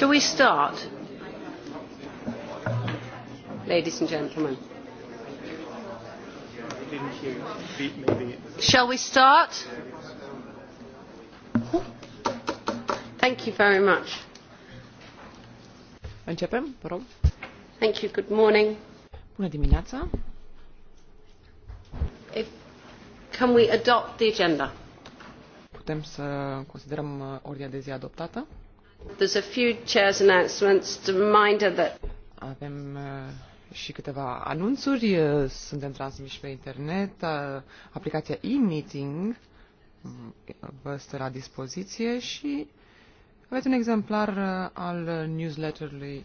Shall we start? Ladies and gentlemen. Shall we start? Thank you very much. Începem, vă rog. Thank you. Good morning. Bună dimineața. If, can we adopt the agenda? Putem să considerăm uh, ordinea de zi adoptată? There's a few chairs announcements to that... Avem uh, și câteva anunțuri. Uh, suntem transmiși pe internet. Uh, aplicația e-meeting mm, vă stă la dispoziție și aveți un exemplar al newsletterului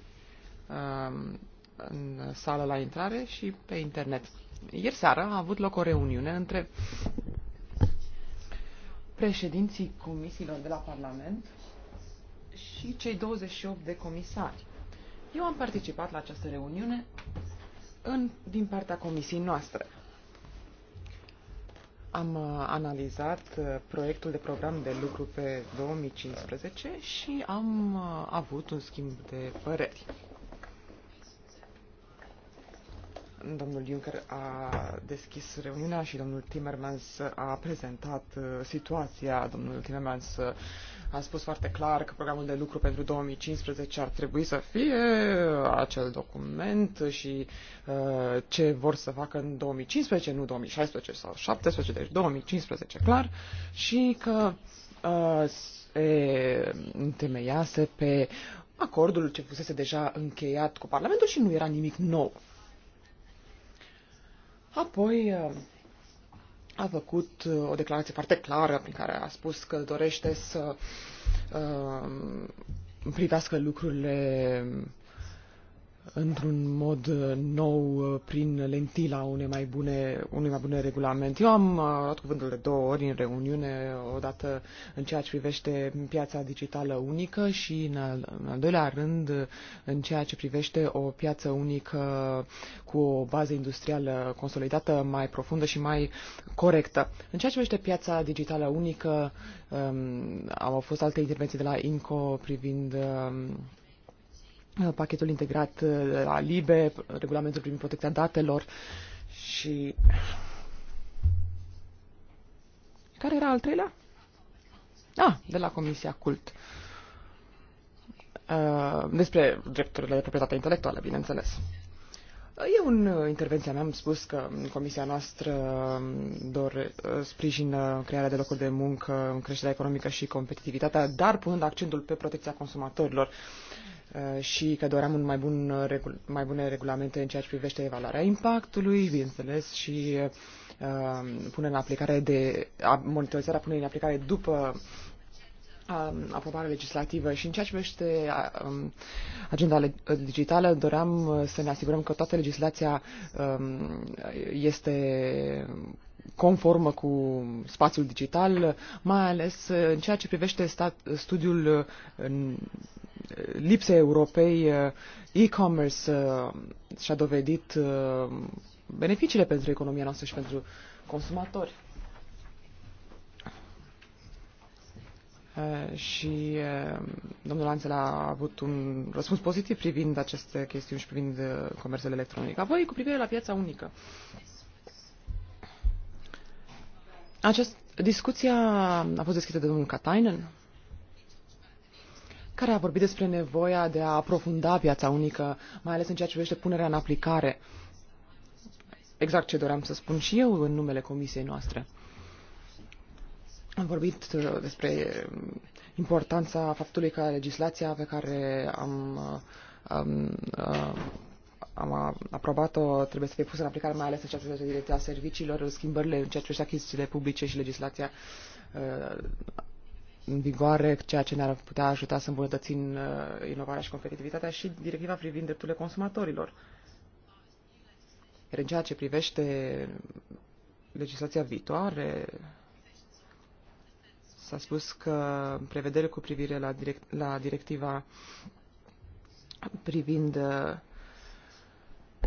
um, în sală la intrare și pe internet. Ieri seara a avut loc o reuniune între președinții comisiilor de la Parlament și cei 28 de comisari. Eu am participat la această reuniune în, din partea comisiei noastre. Am uh, analizat uh, proiectul de program de lucru pe 2015 și am uh, avut un schimb de păreri. Domnul Juncker a deschis reuniunea și domnul Timmermans a prezentat situația. Domnul Timmermans a spus foarte clar că programul de lucru pentru 2015 ar trebui să fie acel document și uh, ce vor să facă în 2015, nu 2016 sau 2017, deci 2015 clar, și că uh, se întemeiase pe acordul ce fusese deja încheiat cu Parlamentul și nu era nimic nou. Apoi, uh, a făcut uh, o declarație foarte clară prin care a spus că dorește să uh, privească lucrurile într-un mod uh, nou uh, prin lentila unei mai bune, unei mai bune regulament. Eu am uh, luat cuvântul de două ori în reuniune, odată în ceea ce privește piața digitală unică și în al, în al doilea rând în ceea ce privește o piață unică cu o bază industrială consolidată mai profundă și mai corectă. În ceea ce privește piața digitală unică um, au fost alte intervenții de la INCO privind um, Uh, pachetul integrat uh, la LIBE, regulamentul privind protecția datelor și... Care era al treilea? Ah, de la Comisia Cult. Uh, despre drepturile de proprietate intelectuală, bineînțeles. Eu în intervenția mea am spus că comisia noastră um, dor, sprijină crearea de locuri de muncă, creșterea economică și competitivitatea, dar punând accentul pe protecția consumatorilor. Uh, Uh, și că doream un mai, bun, uh, mai bune regulamente în ceea ce privește evaluarea impactului, bineînțeles, și uh, punerea în aplicare de, monitorizarea pune în aplicare după um, aprobarea legislativă și în ceea ce privește um, agenda digitală, doream să ne asigurăm că toată legislația um, este conformă cu spațiul digital, mai ales în ceea ce privește stat, studiul în lipsei Europei, e-commerce uh, și-a dovedit uh, beneficiile pentru economia noastră și pentru consumatori. Uh, și domnul Anțel a avut un răspuns pozitiv privind aceste chestiuni și privind comerțul electronic. Apoi, cu privire la piața unică. Această discuția a fost deschisă de domnul Katainen, care a vorbit despre nevoia de a aprofunda piața unică, mai ales în ceea ce privește punerea în aplicare. Exact ce doream să spun și eu în numele comisiei noastre. Am vorbit uh, despre importanța faptului că legislația pe care am, uh, am, am uh, am aprobat-o trebuie să fie pusă în aplicare, mai ales în ceea ce privește directiva serviciilor, schimbările în ceea ce achizițiile publice și legislația uh, în vigoare, ceea ce ne-ar putea ajuta să îmbunătățim uh, inovarea și competitivitatea și directiva privind drepturile consumatorilor. Iar în ceea ce privește legislația viitoare, s-a spus că prevederile cu privire la, direct, la directiva privind uh,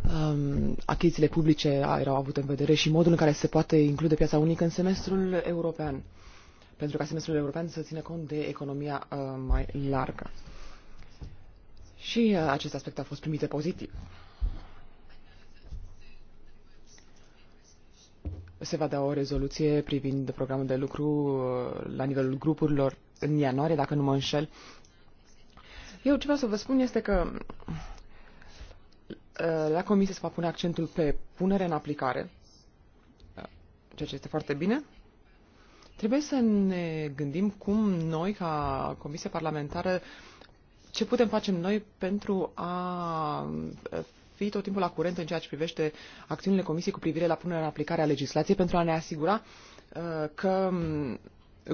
um, achizițiile publice erau avute în vedere și modul în care se poate include piața unică în semestrul european, pentru ca semestrul european să țină cont de economia uh, mai largă. Și uh, acest aspect a fost primit pozitiv. Se va da o rezoluție privind programul de lucru uh, la nivelul grupurilor în ianuarie, dacă nu mă înșel. Eu ce vreau să vă spun este că Eh, la comisie se va pune accentul pe punere în aplicare, eh, ceea ce este foarte bine. Trebuie să ne gândim cum noi, ca Comisie Parlamentară, ce putem face noi pentru a eh, fi tot timpul la curent în ceea ce privește acțiunile Comisiei cu privire la punerea în aplicare a legislației pentru a ne asigura că mm,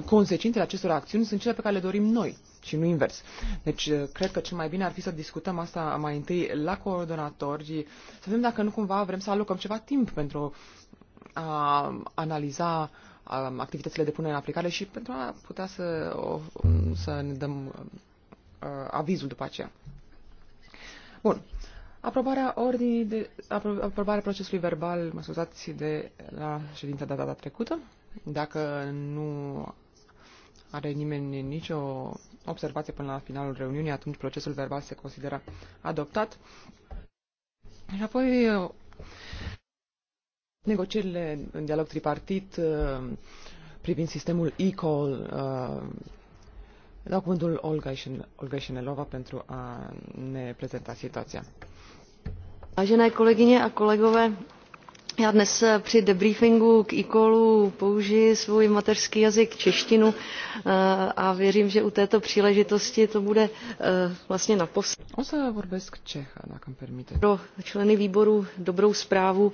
consecințele acestor acțiuni sunt cele pe care le dorim noi și nu invers. Deci, uh, cred că cel mai bine ar fi să discutăm asta mai întâi la coordonatori, să vedem dacă nu cumva vrem să alocăm ceva timp pentru a analiza activitățile de punere în aplicare și pentru a putea să, să ne dăm uh, avizul după aceea. Bun. Aprobarea ordinii de apro, aprobarea procesului verbal, mă scuzați, de la ședința de data trecută. Dacă nu are nimeni nicio observație până la finalul reuniunii, atunci procesul verbal se consideră adoptat. Și apoi negocierile în dialog tripartit uh, privind sistemul e-call uh, dau cuvântul Olga Șenelova pentru a ne prezenta situația. Vážené kolegyně a kolegové, já dnes eh, při debriefingu k ecall použiji svůj mateřský jazyk češtinu eh, a věřím, že u této příležitosti to bude eh, vlastně naposled. O Pro členy výboru dobrou zprávu,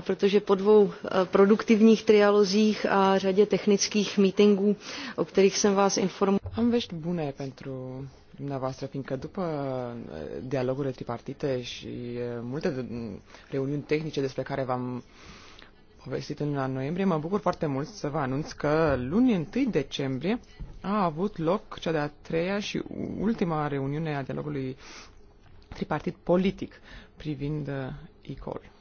protože po dvou produktivních trialozích a řadě technických meetingů, o kterých jsem vás informoval. Am vești bune pentru dumneavoastră, fiindcă după uh, dialogurile tripartite și uh, multe mm, reuniuni tehnice despre care v-am povestit în noiembrie, mă bucur foarte mult să vă anunț că luni 1 decembrie a avut loc cea de-a treia și ultima reuniune a dialogului tripartit politic privind ECOL. Uh,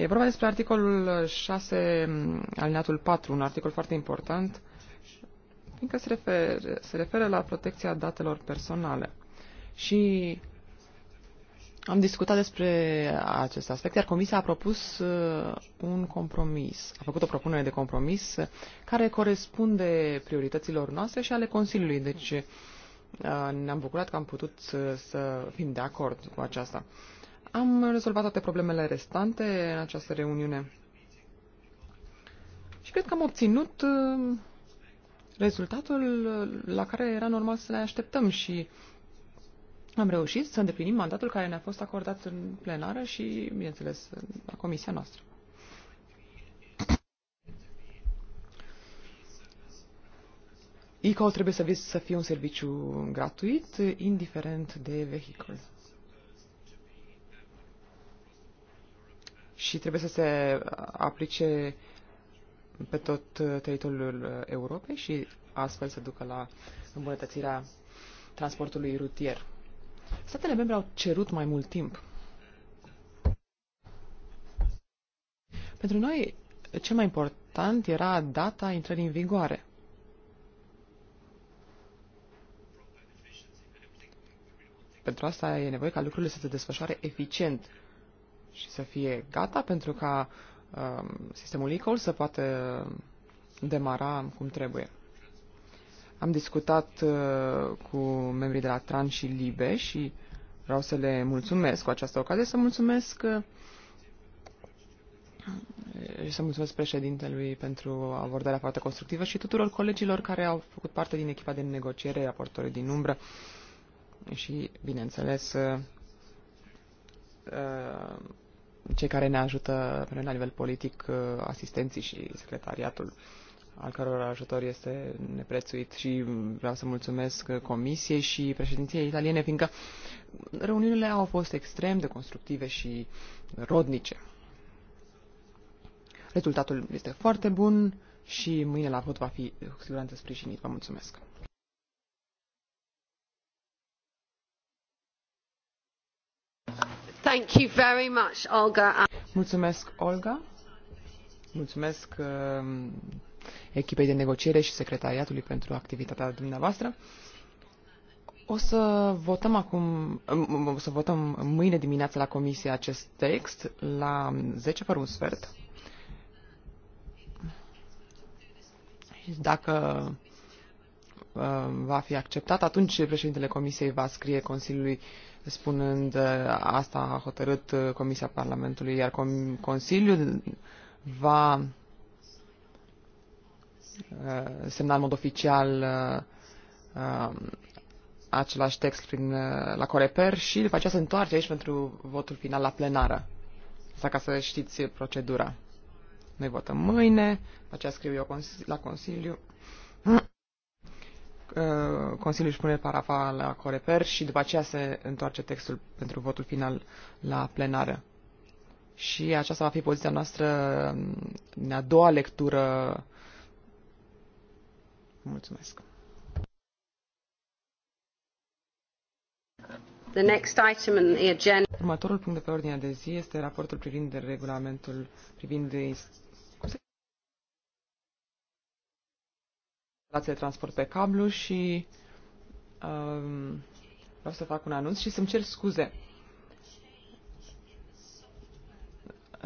E vorba despre articolul 6, alineatul 4, un articol foarte important, fiindcă se, refer, se referă la protecția datelor personale. Și am discutat despre acest aspect, iar Comisia a propus uh, un compromis. A făcut o propunere de compromis uh, care corespunde priorităților noastre și ale Consiliului. Deci uh, ne-am bucurat că am putut să fim de acord cu aceasta. Am rezolvat toate problemele restante în această reuniune. Și cred că am obținut uh, rezultatul uh, la care era normal să ne așteptăm și am reușit să îndeplinim mandatul care ne-a fost acordat în plenară și, bineînțeles, la comisia noastră. ICO trebuie să, să fie un serviciu gratuit, indiferent de vehicul. și trebuie să se aplice pe tot uh, teritoriul uh, Europei și astfel să ducă la îmbunătățirea transportului rutier. Statele membre au cerut mai mult timp. Pentru noi, cel mai important era data intrării în vigoare. Pentru asta e nevoie ca lucrurile să se desfășoare eficient și să fie gata pentru ca um, sistemul ICOL să poată demara cum trebuie. Am discutat uh, cu membrii de la Tran și Libe și vreau să le mulțumesc cu această ocazie, să mulțumesc uh, și să mulțumesc președintelui pentru abordarea foarte constructivă și tuturor colegilor care au făcut parte din echipa de negociere, raportorii din umbră și, bineînțeles, uh, Uh, cei care ne ajută pe noi la nivel politic, uh, asistenții și secretariatul, al căror ajutor este neprețuit și vreau să mulțumesc uh, Comisiei și președinției italiene, fiindcă reuniunile au fost extrem de constructive și rodnice. Rezultatul este foarte bun și mâine la vot va fi cu siguranță sprijinit. Vă mulțumesc! Thank you very much, Olga. Mulțumesc, Olga. Mulțumesc um, echipei de negociere și secretariatului pentru activitatea dumneavoastră. O să votăm acum, um, um, o să votăm mâine dimineață la comisie acest text la 10 fără un sfert. Dacă va fi acceptat, atunci președintele comisiei va scrie Consiliului uh, spunând asta a hotărât uh, Comisia Parlamentului, iar Consiliul va uh, semna în mod oficial uh, um, același text prin, la Coreper și după aceea se întoarce aici pentru votul final la plenară. Asta ca să știți procedura. Noi votăm mâine, după aceea scriu eu la Consiliu Uh, Consiliul își pune parafa la Coreper și după aceea se întoarce textul pentru votul final la plenară. Și aceasta va fi poziția noastră în a doua lectură. Mulțumesc. The next item in the agenda. Următorul punct de pe ordinea de zi este raportul privind regulamentul privind operație de transport pe cablu și um, vreau să fac un anunț și să-mi cer scuze.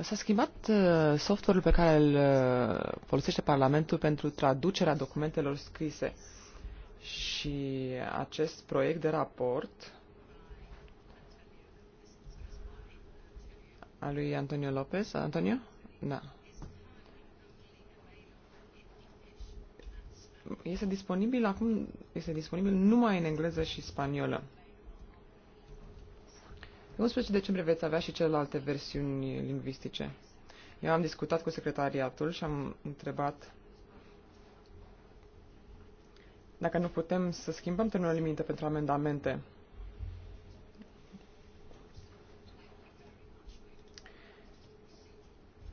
S-a schimbat uh, software-ul pe care îl uh, folosește Parlamentul pentru traducerea documentelor scrise și acest proiect de raport al lui Antonio Lopez. Antonio? Da. este disponibil acum, este disponibil numai în engleză și spaniolă. Pe 11 decembrie veți avea și celelalte versiuni lingvistice. Eu am discutat cu secretariatul și am întrebat dacă nu putem să schimbăm termenul limită pentru amendamente.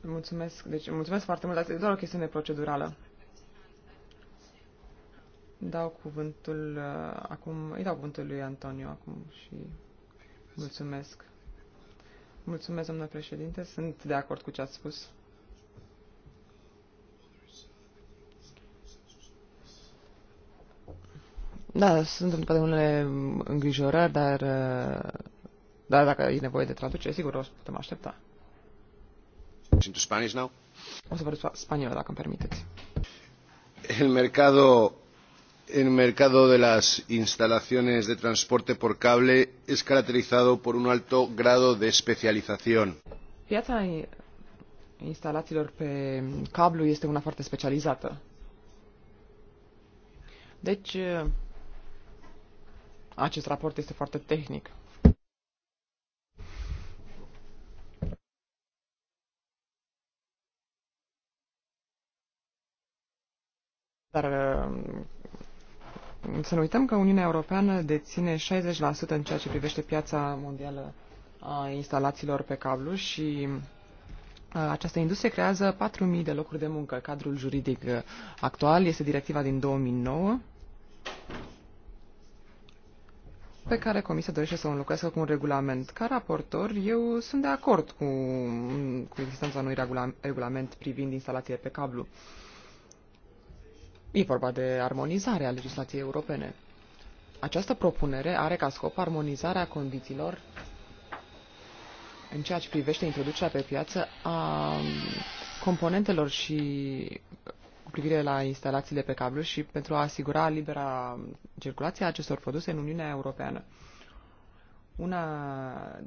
Mulțumesc, deci, mulțumesc foarte mult, dar este doar o chestiune procedurală. Dau cuvântul uh, acum, îi dau cuvântul lui Antonio acum și mulțumesc. Mulțumesc, domnule președinte, sunt de acord cu ce ați spus. Da, sunt poate unele îngrijorări, dar, uh, dar dacă e nevoie de traducere, sigur o să putem aștepta. Into Spanish now? O să vorbesc spaniolă, dacă îmi permiteți. El mercado el mercado de las instalaciones de transporte por cable es caracterizado por un alto grado de especialización. Piața instalațiilor pe cablu este una foarte specializată. Deci, acest raport este foarte tehnic. Dar să nu uităm că Uniunea Europeană deține 60% în ceea ce privește piața mondială a instalațiilor pe cablu și această industrie creează 4.000 de locuri de muncă. Cadrul juridic actual este directiva din 2009 pe care Comisia dorește să o înlocuiască cu un regulament. Ca raportor, eu sunt de acord cu, cu existența unui regulament privind instalațiile pe cablu. Uh, E vorba de armonizarea legislației europene. Această propunere are ca scop armonizarea condițiilor în ceea ce privește introducerea pe piață a componentelor și cu privire la instalațiile pe cablu și pentru a asigura libera circulație a acestor produse în Uniunea Europeană. Una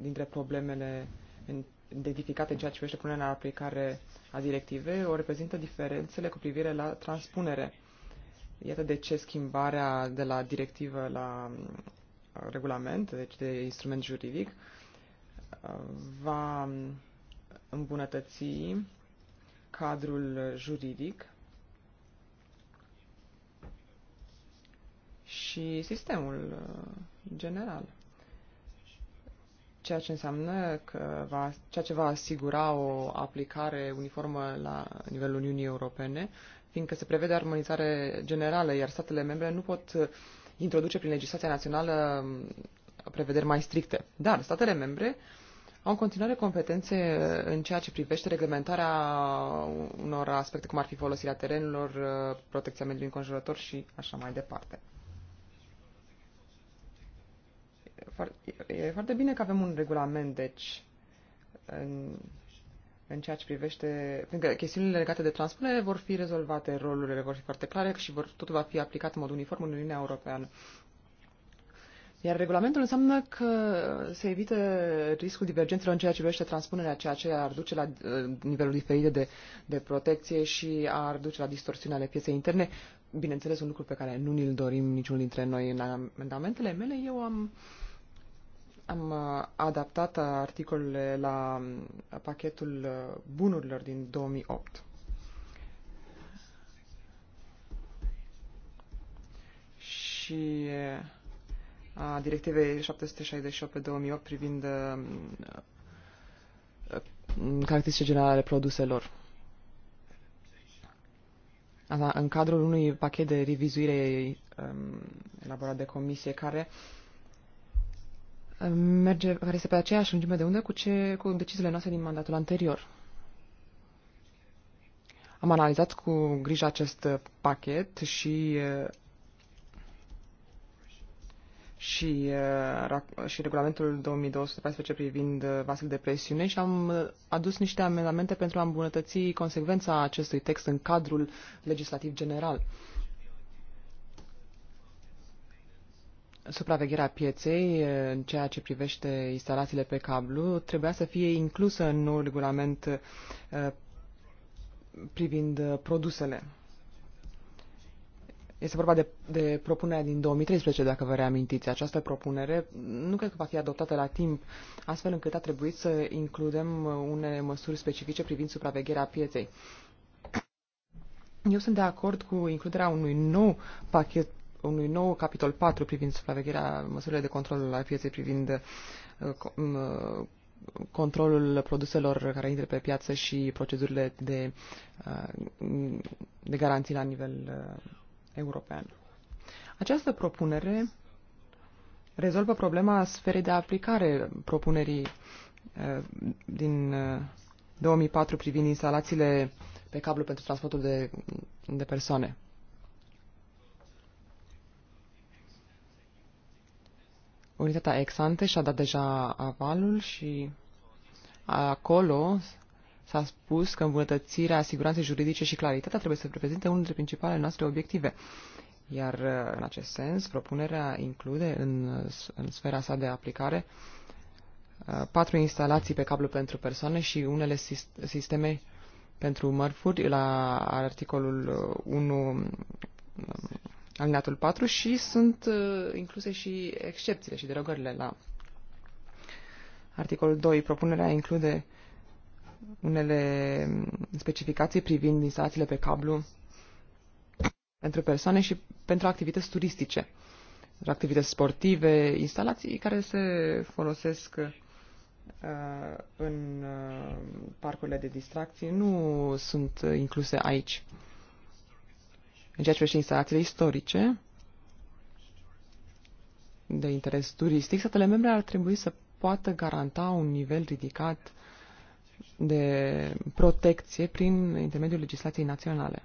dintre problemele identificate în ceea ce privește punerea în aplicare a directivei o reprezintă diferențele cu privire la transpunere. Iată de ce schimbarea de la directivă la uh, regulament, deci de instrument juridic, uh, va îmbunătăți cadrul juridic și sistemul uh, general. Ceea ce înseamnă că va, ceea ce va asigura o aplicare uniformă la nivelul Uniunii Europene fiindcă se prevede armonizare generală, iar statele membre nu pot uh, introduce prin legislația națională um, prevederi mai stricte. Dar statele membre au în continuare competențe uh, în ceea ce privește reglementarea unor aspecte, cum ar fi folosirea terenurilor, uh, protecția mediului înconjurător și așa mai departe. E foarte bine că avem un regulament, deci, în în ceea ce privește, pentru că chestiunile legate de transpunere vor fi rezolvate, rolurile vor fi foarte clare și vor, totul va fi aplicat în mod uniform în Uniunea Europeană. Iar regulamentul înseamnă că se evită riscul divergențelor în ceea ce privește transpunerea, ceea ce ar duce la uh, niveluri diferite de, de protecție și ar duce la distorsiune ale pieței interne. Bineînțeles, un lucru pe care nu ni-l dorim niciunul dintre noi în amendamentele mele. Eu am uh, am uh, adaptat articolele la mm, pachetul uh, bunurilor din 2008. Și uh, a directivei 768 pe 2008 privind mm, caracteristice generale ale produselor. în cadrul unui pachet de revizuire um, elaborat de comisie care uh, Uh, merge, care este pe aceeași lungime de undă cu, ce, cu deciziile noastre din mandatul anterior. Am analizat cu grijă acest uh, pachet și uh, și, și regulamentul 2214 privind vasele de presiune și am adus niște amendamente pentru a îmbunătăți consecvența acestui text în cadrul legislativ general. supravegherea pieței eh, în ceea ce privește instalațiile pe cablu trebuia să fie inclusă în nou regulament eh, privind eh, produsele. Este vorba de, de propunerea din 2013, dacă vă reamintiți. Această propunere nu cred că va fi adoptată la timp, astfel încât a trebuit să includem unele măsuri specifice privind supravegherea pieței. Eu sunt de acord cu includerea unui nou pachet unui nou capitol 4 privind supravegherea măsurilor de control al pieței privind uh, uh, controlul produselor care intră pe piață și procedurile de, uh, de garanții la nivel european. Această propunere rezolvă problema sferei de aplicare propunerii din 2004 privind instalațiile pe cablu pentru transportul de, de persoane. Unitatea Exante și-a dat deja avalul și acolo s-a spus că îmbunătățirea siguranței juridice și claritatea trebuie să reprezinte unul dintre principalele noastre obiective. Iar în acest sens, propunerea include în, în sfera sa de aplicare uh, patru instalații pe cablu pentru persoane și unele sisteme pentru mărfuri la articolul 1 uh, alineatul 4 și sunt uh, incluse și excepțiile și derogările la articolul 2. Propunerea include unele mm, specificații privind instalațiile pe cablu pentru persoane și pentru activități turistice, activități sportive, instalații care se folosesc uh, în uh, parcurile de distracție nu sunt uh, incluse aici. În ceea ce privește instalațiile istorice de interes turistic, statele membre ar trebui să poată garanta un nivel ridicat de protecție prin intermediul legislației naționale.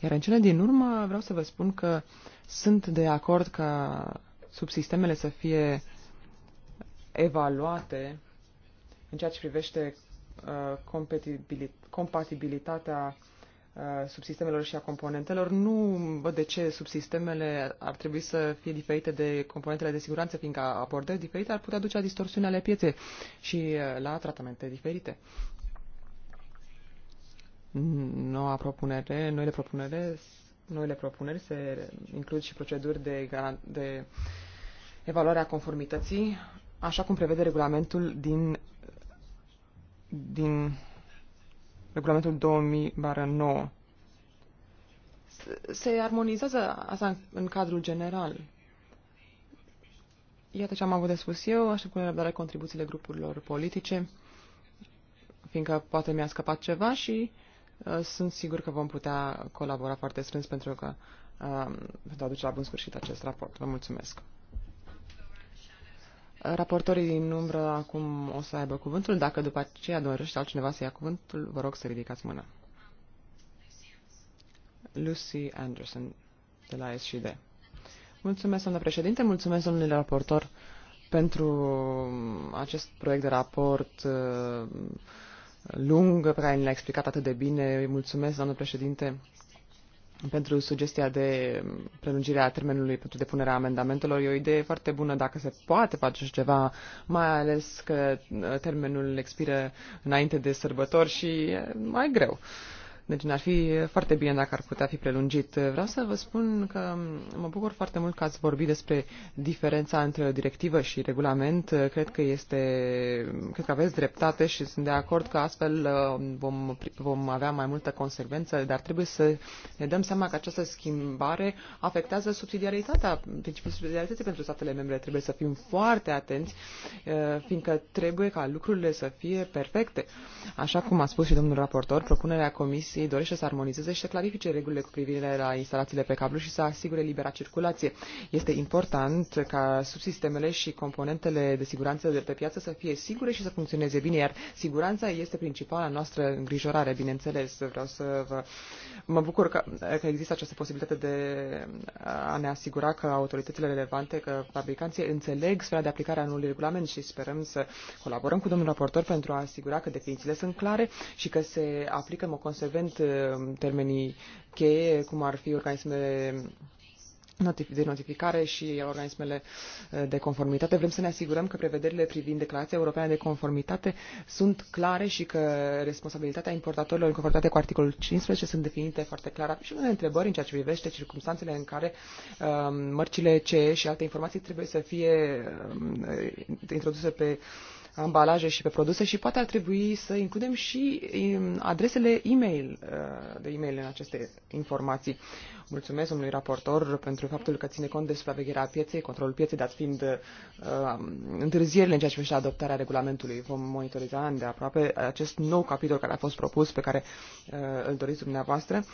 Iar în cele din urmă vreau să vă spun că sunt de acord ca subsistemele să fie evaluate în ceea ce privește uh, compatibilitatea subsistemelor și a componentelor. Nu văd de ce subsistemele ar trebui să fie diferite de componentele de siguranță, fiindcă abordări diferite ar putea duce la distorsiune ale pieței și la tratamente diferite. Noua propunere, noile propunere, noile propuneri se includ și proceduri de, de evaluare a conformității, așa cum prevede regulamentul din din regulamentul 2000 Se armonizează asta în cadrul general. Iată ce am avut de spus eu, aștept cu nerăbdare contribuțiile grupurilor politice, fiindcă poate mi-a scăpat ceva și uh, sunt sigur că vom putea colabora foarte strâns pentru că uh, pentru a duce la bun sfârșit acest raport. Vă mulțumesc! Raportorii din umbră acum o să aibă cuvântul. Dacă după aceea dorește altcineva să ia cuvântul, vă rog să ridicați mâna. Lucy Anderson, de la SCD. Mulțumesc, domnule președinte, mulțumesc, domnule raportor, pentru acest proiect de raport uh, lung pe care ne l-a explicat atât de bine. Mulțumesc, domnule președinte, pentru sugestia de prelungire a termenului pentru depunerea amendamentelor. E o idee foarte bună dacă se poate face ceva, mai ales că uh, termenul expiră înainte de sărbători și e mai greu. Uh, deci ar fi foarte bine dacă ar putea fi prelungit. Vreau să vă spun că mă bucur foarte mult că ați vorbit despre diferența între directivă și regulament. Cred că este, cred că aveți dreptate și sunt de acord că astfel uh, vom, vom avea mai multă consecvență, dar trebuie să ne dăm seama că această schimbare afectează subsidiaritatea, principiul subsidiarității pentru statele membre. Trebuie să fim foarte atenți, uh, fiindcă trebuie ca lucrurile să fie perfecte. Așa cum a spus și domnul raportor, propunerea Comisiei Comisiei dorește să armonizeze și să clarifice regulile cu privire la instalațiile pe cablu și să asigure libera circulație. Este important ca subsistemele și componentele de siguranță de pe piață să fie sigure și să funcționeze bine, iar siguranța este principala noastră îngrijorare, bineînțeles. Vreau să vă... Mă bucur că, că există această posibilitate de a ne asigura că autoritățile relevante, că fabricanții înțeleg sfera de aplicare a noului regulament și sperăm să colaborăm cu domnul raportor pentru a asigura că definițiile sunt clare și că se aplică în mod consecvent evident uh, termenii cheie, cum ar fi organismele de notificare și organismele uh, de conformitate. Vrem să ne asigurăm că prevederile privind declarația europeană de conformitate sunt clare și că responsabilitatea importatorilor în conformitate cu articolul 15 sunt definite foarte clar. Și unele întrebări în ceea ce privește circunstanțele în care um, mărcile CE și alte informații trebuie să fie um, introduse pe uh, ambalaje și pe produse și poate ar trebui să includem și um, adresele e-mail, uh, de e-mail în aceste informații. Mulțumesc domnului raportor pentru faptul că ține cont de supravegherea pieței, controlul pieței, dat fiind uh, um, întârzierile în ceea ce privește adoptarea regulamentului. Vom monitoriza de aproape acest nou capitol care a fost propus, pe care uh, îl doriți dumneavoastră. Uh,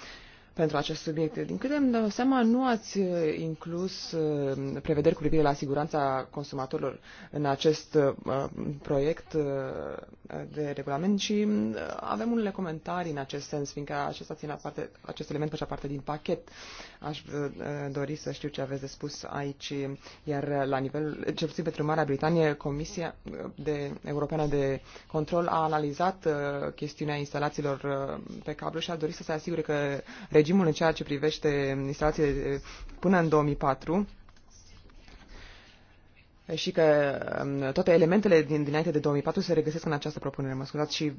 pentru acest subiect. Din câte îmi dau seama, nu ați uh, inclus uh, prevederi cu privire la siguranța consumatorilor în acest uh, proiect de regulament și avem unele comentarii în acest sens, fiindcă acesta ține parte, acest element face parte din pachet. Aș dori să știu ce aveți de spus aici, iar la nivel, cel puțin pentru Marea Britanie, Comisia de, Europeană de Control a analizat chestiunea instalațiilor pe cablu și a dorit să se asigure că regiunea regimul în ceea ce privește instalațiile până în 2004 și că um, toate elementele din, dinainte de 2004 se regăsesc în această propunere, mă scuzați, și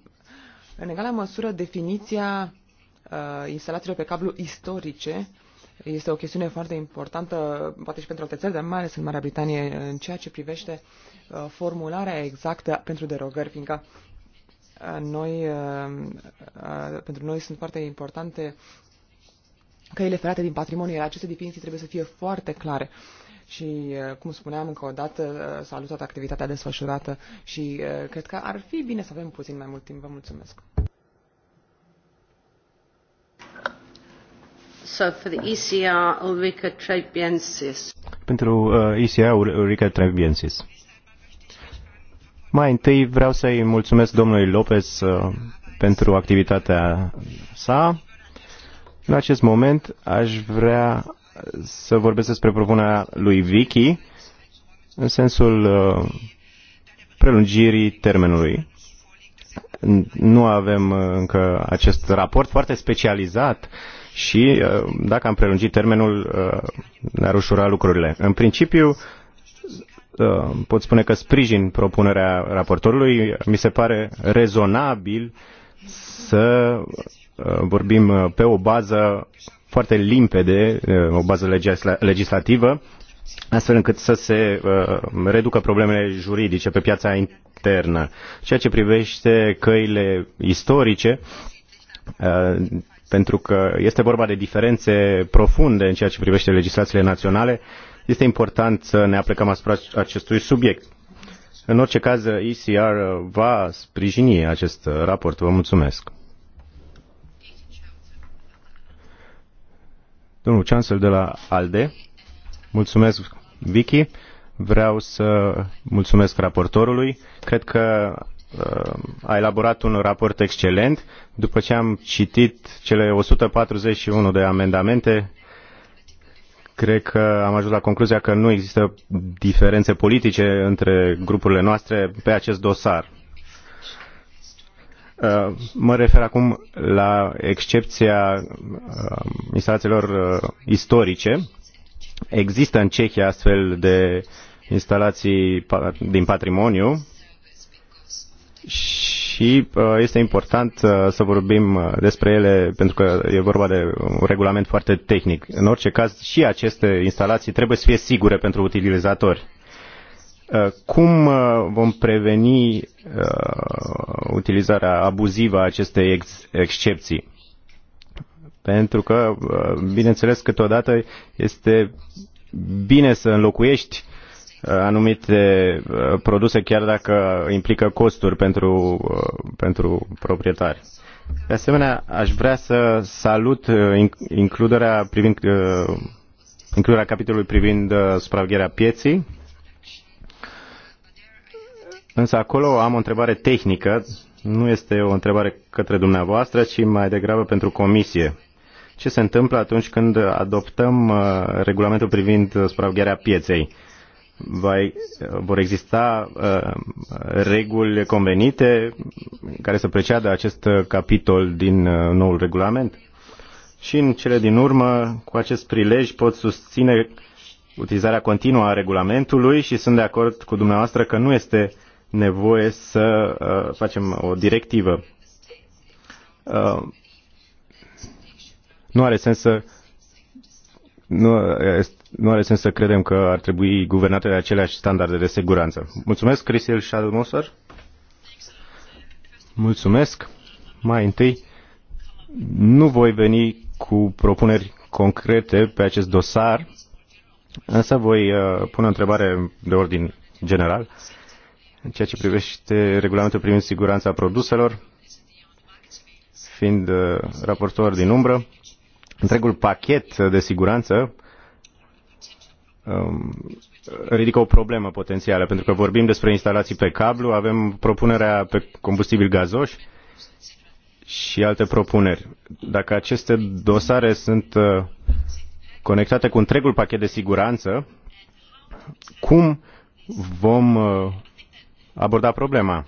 în egală măsură definiția uh, instalațiilor pe cablu istorice este o chestiune foarte importantă, poate și pentru alte țări, dar mai ales în Marea Britanie, în ceea ce privește uh, formularea exactă pentru derogări, fiindcă uh, noi, uh, uh, pentru noi sunt foarte importante căile ferate din patrimoniu, iar aceste definiții trebuie să fie foarte clare. Și, cum spuneam încă o dată, salutat activitatea desfășurată și cred că ar fi bine să avem puțin mai mult timp. Vă mulțumesc. So for the ECR, Ulrika Trebiensis. Pentru uh, ECR, Ulrika Trebiensis. Mai întâi vreau să-i mulțumesc domnului Lopez uh, pentru activitatea sa în acest moment aș vrea să vorbesc despre propunerea lui Vicky în sensul uh, prelungirii termenului. Nu avem uh, încă acest raport foarte specializat și uh, dacă am prelungit termenul, ne-ar ușura lucrurile. În principiu, pot spune că sprijin propunerea raportorului. Mi se pare rezonabil să uh, vorbim uh, pe o bază foarte limpede, uh, o bază legislativă, astfel încât să se reducă problemele juridice pe piața internă. Ceea ce privește căile istorice, pentru că este vorba de diferențe profunde în ceea ce privește legislațiile naționale, este important să ne aplicăm asupra acestui subiect. În orice caz, ECR va sprijini acest raport. Vă mulțumesc. Domnul Chancel de la ALDE, mulțumesc, Vicky. Vreau să mulțumesc raportorului. Cred că uh, a elaborat un raport excelent. După ce am citit cele 141 de amendamente, cred că am ajuns la concluzia că nu există diferențe politice între grupurile noastre pe acest dosar. Uh, mă refer acum la excepția uh, instalațiilor uh, istorice. Există în Cehia astfel de instalații din patrimoniu și uh, este important uh, să vorbim uh, despre ele pentru că e vorba de un regulament foarte tehnic. În orice caz, și aceste instalații trebuie să fie sigure pentru utilizatori. Cum vom preveni utilizarea abuzivă a acestei ex- excepții? Pentru că, bineînțeles, câteodată este bine să înlocuiești uh, Uh, anumite uh, produse chiar dacă implică costuri pentru, uh, pentru proprietari. De asemenea, aș vrea să salut includerea, privind, includerea capitolului privind supravegherea pieții. Însă acolo am o întrebare tehnică, nu este o întrebare către dumneavoastră, ci mai degrabă pentru comisie. Ce se întâmplă atunci când adoptăm regulamentul privind supravegherea pieței? va, uh, vor exista uh, reguli convenite care să preceadă acest uh, capitol din noul regulament? Și în cele din urmă, cu acest prilej pot susține utilizarea continuă a regulamentului și sunt de acord cu dumneavoastră că nu este nevoie să uh, facem o directivă. Uh, nu are sens să nu, nu are sens să credem că ar trebui guvernate de aceleași standarde de siguranță. Mulțumesc, Crisil Schadmoser. Mulțumesc. Mai întâi, nu voi veni cu propuneri concrete pe acest dosar, însă voi uh, pune o întrebare de ordin general în ceea ce privește regulamentul privind siguranța produselor, fiind uh, raportor din umbră. Întregul pachet de siguranță Um, ridică o problemă potențială, pentru că vorbim despre instalații pe cablu, avem propunerea pe combustibil gazoși și alte propuneri. Dacă aceste dosare sunt uh, conectate cu întregul pachet de siguranță, cum vom uh, aborda problema?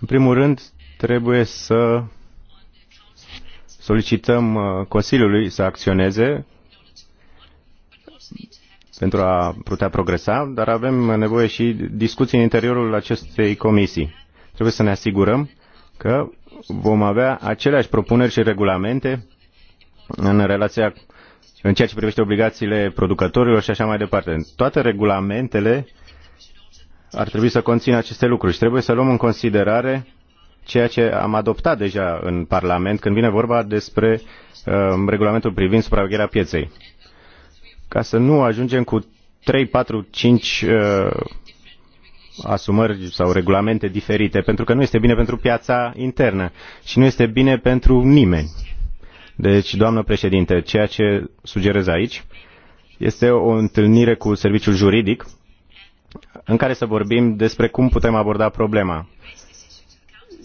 În primul rând, trebuie să solicităm uh, Consiliului să acționeze pentru a putea progresa, dar avem nevoie și discuții în interiorul acestei comisii. Trebuie să ne asigurăm că vom avea aceleași propuneri și regulamente în relația în ceea ce privește obligațiile producătorilor și așa mai departe. Toate regulamentele ar trebui să conțină aceste lucruri și trebuie să luăm în considerare ceea ce am adoptat deja în Parlament când vine vorba despre uh, regulamentul privind supravegherea pieței ca să nu ajungem cu 3, 4, 5 uh, asumări sau regulamente diferite, pentru că nu este bine pentru piața internă și nu este bine pentru nimeni. Deci, doamnă președinte, ceea ce sugerez aici este o întâlnire cu serviciul juridic în care să vorbim despre cum putem aborda problema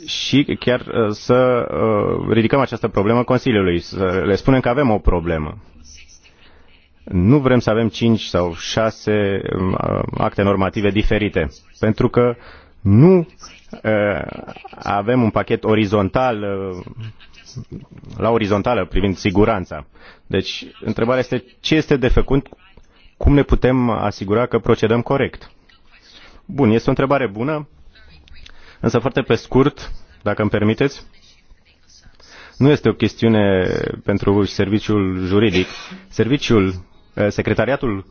și chiar uh, să uh, ridicăm această problemă Consiliului, să le spunem că avem o problemă nu vrem să avem 5 sau 6 um, uh, acte normative diferite, pentru că nu uh, avem un pachet orizontal uh, la orizontală privind siguranța. Deci, întrebarea este ce este de făcut, cum ne putem asigura că procedăm corect. Bun, este o întrebare bună, însă foarte pe scurt, dacă îmi permiteți. Nu este o chestiune pentru serviciul juridic. Serviciul Eh, secretariatul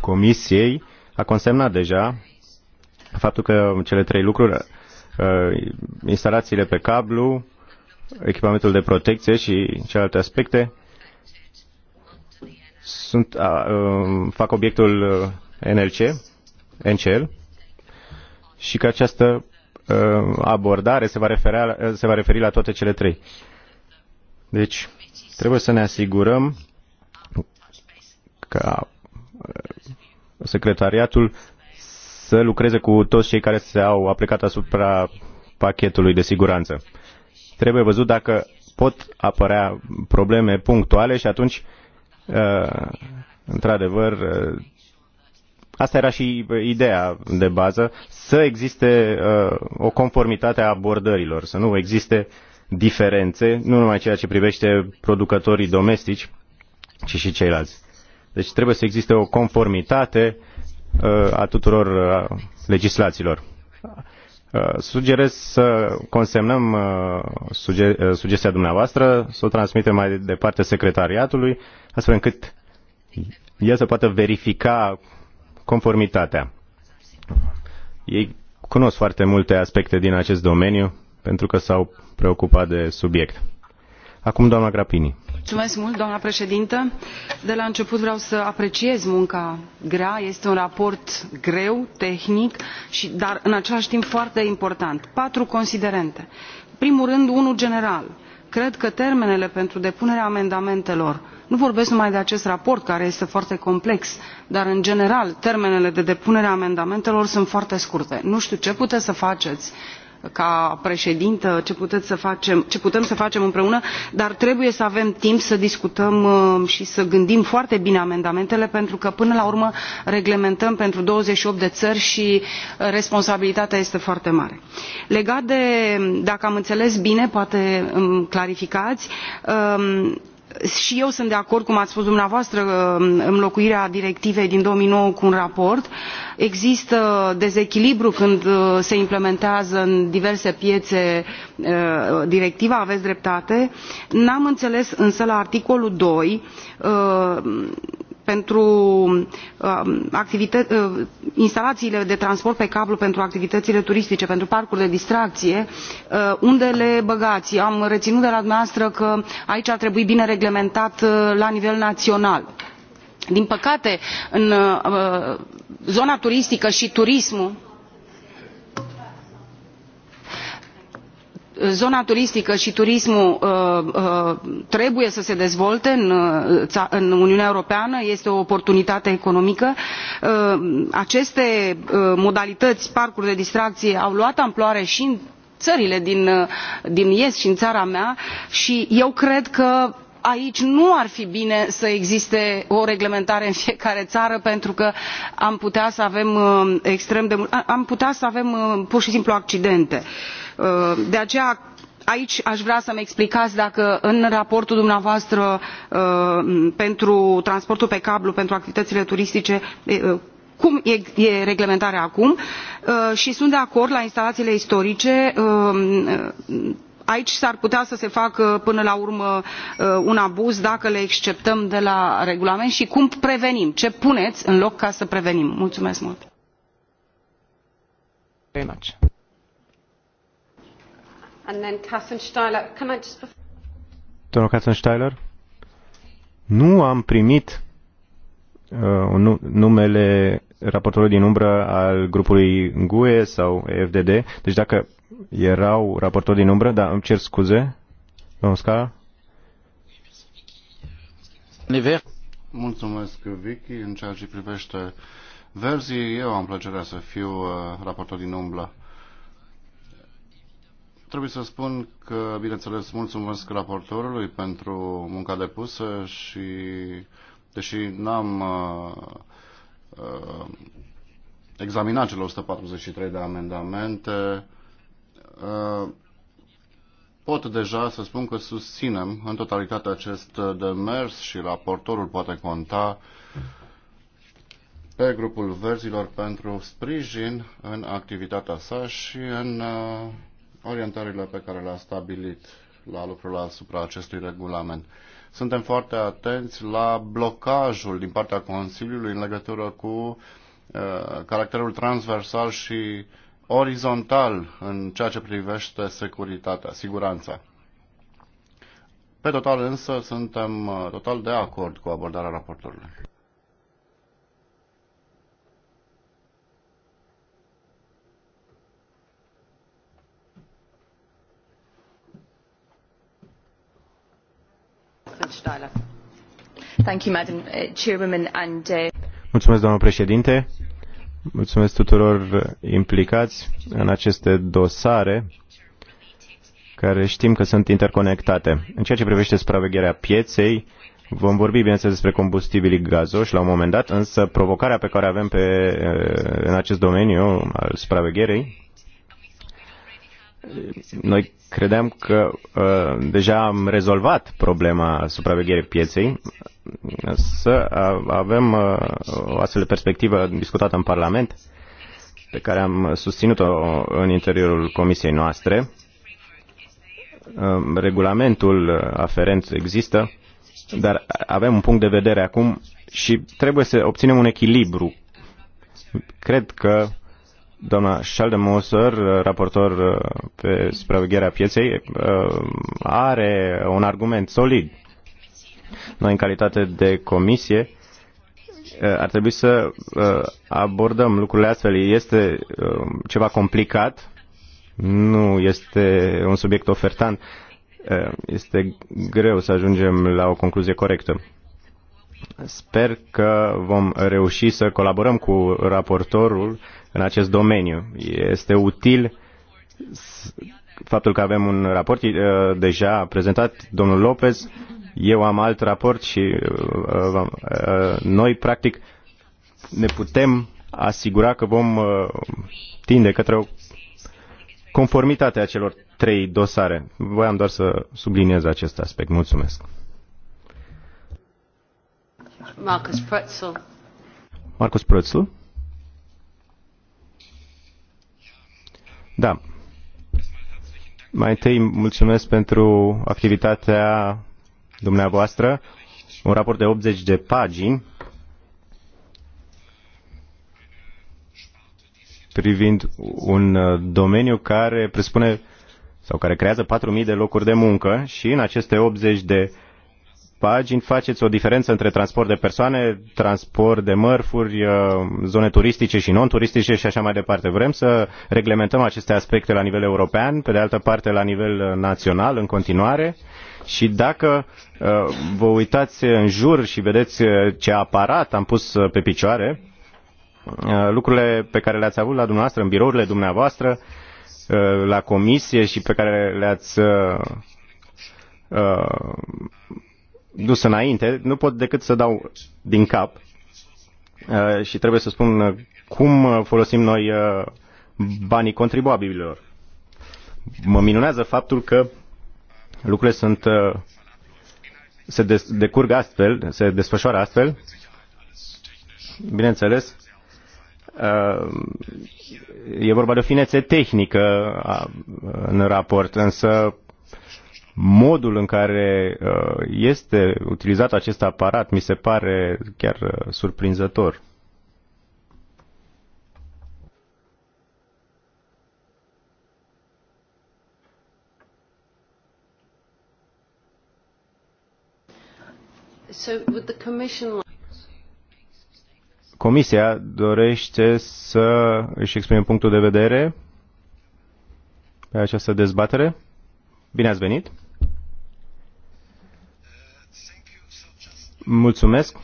Comisiei a consemnat deja faptul că cele trei lucruri, eh, instalațiile pe cablu, echipamentul de protecție și celelalte aspecte, sunt, a, eh, fac obiectul NLC, NCL, și că această abordare se va, referea, se va referi la toate cele trei. Deci, trebuie să ne asigurăm ca uh, secretariatul să lucreze cu toți cei care s-au aplicat asupra pachetului de siguranță. Trebuie văzut dacă pot apărea probleme punctuale și atunci, uh, într-adevăr, uh, asta era și ideea de bază, să existe o conformitate a abordărilor, să nu existe diferențe, nu numai ceea ce privește producătorii domestici, ci și ceilalți. Deci trebuie să existe o conformitate uh, a tuturor uh, legislațiilor. Uh, sugerez să consemnăm suge sugestia dumneavoastră, să o transmitem mai departe secretariatului, astfel încât el să poată verifica conformitatea. Ei cunosc foarte multe aspecte din acest domeniu pentru că s-au preocupat de subiect. Acum doamna Grapini. Mulțumesc mult, doamna președintă. De la început vreau să apreciez munca grea. Este un raport greu, tehnic, și, dar în același timp foarte important. Patru considerente. Primul rând, unul general cred că termenele pentru depunerea amendamentelor nu vorbesc numai de acest raport care este foarte complex dar în general termenele de depunere a amendamentelor sunt foarte scurte. nu știu ce puteți să faceți ca președintă ce, putem să facem împreună dar trebuie să avem timp să discutăm uh, și să gândim foarte bine amendamentele pentru că până la urmă reglementăm pentru douăzeci și opt de țări și uh, responsabilitatea este foarte mare. legat de dacă am înțeles bine poate îmi clarificați um, și eu sunt de acord cum ați spus dumneavoastră înlocuirea directivei din două mii nouă cu un raport există dezechilibru când uh, se implementează în diverse piețe uh, directiva aveți dreptate n am înțeles însă la articolul doi uh, pentru um, uh, instalațiile de transport pe cablu pentru activitățile turistice pentru parcuri de distracție uh, unde le băgați? am reținut de la dumneavoastră că aici ar trebui bine reglementat uh, la nivel național. din păcate în zona turistică și turismul zona turistică și turismul uh, uh, trebuie să se dezvolte uh, în uniunea europeană este o oportunitate economică aceste modalități parcuri de distracție au luat amploare și în țările din, est și în țara mea și eu cred că aici nu ar fi bine să existe o reglementare în fiecare țară pentru că am putea să avem uh, extrem de am putea să avem uh, pur și simplu accidente. Uh, de aceea aici aș vrea să mi explicați dacă în raportul dumneavoastră pentru transportul pe cablu pentru activitățile turistice cum e reglementarea acum și sunt de acord la instalațiile istorice aici s ar putea să se facă până la urmă uh, un abuz dacă le exceptăm de la regulament și cum prevenim ce puneți în loc ca să prevenim? mulțumesc mult. Domnul Katzensteiler, nu am primit uh, numele raportorului din umbră al grupului GUE sau FDD. Deci dacă erau raportori din umbră, dar îmi cer scuze. Domnul Scar. Mulțumesc, Vicky. În ceea ce privește verzii, eu am plăcerea să fiu uh, raportor din umbră. Trebuie să spun că, bineînțeles, mulțumesc raportorului pentru munca depusă și, deși n-am uh, uh, examinat cele 143 de amendamente, Uh, pot deja să spun că susținem în totalitate acest demers și raportorul poate conta pe grupul verzilor pentru sprijin în activitatea sa și în uh, orientările pe care le-a stabilit la lucrul asupra acestui regulament. Suntem foarte atenți la blocajul din partea Consiliului în legătură cu uh, caracterul transversal și orizontal în ceea ce privește securitatea, siguranța. Pe total însă suntem uh, total de acord cu abordarea raportului. Uh, uh, Mulțumesc, doamnă președinte Mulțumesc tuturor implicați în aceste dosare care știm că sunt interconectate. În ceea ce privește supravegherea pieței, vom vorbi, bineînțeles, despre combustibilii gazoși la un moment dat, însă provocarea pe care avem pe, în acest domeniu al supravegherei noi credeam că uh, deja am rezolvat problema supravegherii pieței, să uh, avem uh, o astfel de perspectivă discutată în Parlament, pe care am susținut-o în interiorul comisiei noastre. Uh, regulamentul aferent există, dar avem un punct de vedere acum și trebuie să obținem un echilibru. Cred că doamna Schaldemoser, raportor uh, pe supravegherea pieței, uh, are un argument solid. Noi, în calitate de comisie, uh, ar trebui să abordăm lucrurile astfel. Este ceva complicat, nu este un subiect ofertant, este greu să ajungem la o concluzie corectă. Sper că vom reuși să colaborăm cu raportorul în acest domeniu. Este util faptul că avem un raport uh, deja prezentat, domnul Lopez, eu am alt raport și uh, uh, noi, practic, ne putem asigura că vom tinde către o conformitate a celor trei dosare. Voiam doar să subliniez acest aspect. Mulțumesc. Marcus Pretzel. Marcus Pretzel. Da. Mai întâi mulțumesc pentru activitatea dumneavoastră. Un raport de 80 de pagini privind un uh, domeniu care presupune sau care creează 4.000 de locuri de muncă și în aceste 80 de pagini faceți o diferență între transport de persoane, transport de mărfuri, uh, zone turistice și non-turistice și așa mai departe. Vrem să reglementăm aceste aspecte la nivel european, pe de altă parte la nivel uh, național în continuare. Și dacă uh, vă uitați în jur și vedeți ce aparat am pus pe picioare, lucrurile pe care le-ați avut la dumneavoastră, în birourile dumneavoastră, la comisie și pe care le-ați dus înainte, nu pot decât să dau din cap uh, și trebuie să spun uh, cum uh, folosim noi banii contribuabililor. Mă minunează faptul că lucrurile sunt se decurg astfel, se desfășoară astfel. Bineînțeles, e vorba de o finețe tehnică în raport, însă modul în care uh, este utilizat acest aparat mi se pare chiar uh, surprinzător. Comisia dorește să își exprime punctul de vedere pe această dezbatere. Bine ați venit! Mulțumesc.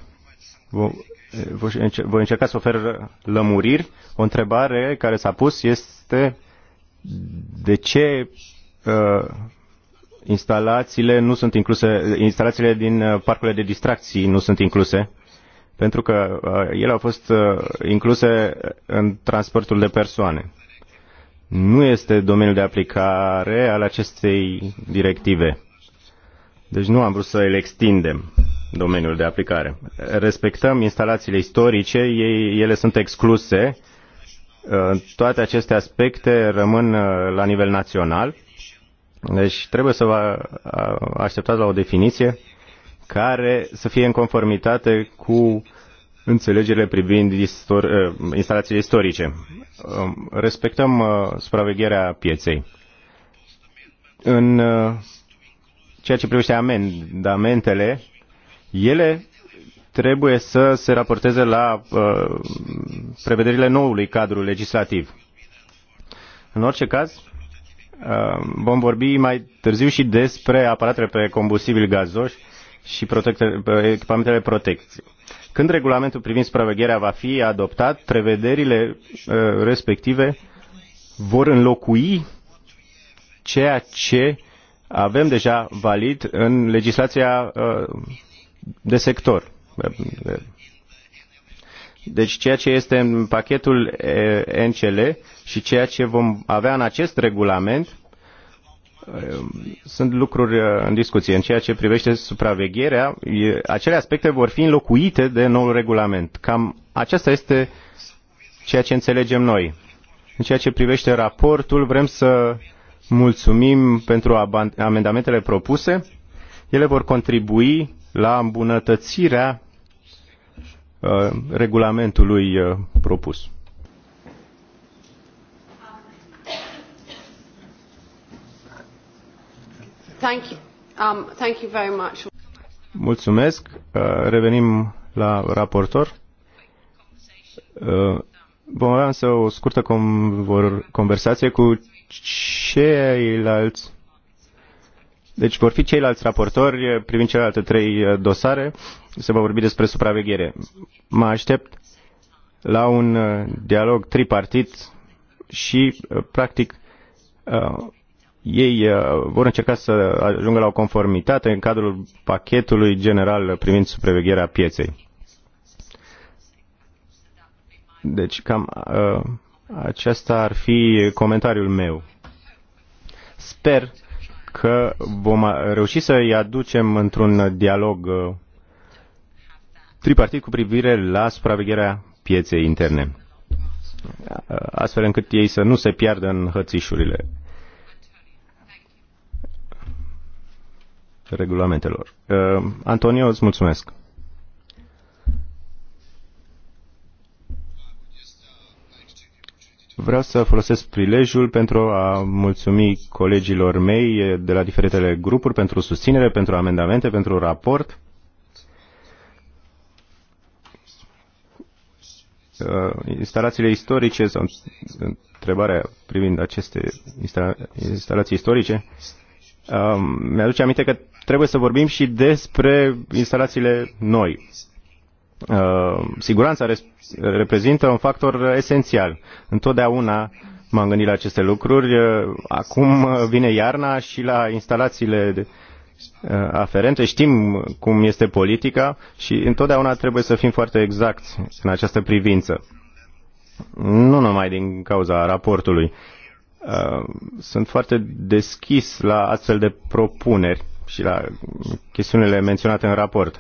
Voi încerca să ofer lămuriri. O întrebare care s-a pus este de ce uh, instalațiile nu sunt incluse, instalațiile din uh, parcurile de distracții nu sunt incluse, pentru că uh, ele au fost uh, incluse în transportul de persoane. Nu este domeniul de aplicare al acestei directive. Deci nu am vrut să le extindem domeniul de aplicare. Respectăm instalațiile istorice, ei, ele sunt excluse. Uh, toate aceste aspecte rămân uh, la nivel național. Deci trebuie să vă uh, așteptați la o definiție care să fie în conformitate cu înțelegerile privind istor, instalațiile istorice. Um, respectăm supravegherea pieței. În ceea ce privește amendamentele, ele trebuie să se raporteze la uh, prevederile noului cadru legislativ. În orice caz, uh, vom vorbi mai târziu și despre aparatele pe combustibil gazoși și protecte, echipamentele protecției. Când regulamentul privind supravegherea va fi adoptat, prevederile uh, respective vor înlocui ceea ce avem deja valid în legislația uh, de sector. Deci ceea ce este în pachetul NCL și ceea ce vom avea în acest regulament um, sunt lucruri uh, în discuție. În ceea ce privește supravegherea, acele aspecte vor fi înlocuite de noul regulament. Cam aceasta este ceea ce înțelegem noi. În ceea ce privește raportul, vrem să mulțumim pentru amendamentele propuse. Ele vor contribui la îmbunătățirea uh, regulamentului uh, propus. Thank you. Um, thank you very much. Mulțumesc. Uh, revenim la raportor. Vom avea însă o scurtă conversație cu ceilalți deci vor fi ceilalți raportori eh, privind celelalte trei eh, dosare. Se va vorbi despre supraveghere. Mă aștept la un eh, dialog tripartit și, practic, ei vor încerca să ajungă la o conformitate în cadrul pachetului general privind supravegherea pieței. Deci, cam aceasta ar fi comentariul meu. Sper că vom reuși să îi aducem într-un dialog uh, tripartit cu privire la supravegherea pieței interne, astfel încât ei să nu se piardă în hățișurile regulamentelor. Uh, Antonio, îți mulțumesc. Vreau să folosesc prilejul pentru a mulțumi colegilor mei de la diferitele grupuri pentru susținere, pentru amendamente, pentru raport. Uh, instalațiile istorice sau întrebarea privind aceste instala instalații istorice, um, mi-aduce aminte că trebuie să vorbim și despre instalațiile noi Uh, siguranța reprezintă un factor esențial. Întotdeauna m-am gândit la aceste lucruri. Uh, acum uh, vine iarna și la instalațiile de, aferente. Știm cum este politica și întotdeauna trebuie să fim foarte exacti în această privință. Nu numai din cauza raportului. Sunt foarte deschis la astfel de propuneri și la chestiunile menționate în raport.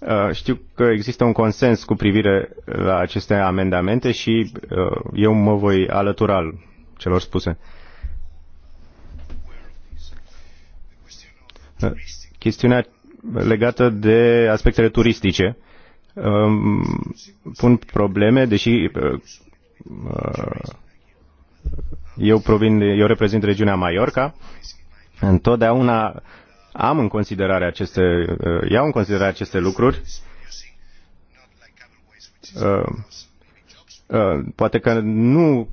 Uh, știu că există un consens cu privire la aceste amendamente și uh, eu mă voi alătura celor spuse. Uh, chestiunea legată de aspectele turistice um, pun probleme, deși eu provin, eu reprezint regiunea Mallorca, întotdeauna am în considerare aceste, uh, iau în considerare aceste lucruri. Uh, uh, poate că nu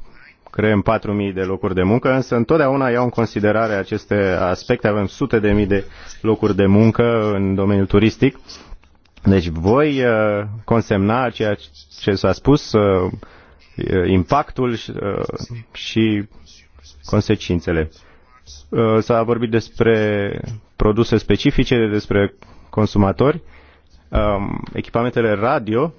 creăm 4.000 de locuri de muncă, însă întotdeauna iau în considerare aceste aspecte. Avem sute de mii de locuri de muncă în domeniul turistic. Deci voi consemna ceea ce s-a spus, impactul și consecințele. S-a vorbit despre produse specifice despre consumatori, um, echipamentele radio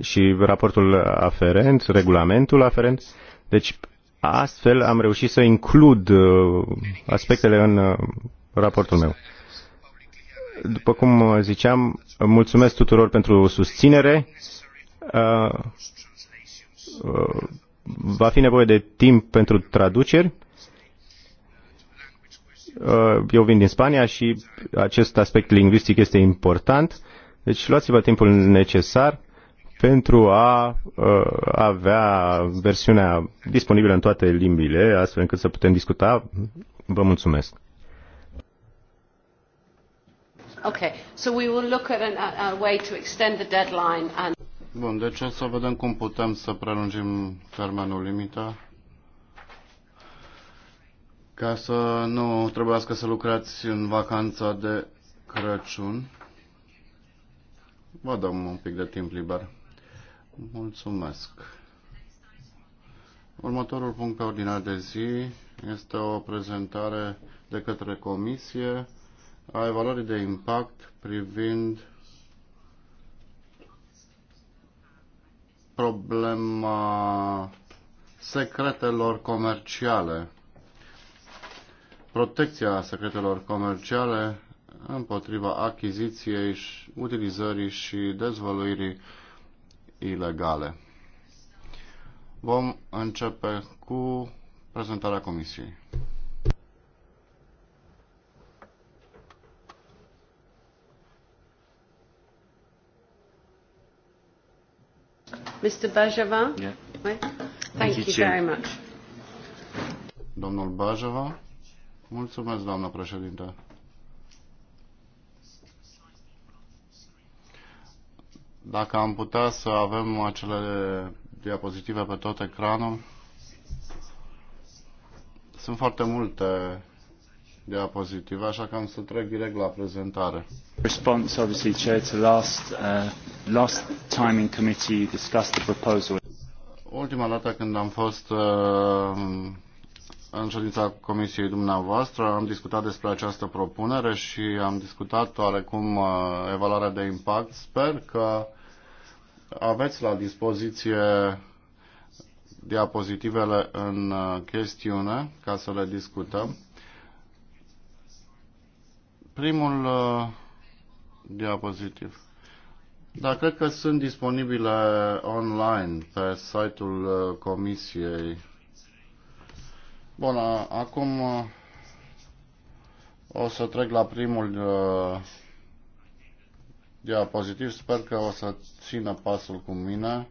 și raportul aferent, regulamentul aferent. Deci astfel am reușit să includ uh, aspectele în uh, raportul meu. După cum uh, ziceam, mulțumesc tuturor pentru susținere. Va fi nevoie de timp pentru traduceri Uh, eu vin din Spania și acest aspect lingvistic este important, deci luați-vă timpul necesar pentru a uh, avea versiunea disponibilă în toate limbile, astfel încât să putem discuta. Vă mulțumesc. Okay, so we will look at an, a way to extend the deadline and Bun, deci o să vedem cum putem să prelungim termenul limită ca să nu trebuiască să lucrați în vacanța de Crăciun. Vă dăm un pic de timp liber. Mulțumesc. Următorul punct pe ordinea de zi este o prezentare de către Comisie a evaluării de impact privind problema secretelor comerciale protecția secretelor comerciale împotriva achiziției, utilizării și dezvăluirii ilegale. Vom începe cu prezentarea comisiei. Mr. Bajava? Yeah. Thank you very much. Domnul Bajava? Mulțumesc, doamnă președinte. Dacă am putea să avem acele diapozitive pe tot ecranul, sunt foarte multe diapozitive, așa că am să trec direct la prezentare. Response, obviously, Chair, to last, uh, last time in committee you discussed the proposal. Ultima dată când am fost uh, în ședința comisiei dumneavoastră am discutat despre această propunere și am discutat oarecum uh, evaluarea de impact. Sper că aveți la dispoziție diapozitivele în uh, chestiune ca să le discutăm. Primul uh, diapozitiv. Da, cred că sunt disponibile online pe site-ul Comisiei Bun, acum o să trec la primul diapozitiv. Sper că o să țină pasul cu mine.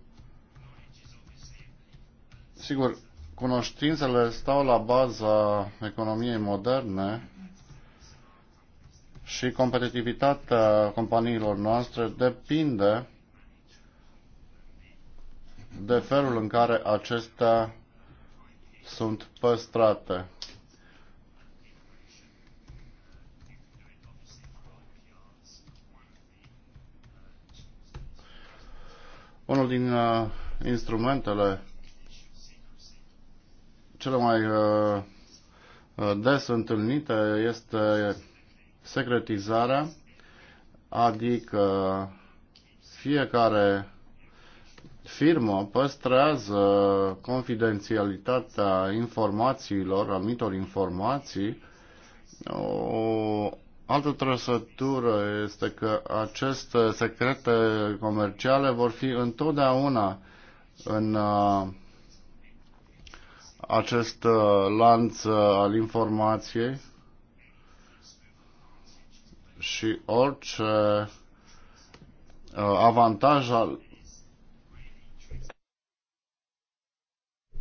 Sigur, cunoștințele stau la baza economiei moderne și competitivitatea companiilor noastre depinde de felul în care acestea sunt păstrate. Unul din uh, instrumentele cele mai uh, uh des întâlnite este secretizarea, adică fiecare firmă păstrează confidențialitatea informațiilor, anumitor informații, o altă trăsătură este că aceste secrete comerciale vor fi întotdeauna în uh, acest uh, lanț uh, al informației și orice avantaj al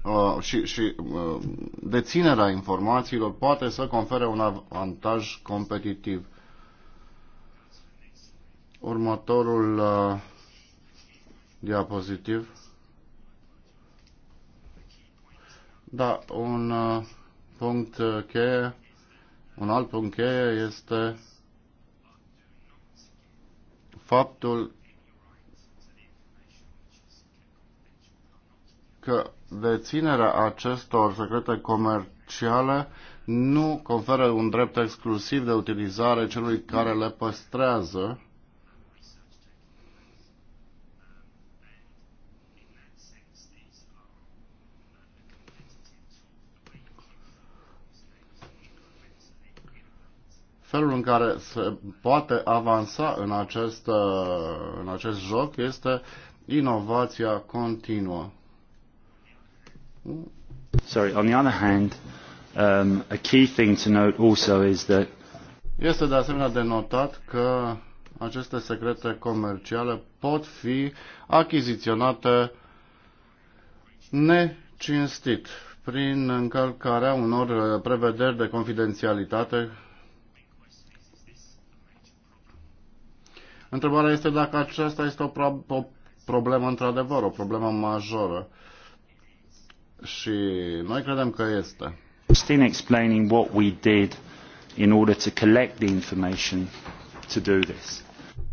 Uh, și, și uh, deținerea informațiilor poate să confere un avantaj competitiv. Următorul uh, diapozitiv. Da, un punct cheie, un alt punct cheie este faptul că deținerea acestor secrete comerciale nu conferă un drept exclusiv de utilizare celui care le păstrează. Felul în care se poate avansa în acest, în acest joc este inovația continuă. Sorry, on the other hand, um, a key thing to note also is that este de asemenea de notat că aceste secrete comerciale pot fi achiziționate necinstit prin încălcarea unor prevederi de confidențialitate. Întrebarea este dacă aceasta este o, pro- o problemă într-adevăr, o problemă majoră și noi credem că este. In explaining what we did in order to collect the information to do this.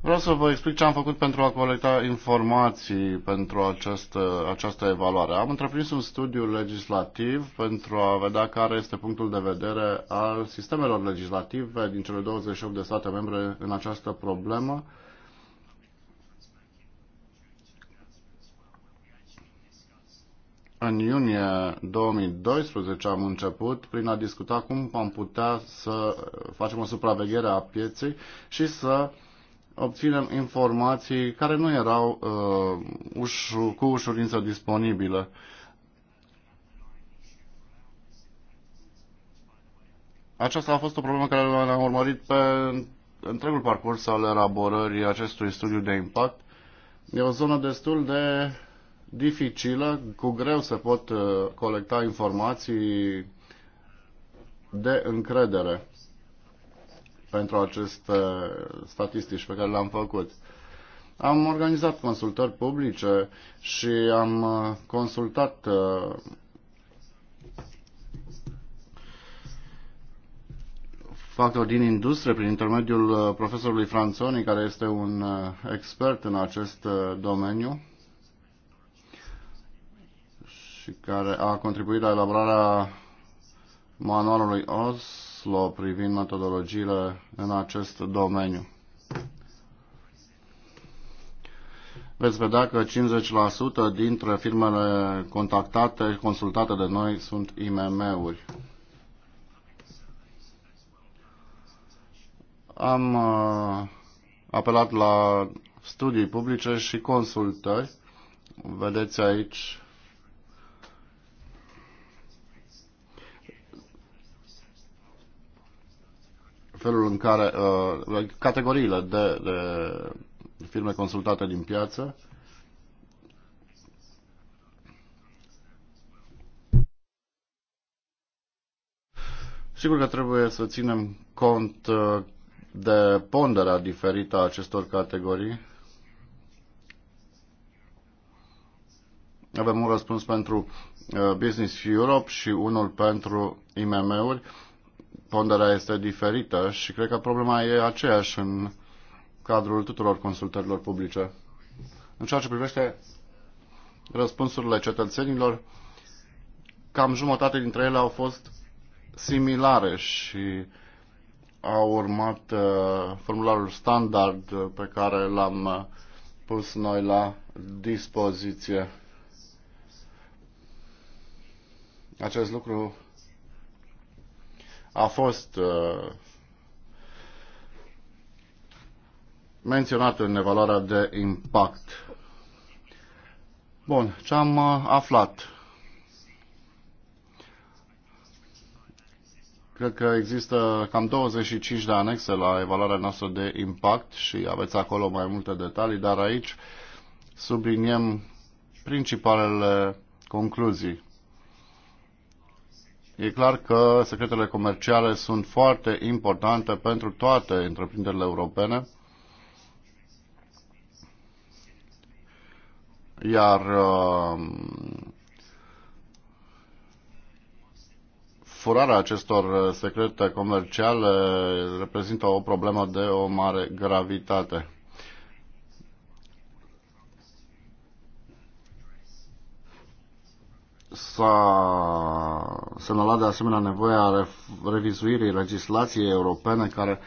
Vreau să vă explic ce am făcut pentru a colecta informații pentru această, această evaluare. Am întreprins un studiu legislativ pentru a vedea care este punctul de vedere al sistemelor legislative din cele 28 de state membre în această problemă. În iunie 2012 am început prin a discuta cum am putea să facem o supraveghere a pieței și să obținem informații care nu erau uh, ușu, cu ușurință disponibile. Aceasta a fost o problemă care ne-a urmărit pe întregul parcurs al elaborării acestui studiu de impact. E o zonă destul de dificilă, cu greu se pot uh, colecta informații de încredere pentru aceste statistici pe care le-am făcut. Am organizat consultări publice și am uh, consultat uh, factori din industrie prin intermediul profesorului Franzoni, care este un expert în acest domeniu și care a contribuit la elaborarea manualului Oslo privind metodologiile în acest domeniu. Veți vedea că 50% dintre firmele contactate, consultate de noi, sunt IMM-uri. Am uh, apelat la studii publice și consultări. Vedeți aici felul în care uh, categoriile de, de firme consultate din piață Sigur că trebuie să ținem cont uh, de ponderea diferită a acestor categorii. Avem un răspuns pentru uh, Business Europe și unul pentru IMM-uri ponderea este diferită și cred că problema e aceeași în cadrul tuturor consultărilor publice. În ceea ce privește răspunsurile cetățenilor, cam jumătate dintre ele au fost similare și au urmat uh, formularul standard pe care l-am uh, pus noi la dispoziție. Acest lucru a fost uh, menționat în evaluarea de impact. Bun, ce am uh, aflat? Cred că există cam 25 de anexe la evaluarea noastră de impact și aveți acolo mai multe detalii, dar aici subliniem principalele concluzii. E clar că secretele comerciale sunt foarte importante pentru toate întreprinderile europene, iar uh, furarea acestor secrete comerciale reprezintă o problemă de o mare gravitate. S-a semnalat de asemenea nevoia revizuirii legislației europene care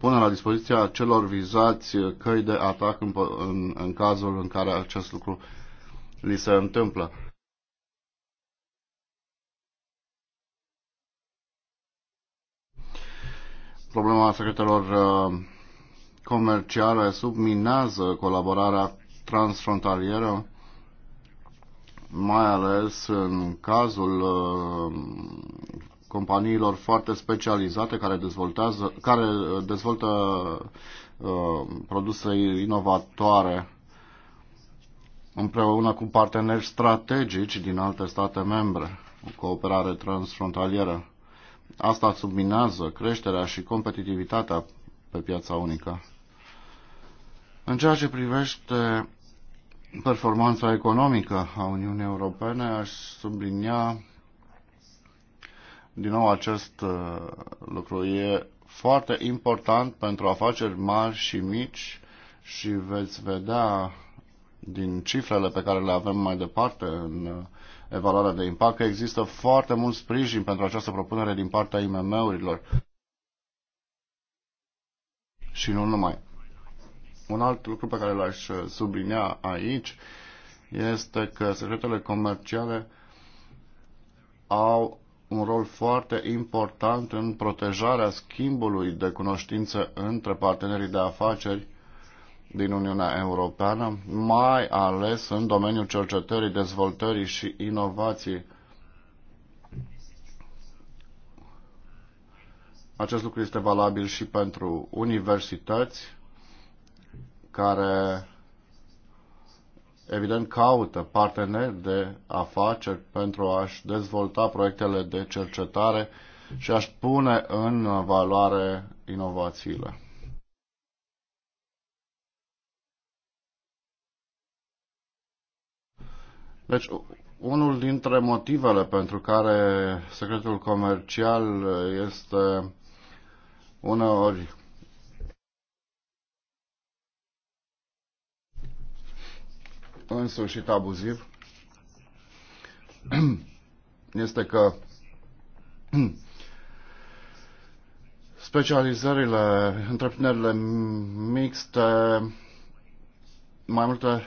pune la dispoziția celor vizați căi de atac în, în, în cazul în care acest lucru li se întâmplă. Problema secretelor uh, comerciale subminează colaborarea transfrontalieră mai ales în cazul uh, companiilor foarte specializate care, dezvoltează, care uh, dezvoltă uh, produse inovatoare împreună cu parteneri strategici din alte state membre, o cooperare transfrontalieră. Asta subminează creșterea și competitivitatea pe piața unică. În ceea ce privește performanța economică a Uniunii Europene, aș sublinia din nou acest uh, lucru. E foarte important pentru afaceri mari și mici și veți vedea din cifrele pe care le avem mai departe în uh, evaluarea de impact că există foarte mult sprijin pentru această propunere din partea IMM-urilor. Și nu numai. Un alt lucru pe care l-aș uh, sublinia aici este că secretele comerciale au un rol foarte important în protejarea schimbului de cunoștință între partenerii de afaceri din Uniunea Europeană, mai ales în domeniul cercetării, dezvoltării și inovației. Acest lucru este valabil și pentru universități, care evident caută parteneri de afaceri pentru a-și dezvolta proiectele de cercetare și a-și pune în valoare inovațiile. Deci, unul dintre motivele pentru care secretul comercial este uneori însușit abuziv este că specializările, întreprinderile mixte, mai multe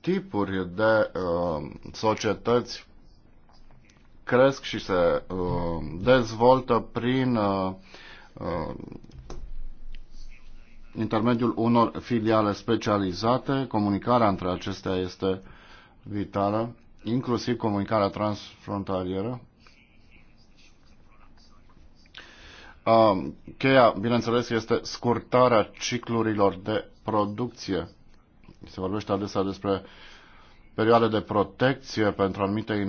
tipuri de uh, societăți cresc și se uh, dezvoltă prin uh, uh intermediul unor filiale specializate. Comunicarea între acestea este vitală, inclusiv comunicarea transfrontalieră. Cheia, bineînțeles, este scurtarea ciclurilor de producție. Se vorbește adesea despre perioade de protecție pentru anumite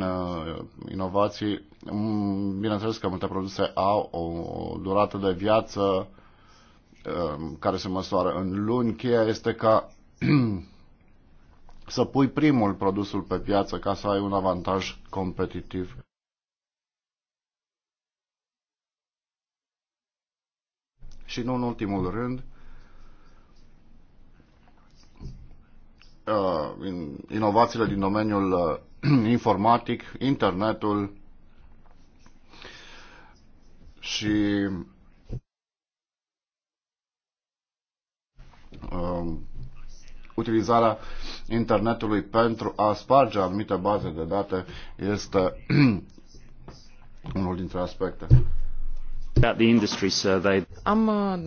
inovații. Mm, bineînțeles că multe produse au o durată de viață Um, care se măsoară în luni, cheia este ca să pui primul produsul pe piață ca să ai un avantaj competitiv. Și nu în ultimul rând, uh, inovațiile din domeniul uh, informatic, internetul și uh, utilizarea internetului pentru a sparge anumite baze de date este unul dintre aspecte. Am uh,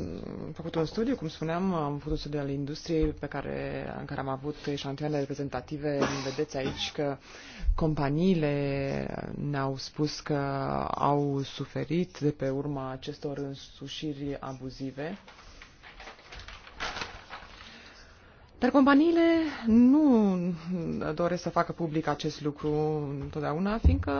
făcut un studiu, cum spuneam, am făcut un studiu al industriei pe care, în care am avut eșantioane reprezentative. Vedeți aici că companiile ne-au spus că au suferit de pe urma acestor însușiri abuzive Dar companiile nu doresc să facă public acest lucru întotdeauna, fiindcă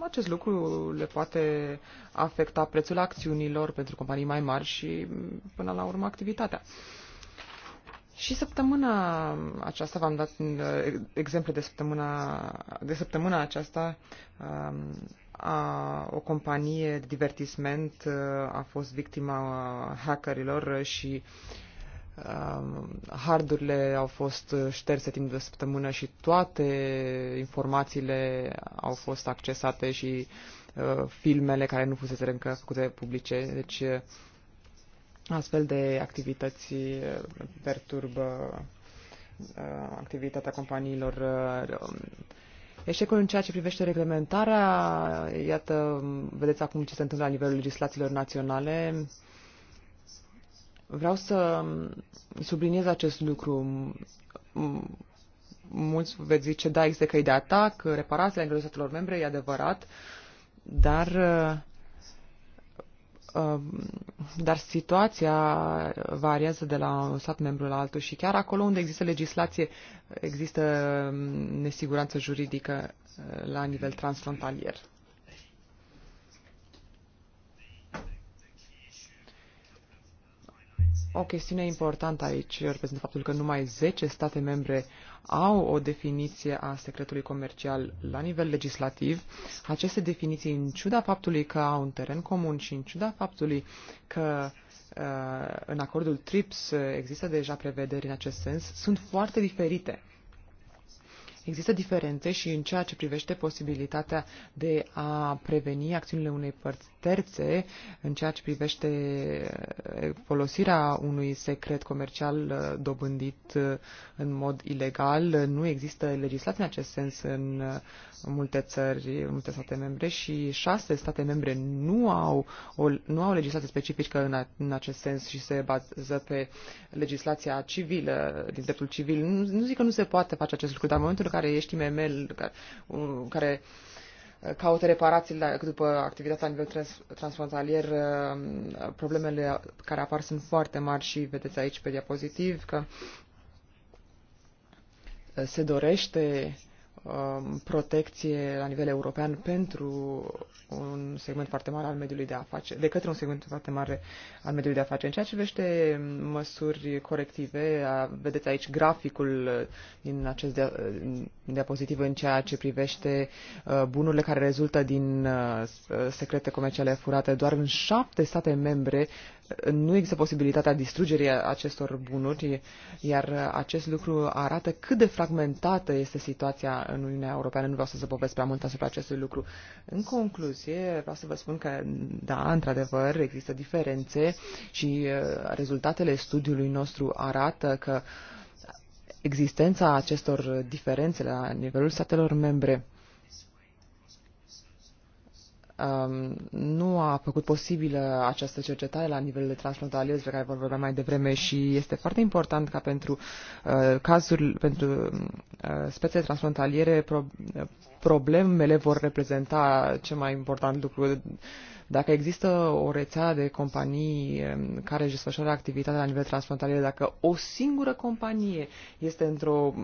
acest lucru le poate afecta prețul acțiunilor pentru companii mai mari și, până la urmă, activitatea. Și săptămâna aceasta, v-am dat eh, exemple de săptămâna, de săptămâna aceasta, ehm, a, o companie de divertisment eh, a fost victima hackerilor și uh, Um, hardurile au fost șterse timp de săptămână și toate informațiile au fost accesate și uh, filmele care nu fusese încă făcute publice. Deci uh, astfel de activități uh, perturbă activitatea companiilor. Eșecul în ceea ce privește reglementarea, iată, vedeți acum ce se întâmplă la nivelul legislațiilor naționale. Vreau să subliniez acest lucru. Mulți veți zice, da, există e de atac, reparația în statelor membre, e adevărat, dar uh, dar situația variază de la un stat membru la altul și chiar acolo unde există legislație există nesiguranță juridică uh, la nivel transfrontalier. O chestiune importantă aici reprezintă faptul că numai 10 state membre au o definiție a secretului comercial la nivel legislativ. Aceste definiții, în ciuda faptului că au un teren comun și în ciuda faptului că uh, în acordul TRIPS există deja prevederi în acest sens, sunt foarte diferite. Există diferențe și în ceea ce privește posibilitatea de a preveni acțiunile unei părți terțe, în ceea ce privește eh, folosirea unui secret comercial eh, dobândit eh, în mod ilegal. Nu există legislație în acest sens în multe țări, multe state membre și șase state membre nu au o, nu au legislație specifică în, a, în acest sens și se bazează pe legislația civilă, din dreptul civil. Nu, nu zic că nu se poate face acest lucru, dar în momentul în care ești IMML, care, care uh, caută reparații după activitatea la nivel trans, transfrontalier, uh, problemele care apar sunt foarte mari și vedeți aici pe diapozitiv că uh, se dorește Um, protecție la nivel european pentru un segment foarte mare al mediului de afaceri, de către un segment foarte mare al mediului de afaceri. În ceea ce privește măsuri corective, vedeți aici graficul uh, din acest dia, uh, diapozitiv în ceea ce privește uh, bunurile care rezultă din secrete comerciale furate. Doar în șapte state membre nu există posibilitatea distrugerii acestor bunuri, iar acest lucru arată cât de fragmentată este situația în Uniunea Europeană. Nu vreau să zăbovesc prea mult asupra acestui lucru. În concluzie, vreau să vă spun că, da, într-adevăr, există diferențe și uh, rezultatele studiului nostru arată că existența acestor diferențe la nivelul statelor membre Um, nu a făcut posibilă această cercetare la nivel de transfrontalier despre care vor vorbea mai devreme și este foarte important ca pentru uh, cazuri, pentru um, uh, spețe transfrontaliere pro, uh, problemele vor reprezenta cel mai important lucru dacă există o rețea de companii care își desfășoară activitatea la nivel transfrontalier, dacă o singură companie este într-o,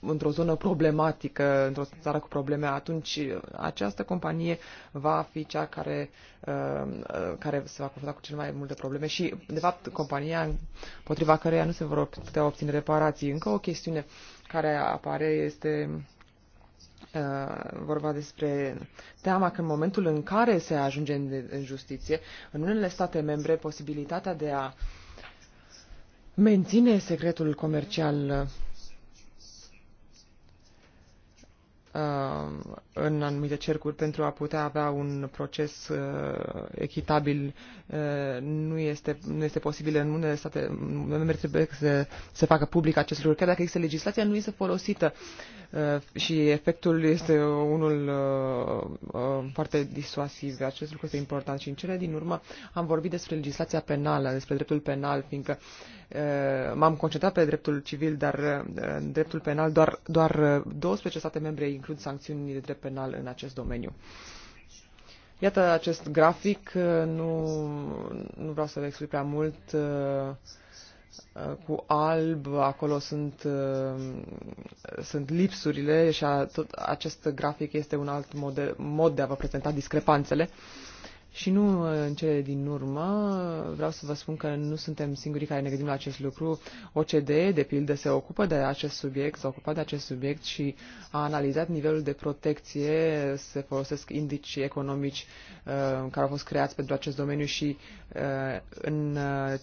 într-o zonă problematică, într-o țară cu probleme, atunci această companie va fi cea care, care se va confrunta cu cele mai multe probleme și, de fapt, compania potriva căreia nu se vor putea obține reparații. Încă o chestiune care apare este Uh, vorba despre teama că în momentul în care se ajunge în, în justiție, în unele state membre, posibilitatea de a menține secretul comercial uh, în anumite cercuri pentru a putea avea un proces uh, echitabil uh, nu, este, nu este posibil în unele state membre trebuie să se facă public acest lucru. Chiar dacă există legislația, nu este folosită. Uh, Uh, și efectul este unul uh, uh, foarte disuasiv. Acest lucru este important și în cele din urmă am vorbit despre legislația penală, despre dreptul penal, fiindcă m-am concentrat pe dreptul civil, dar în dreptul penal doar, doar 12 state membre includ sancțiuni de drept penal în acest domeniu. Iată acest grafic, nu, nu vreau să vă explic prea mult cu alb, acolo sunt, uh, sunt lipsurile și a, tot acest grafic este un alt mod de a vă prezenta discrepanțele. Uh, și nu în cele din urmă, vreau să vă spun că nu suntem singurii care ne gândim la acest lucru. OCDE, de pildă, se ocupă de acest subiect, s-a ocupat de acest subiect și a analizat nivelul de protecție, se folosesc indici economici uh, care au fost creați pentru acest domeniu și uh, în uh,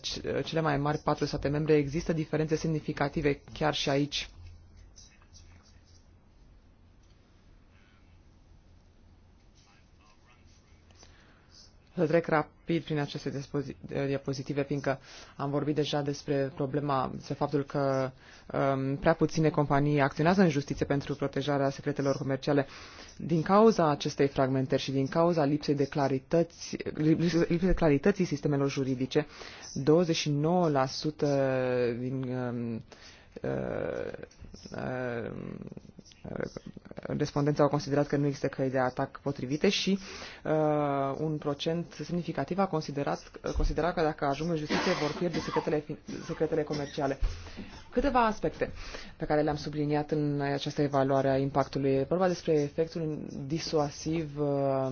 cele mai mari patru state membre există diferențe semnificative chiar și aici Să trec rapid prin aceste diapozitive, fiindcă am vorbit deja despre problema, despre faptul că um, prea puține companii acționează în justiție pentru protejarea secretelor comerciale. Din cauza acestei fragmentări și din cauza lipsei de clarități, lipsei de clarității sistemelor juridice, 29% din um, uh, Uh, respondenții au considerat că nu există căi de atac potrivite și uh, un procent semnificativ a considerat, considerat că dacă ajung în justiție vor pierde secretele, secretele comerciale. Câteva aspecte pe care le-am subliniat în această evaluare a impactului. E vorba despre efectul disuasiv uh,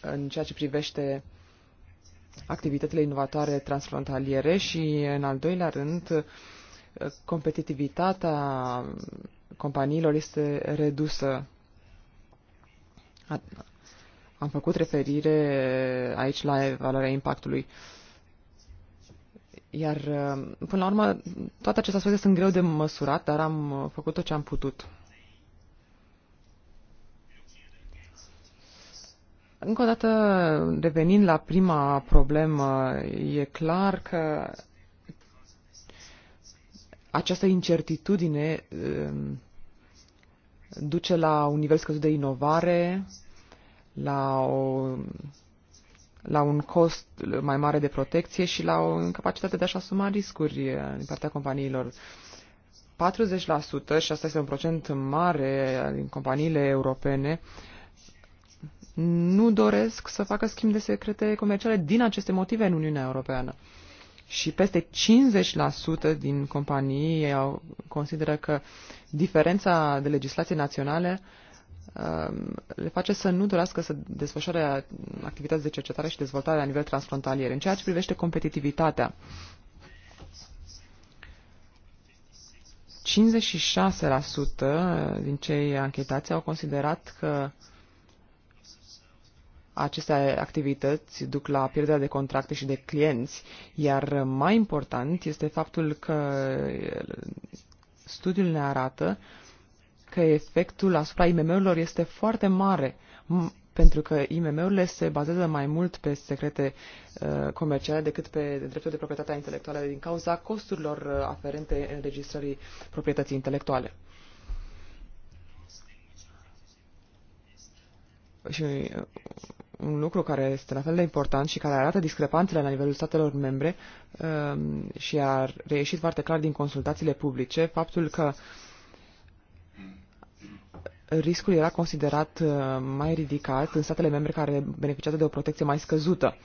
în ceea ce privește activitățile inovatoare transfrontaliere și, în al doilea rând, competitivitatea companiilor este redusă. Am făcut referire aici la valoarea impactului. Iar, până la urmă, toate aceste aspecte sunt greu de măsurat, dar am făcut tot ce am putut. Încă o dată, revenind la prima problemă, e clar că această incertitudine um, duce la un nivel scăzut de inovare, la, o, la un cost mai mare de protecție și la o incapacitate de a-și asuma riscuri uh, din partea companiilor. 40%, și asta este un procent mare uh, din companiile europene, nu doresc să facă schimb de secrete comerciale din aceste motive în Uniunea Europeană și peste 50% din companii au, consideră că diferența de legislație naționale um, le face să nu dorească să desfășoare activități de cercetare și dezvoltare la nivel transfrontalier. În ceea ce privește competitivitatea, 56% din cei anchetați au considerat că uh, aceste activități duc la pierderea de contracte și de clienți, iar mai important este faptul că studiul ne arată că efectul asupra IMM-urilor este foarte mare, pentru că IMM-urile se bazează mai mult pe secrete uh, comerciale decât pe dreptul de proprietate intelectuală din cauza costurilor uh, aferente înregistrării proprietății intelectuale. Și uh, un lucru care este la fel de important și care arată discrepanțele la nivelul statelor membre um, și a reieșit foarte clar din consultațiile publice faptul că riscul era considerat uh, mai ridicat în statele membre care beneficiază de o protecție mai scăzută.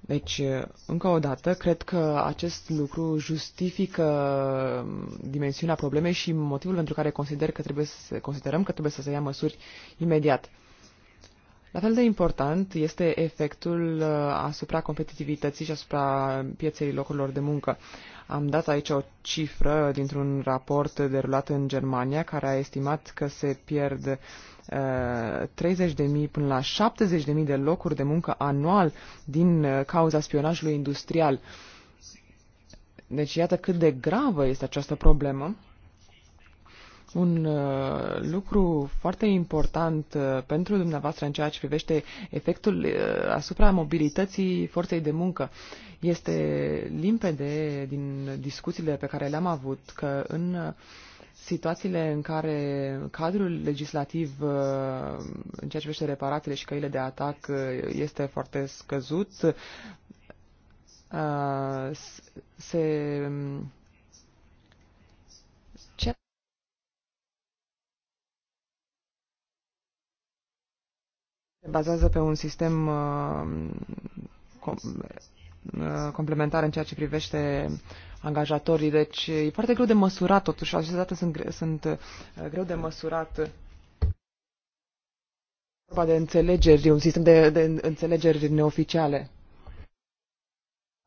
Deci, uh, încă o dată, cred că acest lucru justifică uh, dimensiunea problemei și motivul pentru care consider că trebuie să, considerăm că trebuie să se ia măsuri imediat. La fel de important este efectul uh, asupra competitivității și asupra pieței locurilor de muncă. Am dat aici o cifră dintr-un raport derulat în Germania care a estimat că se pierd 30.000 uh, până la 70.000 de locuri de muncă anual din uh, cauza spionajului industrial. Deci iată cât de gravă este această problemă un uh, lucru foarte important uh, pentru dumneavoastră în ceea ce privește efectul uh, asupra mobilității forței de muncă este limpede din discuțiile pe care le-am avut că în uh, situațiile în care cadrul legislativ uh, în ceea ce privește reparațiile și căile de atac uh, este foarte scăzut, uh, se Se bazează pe un sistem uh, com uh, complementar în ceea ce privește angajatorii, deci e foarte greu de măsurat totuși, aceste date sunt, gre- sunt uh, greu de măsurat vorba de înțelegeri, un sistem de, de înțelegeri neoficiale.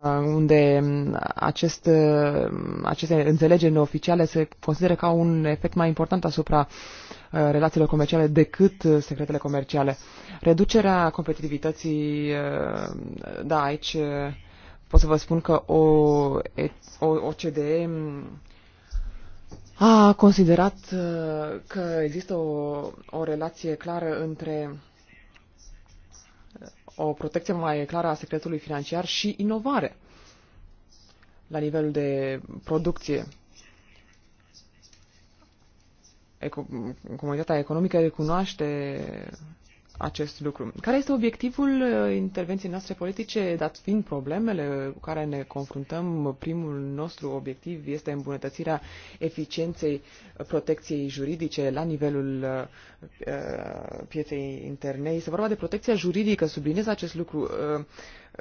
Uh, unde um, acest, uh, aceste înțelegeri neoficiale se consideră ca un efect mai important asupra uh, relațiilor comerciale decât secretele comerciale. Reducerea competitivității, da, aici pot să vă spun că o, o OCDE um, a considerat că există o, o relație clară între o protecție mai clară a secretului financiar și inovare la nivelul de producție. Eco- comunitatea economică recunoaște acest lucru. Care este obiectivul uh, intervenției noastre politice, dat fiind problemele cu care ne confruntăm? Primul nostru obiectiv este îmbunătățirea eficienței protecției juridice la nivelul uh, uh, pieței interne. Se vorba de protecția juridică, subliniez acest lucru.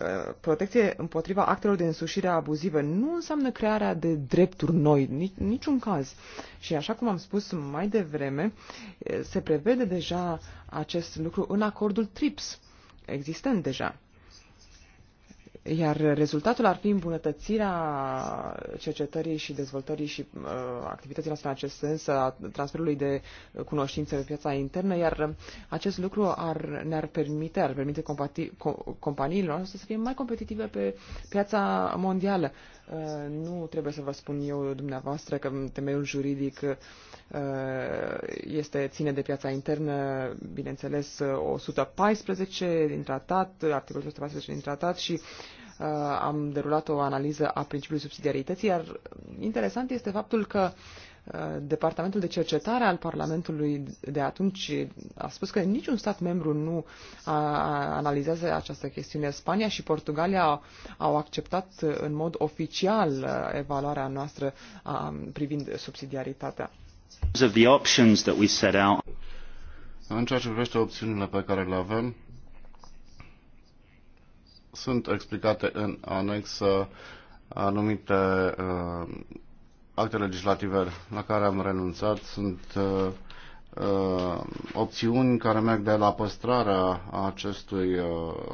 Uh, protecție împotriva actelor de însușire abuzivă nu înseamnă crearea de drepturi noi, nici, niciun caz. Și așa cum am spus mai devreme, uh, se prevede deja acest lucru în acordul TRIPS existent deja. Iar rezultatul ar fi îmbunătățirea cercetării și dezvoltării și uh, activității noastre în acest sens, a transferului de cunoștințe pe piața internă, iar acest lucru ar, ne-ar permite, ar permite compati, co- companiilor noastre să fie mai competitive pe piața mondială. Uh, nu trebuie să vă spun eu dumneavoastră că temeiul juridic uh, este ține de piața internă, bineînțeles, 114 din tratat, articolul 114 din tratat și uh, Uh, am derulat o analiză a principiului subsidiarității, iar interesant este faptul că uh, Departamentul de Cercetare al Parlamentului de atunci a spus că niciun stat membru nu a, a, analizează această chestiune. Spania și Portugalia au, au acceptat în mod oficial uh, evaluarea noastră a, um, privind subsidiaritatea. În ceea ce privește opțiunile pe care le avem, sunt explicate în anexă anumite uh, acte legislative la care am renunțat. Sunt uh, uh, opțiuni care merg de la păstrarea acestui, uh,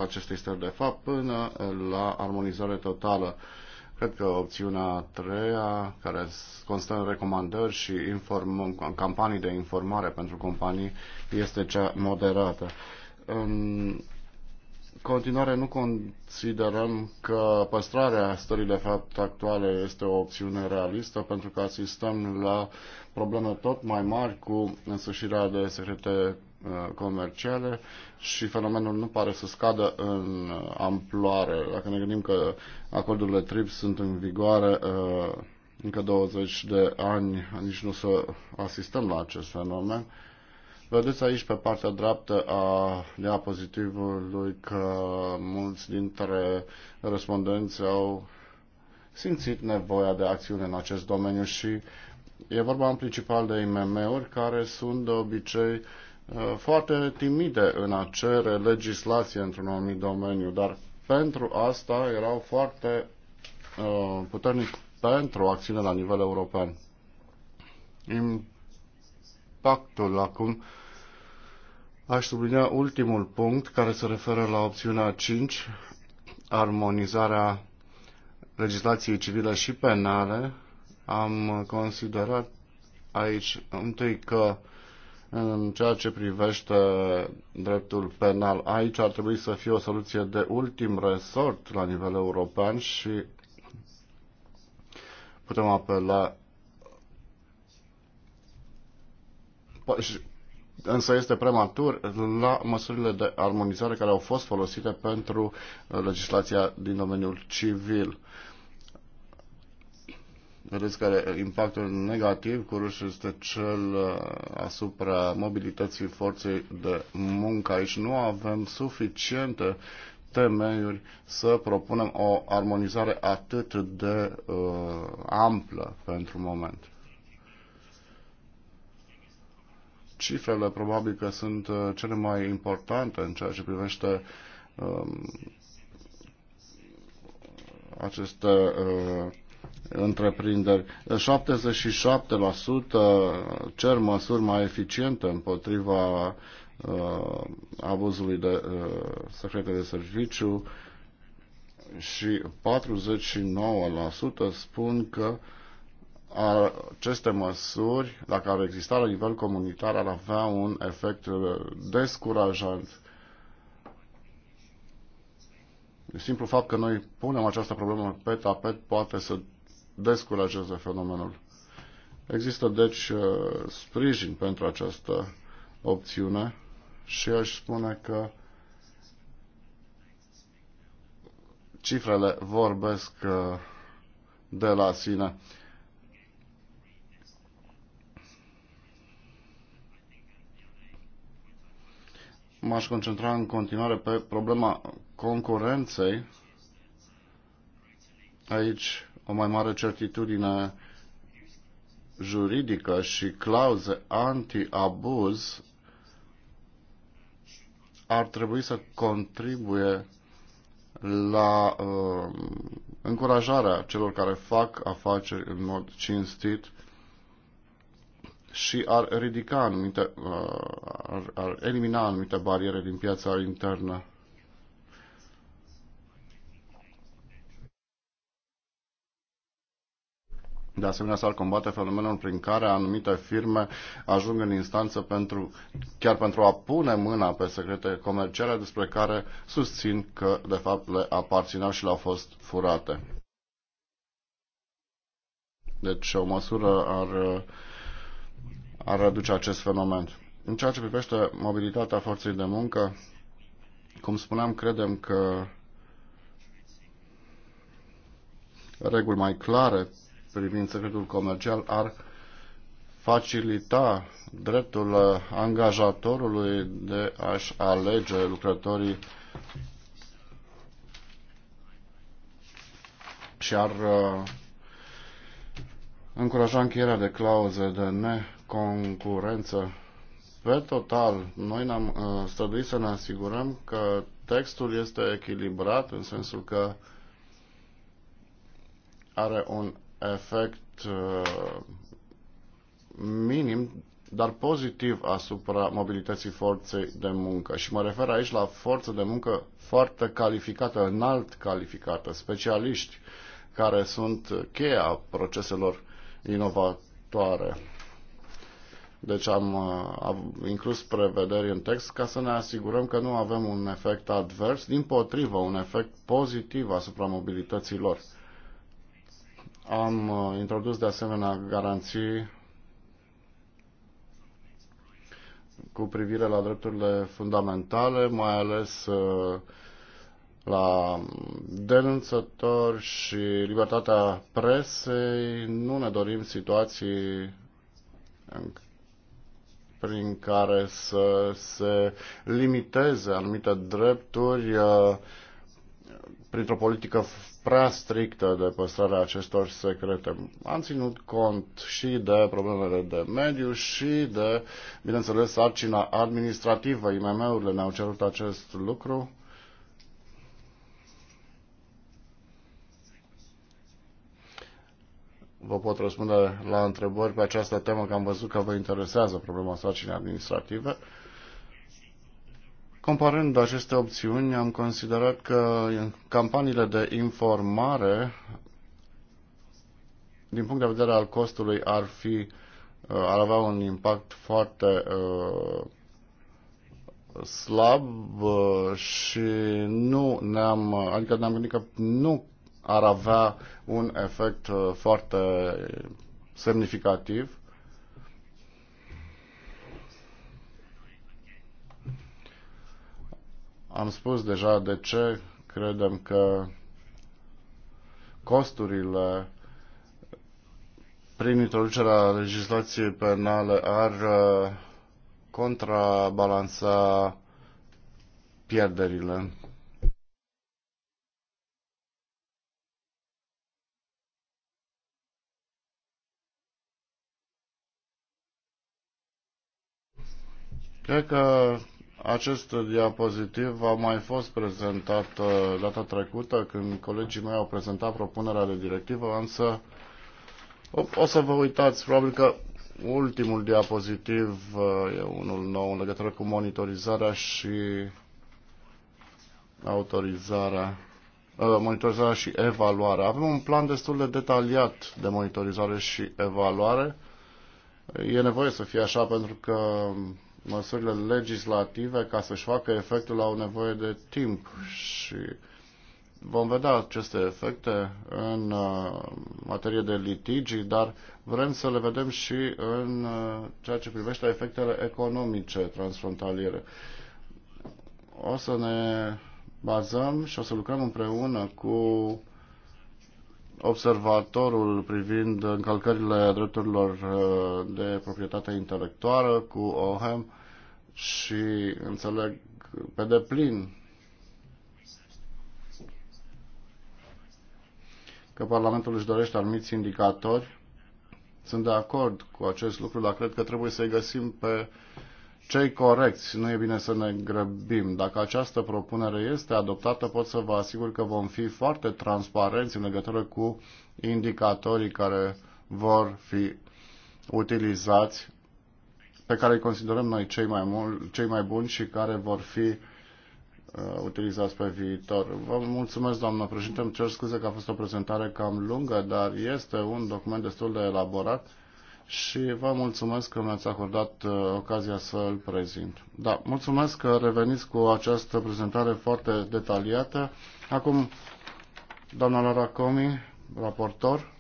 acestui stări de fapt până la armonizare totală. Cred că opțiunea a treia, care constă în recomandări și inform, campanii de informare pentru companii, este cea moderată continuare nu considerăm că păstrarea stării de fapt actuale este o opțiune realistă pentru că asistăm la probleme tot mai mari cu însușirea de secrete uh, comerciale și fenomenul nu pare să scadă în amploare. Dacă ne gândim că acordurile TRIPS sunt în vigoare uh, încă 20 de ani, nici nu să asistăm la acest fenomen. Vedeți aici pe partea dreaptă a diapozitivului că mulți dintre respondenți au simțit nevoia de acțiune în acest domeniu și e vorba în principal de IMM-uri care sunt de obicei uh, foarte timide în a cere legislație într-un anumit domeniu, dar pentru asta erau foarte uh, puternic pentru acțiune la nivel european. Impactul acum Aș sublinia ultimul punct care se referă la opțiunea 5, armonizarea legislației civile și penale. Am considerat aici întâi că în ceea ce privește dreptul penal, aici ar trebui să fie o soluție de ultim resort la nivel european și putem apela însă este prematur la măsurile de armonizare care au fost folosite pentru uh, legislația din domeniul civil. Vedeți că impactul negativ cu rușul este cel uh, asupra mobilității forței de muncă. Aici nu avem suficiente temeiuri să propunem o armonizare atât de uh, amplă pentru moment. cifrele probabil că sunt uh, cele mai importante în ceea ce privește um, aceste uh, întreprinderi. 77% cer măsuri mai eficiente împotriva uh, abuzului de uh, secrete de serviciu și 49% spun că uh, aceste măsuri, dacă ar exista la nivel comunitar, ar avea un efect descurajant. Simplu fapt că noi punem această problemă pe tapet poate să descurajeze fenomenul. Există deci uh, sprijin pentru această opțiune și aș spune că cifrele vorbesc uh, de la sine. m-aș concentra în continuare pe problema concurenței. Aici o mai mare certitudine juridică și clauze anti-abuz ar trebui să contribuie la uh, încurajarea celor care fac afaceri în mod cinstit și ar ridica anumite, uh, ar, ar elimina anumite bariere din piața internă. De asemenea, s-ar combate fenomenul prin care anumite firme ajung în instanță pentru, chiar pentru a pune mâna pe secrete comerciale despre care susțin că, de fapt, le aparțineau și le-au fost furate. Deci, o măsură ar ar reduce acest fenomen. În ceea ce privește mobilitatea forței de muncă, cum spuneam, credem că reguli mai clare privind secretul comercial ar facilita dreptul angajatorului de a-și alege lucrătorii și ar uh, încuraja încheierea de clauze de ne concurență. Pe total, noi ne-am uh, străduit să ne asigurăm că textul este echilibrat în sensul că are un efect uh, minim, dar pozitiv asupra mobilității forței de muncă. Și mă refer aici la forță de muncă foarte calificată, înalt calificată, specialiști care sunt cheia proceselor inovatoare. Deci am, uh, am inclus prevederi în text ca să ne asigurăm că nu avem un efect advers, din potrivă, un efect pozitiv asupra mobilității lor. Am uh, introdus de asemenea garanții cu privire la drepturile fundamentale, mai ales uh, la denunțători și libertatea presei. Nu ne dorim situații în prin care să se limiteze anumite drepturi uh, printr-o politică prea strictă de păstrarea acestor secrete. Am ținut cont și de problemele de mediu și de, bineînțeles, sarcina administrativă. IMM-urile ne-au cerut acest lucru vă pot răspunde la întrebări pe această temă, că am văzut că vă interesează problema sarcinii administrative. Comparând aceste opțiuni, am considerat că campaniile de informare, din punct de vedere al costului, ar, fi, uh, ar avea un impact foarte uh, slab uh, și nu ne-am, adică ne-am gândit că nu ar avea un efect uh, foarte semnificativ. Am spus deja de ce credem că costurile prin introducerea legislației penale ar uh, contrabalansa pierderile. Cred că acest diapozitiv a mai fost prezentat uh, data trecută când colegii mei au prezentat propunerea de directivă, însă o să vă uitați, probabil că ultimul diapozitiv uh, e unul nou în legătură cu monitorizarea și autorizarea, uh, monitorizarea și evaluarea. Avem un plan destul de detaliat de monitorizare și evaluare. E nevoie să fie așa pentru că măsurile legislative ca să-și facă efectul au nevoie de timp și vom vedea aceste efecte în uh, materie de litigi, dar vrem să le vedem și în uh, ceea ce privește efectele economice transfrontaliere. O să ne bazăm și o să lucrăm împreună cu observatorul privind încălcările drepturilor uh, de proprietate intelectuală cu OHEM și înțeleg pe deplin că Parlamentul își dorește anumiți indicatori. Sunt de acord cu acest lucru, dar cred că trebuie să-i găsim pe uh, cei corecți. Nu e bine să ne grăbim. Dacă această propunere este adoptată, pot să vă asigur că vom fi foarte transparenți în legătură cu indicatorii care vor fi utilizați, pe care îi considerăm noi cei mai, mul- cei mai buni și care vor fi uh, utilizați pe viitor. Vă mulțumesc, doamnă președinte. Îmi cer scuze că a fost o prezentare cam lungă, dar este un document destul de elaborat și vă mulțumesc că mi-ați acordat uh, ocazia să îl prezint. Da, mulțumesc că reveniți cu această prezentare foarte detaliată. Acum, doamna Lara Comi, raportor.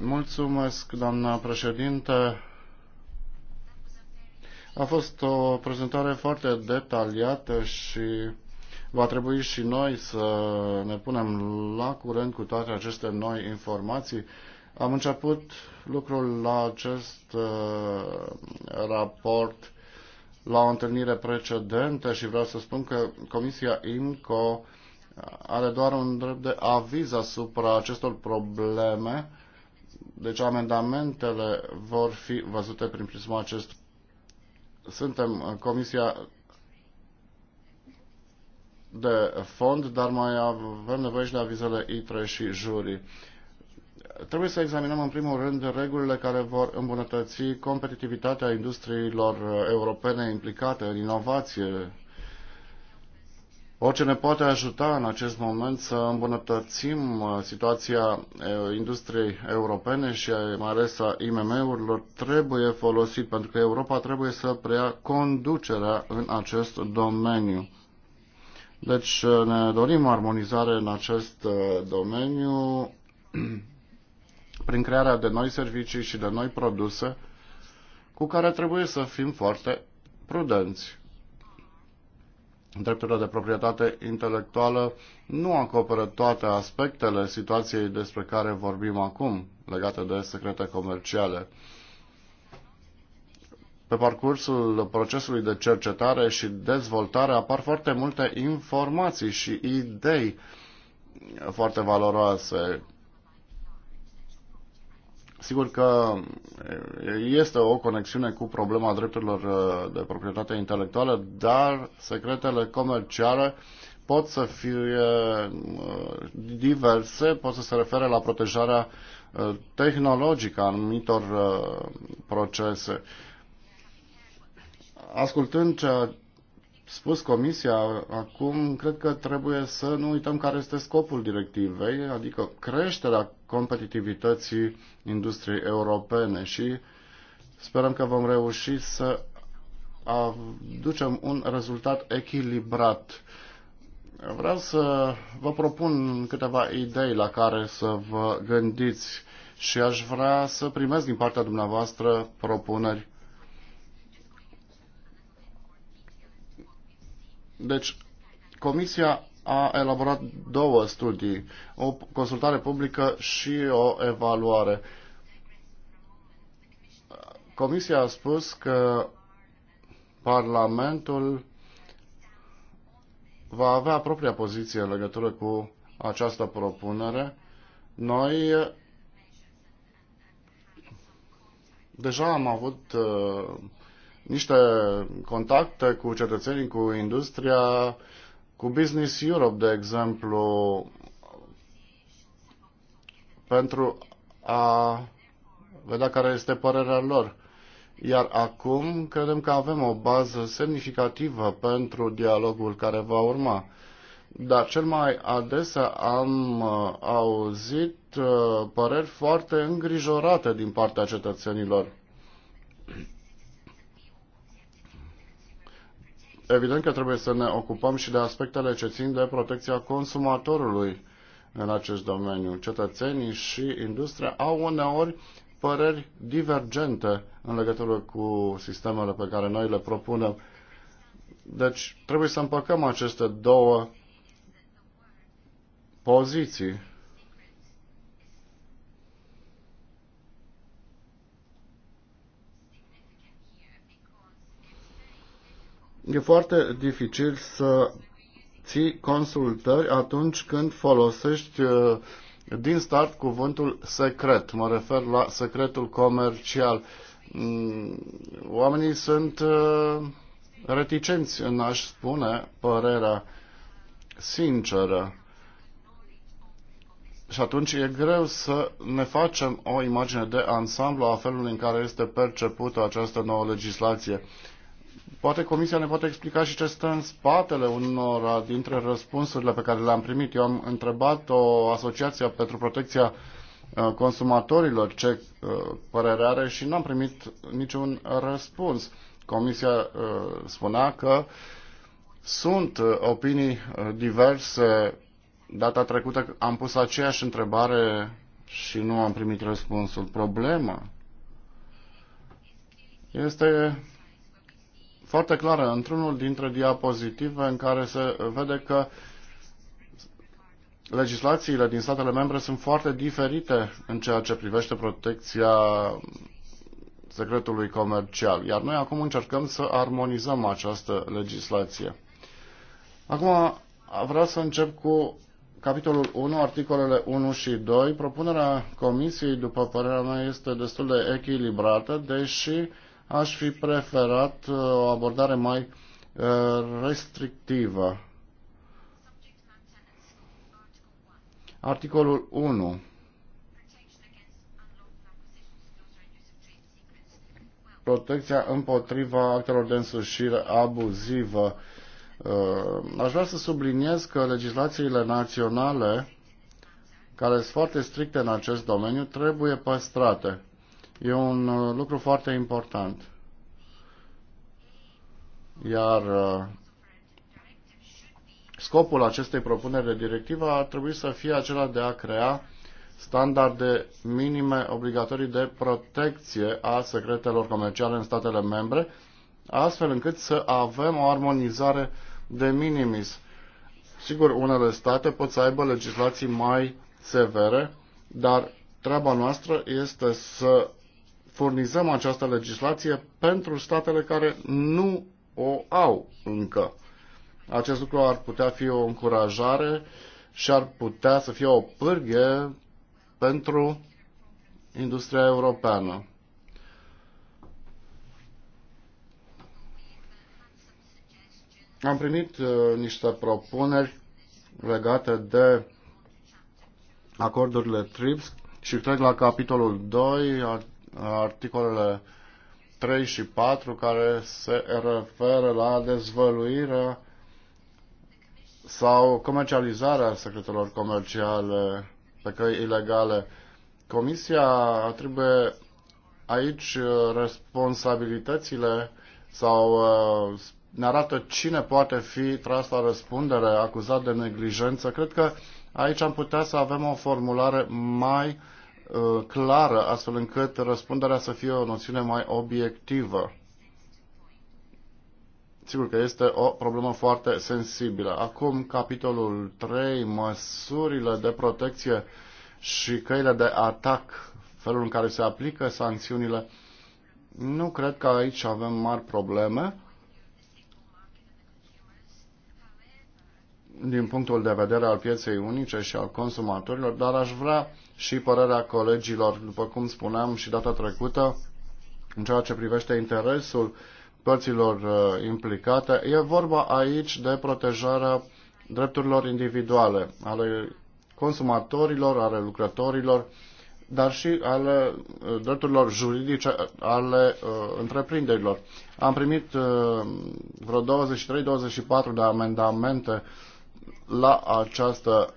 Mulțumesc, doamna președinte. A fost o prezentare foarte detaliată și Va trebui și noi să ne punem la curent cu toate aceste noi informații. Am început lucrul la acest uh, raport la o întâlnire precedentă și vreau să spun că Comisia IMCO are doar un drept de aviz asupra acestor probleme, deci amendamentele vor fi văzute prin prisma acest. Suntem uh, Comisia de fond, dar mai avem nevoie și de avizele ITRE și jurii. Trebuie să examinăm în primul rând regulile care vor îmbunătăți competitivitatea industriilor uh, europene implicate în inovație. Orice ne poate ajuta în acest moment să îmbunătățim uh, situația uh, industriei europene și mai ales a IMM-urilor trebuie folosit pentru că Europa trebuie să preia conducerea în acest domeniu. Deci uh, ne dorim armonizare în acest uh, domeniu prin crearea de noi servicii și de noi produse cu care trebuie să fim foarte prudenți. Drepturile de proprietate intelectuală nu acoperă toate aspectele situației despre care vorbim acum, legate de secrete comerciale pe parcursul procesului de cercetare și dezvoltare apar foarte multe informații și idei foarte valoroase. Sigur că este o conexiune cu problema drepturilor uh, de proprietate intelectuală, dar secretele comerciale pot să fie uh, diverse, pot să se refere la protejarea uh, tehnologică a anumitor procese ascultând ce a spus Comisia acum, cred că trebuie să nu uităm care este scopul directivei, adică creșterea competitivității industriei europene și sperăm că vom reuși să aducem un rezultat echilibrat. Vreau să vă propun câteva idei la care să vă gândiți și aș vrea să primesc din partea dumneavoastră propuneri Deci, Comisia a elaborat două studii, o consultare publică și o evaluare. Comisia a spus că Parlamentul va avea propria poziție în legătură cu această propunere. Noi deja am avut uh, niște contacte cu cetățenii, cu industria, cu Business Europe, de exemplu, pentru a vedea care este părerea lor. Iar acum credem că avem o bază semnificativă pentru dialogul care va urma. Dar cel mai adesea am uh, auzit uh, păreri foarte îngrijorate din partea cetățenilor. evident că trebuie să ne ocupăm și de aspectele ce țin de protecția consumatorului în acest domeniu. Cetățenii și industria au uneori păreri divergente în legătură cu sistemele pe care noi le propunem. Deci trebuie să împăcăm aceste două poziții. E foarte dificil să ții consultări atunci când folosești uh, din start cuvântul secret. Mă refer la secretul comercial. Mm, oamenii sunt uh, reticenți în a spune părerea sinceră. Și atunci e greu să ne facem o imagine de ansamblu a felului în care este percepută această nouă legislație. Poate Comisia ne poate explica și ce stă în spatele unor dintre răspunsurile pe care le-am primit. Eu am întrebat o asociație pentru protecția uh, consumatorilor ce uh, părere are și n-am primit niciun răspuns. Comisia uh, spunea că sunt opinii diverse. Data trecută am pus aceeași întrebare și nu am primit răspunsul. Problema este foarte clară într-unul dintre diapozitive în care se vede că legislațiile din statele membre sunt foarte diferite în ceea ce privește protecția secretului comercial, iar noi acum încercăm să armonizăm această legislație. Acum vreau să încep cu capitolul 1, articolele 1 și 2. Propunerea Comisiei, după părerea mea, este destul de echilibrată, deși aș fi preferat uh, o abordare mai uh, restrictivă. Articolul 1. Protecția împotriva actelor de însușire abuzivă. Uh, aș vrea să subliniez că legislațiile naționale, care sunt foarte stricte în acest domeniu, trebuie păstrate e un uh, lucru foarte important. Iar uh, scopul acestei propuneri de directivă ar trebui să fie acela de a crea standarde minime obligatorii de protecție a secretelor comerciale în statele membre, astfel încât să avem o armonizare de minimis. Sigur, unele state pot să aibă legislații mai severe, dar treaba noastră este să furnizăm această legislație pentru statele care nu o au încă. Acest lucru ar putea fi o încurajare și ar putea să fie o pârghie pentru industria europeană. Am primit uh, niște propuneri legate de acordurile TRIPS și trec la capitolul 2, articolele 3 și 4 care se referă la dezvăluirea sau comercializarea secretelor comerciale pe căi ilegale. Comisia atribuie aici uh, responsabilitățile sau uh, ne arată cine poate fi tras la răspundere, acuzat de neglijență. Cred că aici am putea să avem o formulare mai uh, Uh, clară, astfel încât răspunderea să fie o noțiune mai obiectivă. Sigur că este o problemă foarte sensibilă. Acum, capitolul 3, măsurile de protecție și căile de atac, felul în care se aplică sancțiunile, nu cred că aici avem mari probleme. din punctul de vedere al pieței unice și al consumatorilor, dar aș vrea și părerea colegilor, după cum spuneam și data trecută, în ceea ce privește interesul părților uh, implicate. E vorba aici de protejarea drepturilor individuale ale consumatorilor, ale lucrătorilor, dar și ale uh, drepturilor juridice ale uh, întreprinderilor. Am primit uh, vreo 23-24 de amendamente la această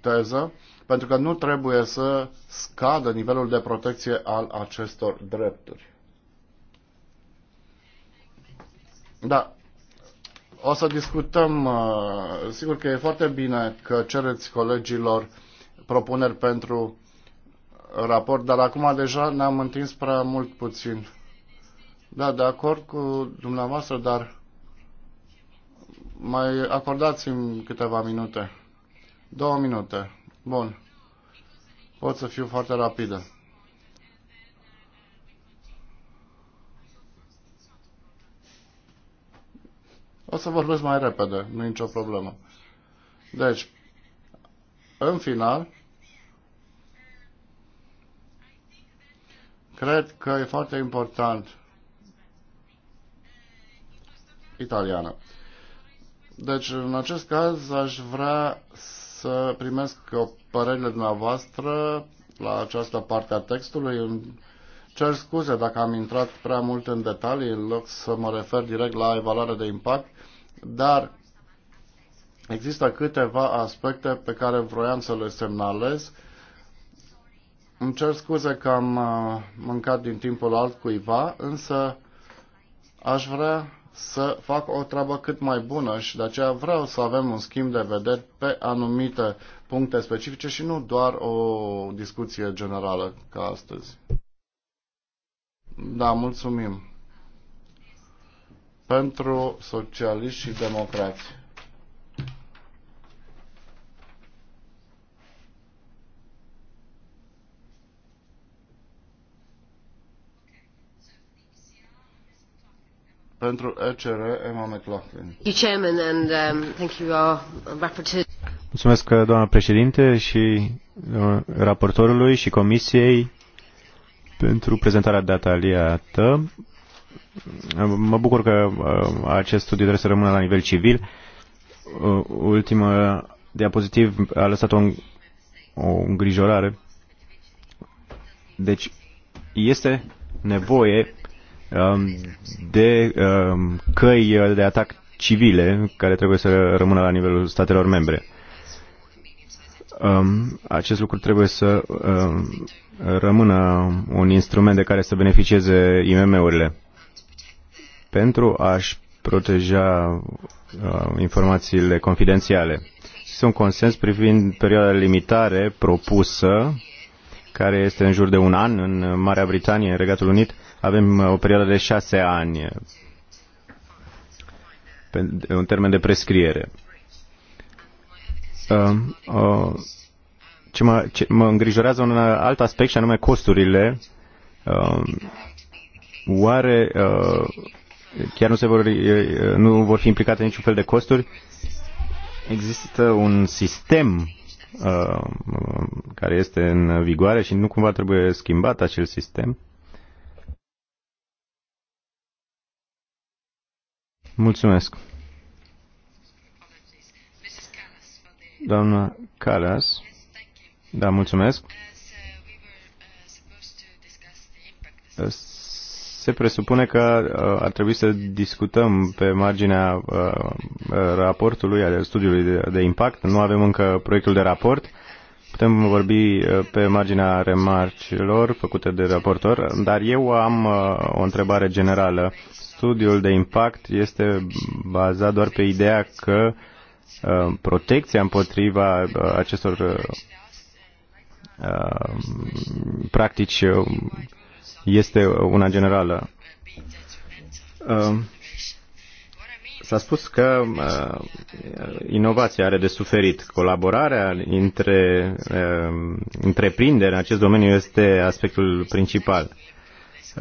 teză, pentru că nu trebuie să scadă nivelul de protecție al acestor drepturi. Da, o să discutăm, uh, sigur că e foarte bine că cereți colegilor propuneri pentru raport, dar acum deja ne-am întins prea mult puțin. Da, de acord cu dumneavoastră, dar mai acordați-mi câteva minute. Două minute. Bun. Pot să fiu foarte rapidă. O să vorbesc mai repede, nu e nicio problemă. Deci, în final, cred că e foarte important italiană. Deci, în acest caz, aș vrea să primesc părerile dumneavoastră la această parte a textului. Îmi cer scuze dacă am intrat prea mult în detalii, în loc să mă refer direct la evaluarea de impact, dar există câteva aspecte pe care vroiam să le semnalez. Îmi cer scuze că am uh, mâncat din timpul altcuiva, însă aș vrea să fac o treabă cât mai bună și de aceea vreau să avem un schimb de vederi pe anumite puncte specifice și nu doar o discuție generală ca astăzi. Da, mulțumim. Pentru socialiști și democrații. pentru ECR, Emma McLaughlin. Um, Mulțumesc, uh, doamna președinte, și uh, raportorului și comisiei pentru prezentarea detaliată. Uh, mă bucur că acest studiu trebuie să rămână la nivel civil. Ultima diapozitiv a lăsat o, o îngrijorare. Deci este nevoie Um, de um, căi de atac civile care trebuie să rămână la nivelul statelor membre. Um, acest lucru trebuie să rămână un instrument de care să beneficieze IMM-urile. Pentru a-și proteja uh, informațiile confidențiale. Este un consens privind perioada de limitare propusă, care este în jur de un an în Marea Britanie, în Regatul Unit, avem uh, o perioadă de șase ani, uh, un termen de prescriere. Uh, ce mă, ce mă îngrijorează un alt aspect și anume costurile. Oare chiar nu, se vor, nu vor fi implicate niciun fel de costuri? Există un sistem care este în vigoare și nu cumva trebuie schimbat acel sistem. Mulțumesc. Doamna Calas. Da, mulțumesc. Se presupune că uh, ar trebui să discutăm pe marginea uh, uh, raportului, al studiului de impact. Nu avem încă proiectul de raport. Putem vorbi pe marginea remarcilor făcute de raportor, dar eu am o întrebare generală studiul de impact este bazat doar pe ideea că uh, protecția împotriva uh, acestor uh, practici este una generală. S-a spus că uh, inovația are de suferit. Colaborarea între uh, întreprinderi în acest domeniu este aspectul principal.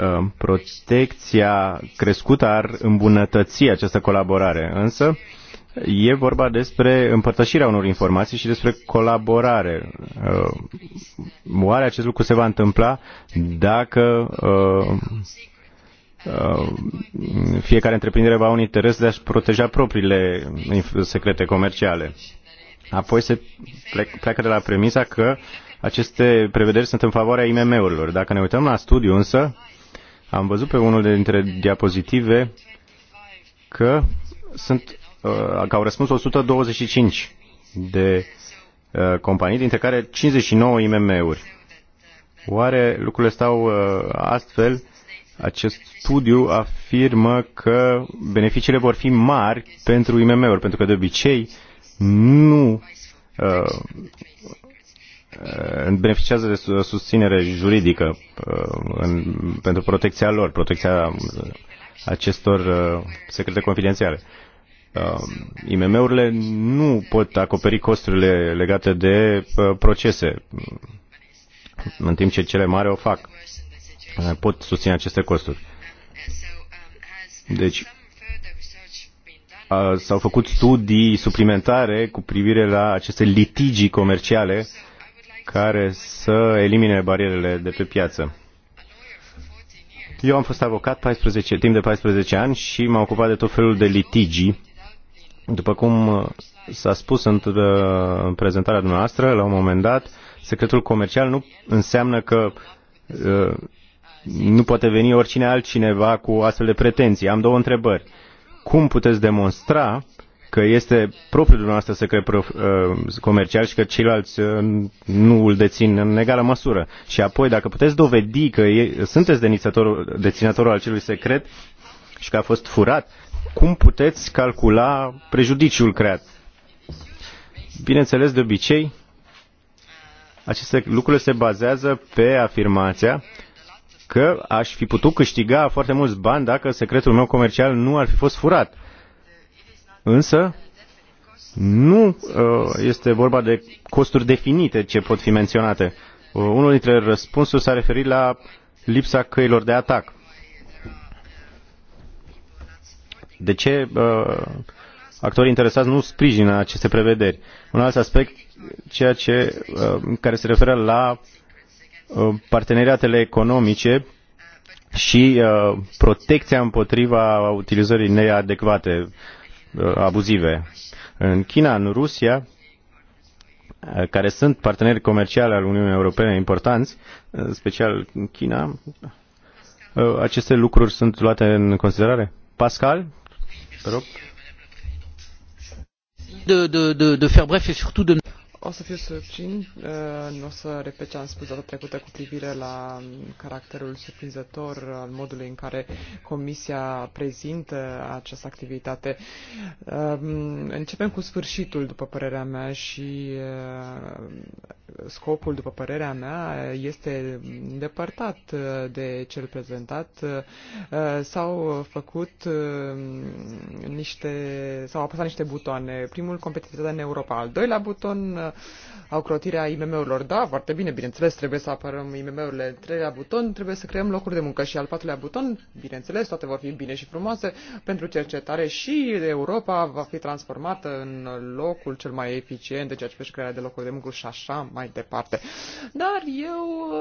Uh, protecția crescută ar îmbunătăți această colaborare. Însă, E vorba despre împărtășirea unor informații și despre colaborare. Uh, oare acest lucru se va întâmpla dacă uh, fiecare întreprindere va un interes de a-și proteja propriile secrete comerciale? Apoi se pleacă de la premisa că aceste prevederi sunt în favoarea IMM-urilor. Dacă ne uităm la studiu însă, am văzut pe unul dintre diapozitive că sunt uh, că au răspuns 125 de uh, companii, dintre care 59 IMM-uri. Oare lucrurile stau uh, astfel? Acest studiu afirmă că beneficiile vor fi mari pentru IMM-uri, pentru că de obicei nu Uh, beneficiază de susținere juridică uh, în, pentru protecția lor, protecția acestor uh, secrete confidențiale. IMM-urile nu pot acoperi costurile legate de procese, în timp ce cele mari o fac. Pot susține aceste costuri. Deci, s-au făcut studii suplimentare cu privire la aceste litigii comerciale uh, care să elimine barierele de pe piață. Eu am fost avocat 14, timp de 14 ani și m-am ocupat de tot felul de litigii. După cum s-a spus în, prezentarea dumneavoastră, la un moment dat, secretul comercial nu înseamnă că uh, nu poate veni oricine altcineva cu astfel de pretenții. Am două întrebări. Cum puteți demonstra că este propriul dumneavoastră secret uh, comercial și că ceilalți uh, nu îl dețin în egală măsură. Și apoi, dacă puteți dovedi că sunteți deținătorul acelui secret și că a fost furat, cum puteți calcula prejudiciul creat? Bineînțeles, de obicei, aceste lucruri se bazează pe afirmația că aș fi putut câștiga foarte mulți bani dacă secretul meu comercial nu ar fi fost furat însă nu uh, este vorba de costuri definite ce pot fi menționate. Uh, unul dintre răspunsuri s-a referit la lipsa căilor de atac. De ce uh, actorii interesați nu sprijină aceste prevederi? Un alt aspect, ceea ce, uh, care se referă la uh, parteneriatele economice și uh, protecția împotriva utilizării neadecvate. Uh, abuzive. În China, în Rusia, uh, care sunt parteneri comerciali al Uniunii Europene importanți, uh, în special în China, aceste lucruri sunt luate în considerare? Pascal, te rog. De, de, de, de faire bref et surtout de o să fiu subțin, uh, nu o să repet ce am spus data trecută cu privire la caracterul surprinzător al modului în care Comisia prezintă această activitate. Um, începem cu sfârșitul, după părerea mea, și uh, scopul, după părerea mea, este îndepărtat uh, de cel prezentat. S-au făcut niște, s-au apăsat niște butoane. Primul, competitivitatea în Europa. Al doilea buton, crotirea IMM-urilor. Da, foarte bine, bineînțeles, trebuie să apărăm IMM-urile. Treilea buton, trebuie să creăm locuri de muncă și al patrulea buton, bineînțeles, toate vor fi bine și frumoase pentru cercetare și Europa va fi transformată în locul cel mai eficient de ceea ce crearea de locuri de muncă și așa mai departe. Dar eu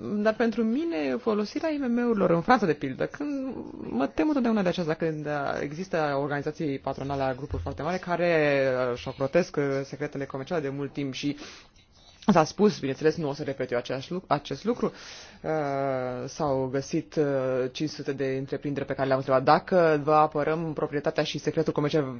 dar pentru mine, folosirea IMM-urilor în Franța, de pildă, când mă tem întotdeauna de aceasta, când există organizații patronale a grupuri foarte mari care uh, șocrotesc uh, secretele comerciale de mult timp și S-a spus, bineînțeles, nu o să repet eu acest lucru, Uh, s-au găsit 500 uh, de întreprinderi pe care le-am întrebat dacă vă apărăm proprietatea și secretul comercial,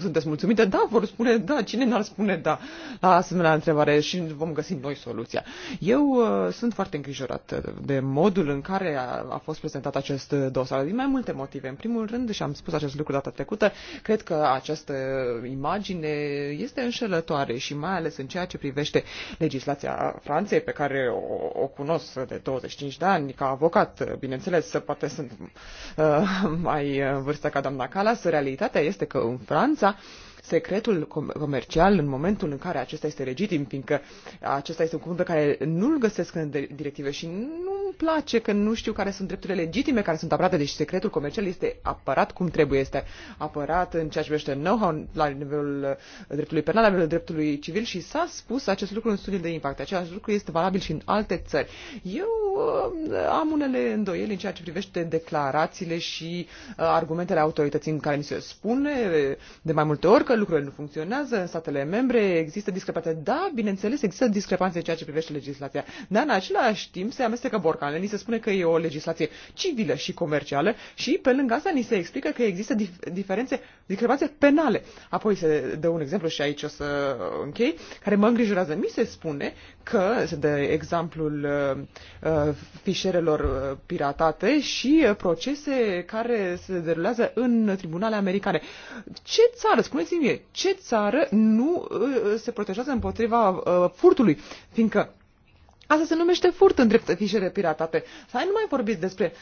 sunteți mulțumite? Da, vor spune da, cine n-ar spune da la asemenea întrebare și vom găsi noi soluția. Eu uh, sunt foarte îngrijorat de modul în care a, fost prezentat acest dosar din mai multe motive. În primul rând, și am spus acest lucru data trecută, cred că această imagine este înșelătoare și mai ales în ceea ce privește legislația Franței pe care o, o cunosc de 25 de ani ca avocat, bineînțeles, poate sunt uh, mai vârstă ca doamna Calas, realitatea este că în Franța uh, secretul comercial în momentul în care acesta este legitim, fiindcă acesta este un cuvânt pe care nu-l găsesc în directive și nu-mi place că nu știu care sunt drepturile legitime care sunt apărate. Deci secretul comercial este apărat cum trebuie, este apărat în ceea ce privește know-how la nivelul uh, dreptului penal, la nivelul dreptului civil și s-a spus acest lucru în studiul de impact. Același lucru este valabil și în alte țări. Eu uh, am unele îndoieli în ceea ce privește declarațiile și uh, argumentele autorității în care mi se spune de mai multe ori că lucrurile nu funcționează în statele membre, există discrepanțe. Da, bineînțeles, există discrepanțe în ceea ce privește legislația. Dar în același timp se amestecă borcanele, ni se spune că e o legislație civilă și comercială și pe lângă asta ni se explică că există dif- diferențe, discrepanțe penale. Apoi se dă un exemplu și aici o să închei, care mă îngrijorează. Mi se spune că, se dă exemplul uh, uh fișierelor uh, piratate și uh, procese care se derulează în tribunale americane. Ce țară, spuneți respective. Ce țară nu uh, uh, se protejează împotriva uh, furtului? Fiindcă Asta se numește furt în drept fișiere piratate. ai nu mai vorbiți despre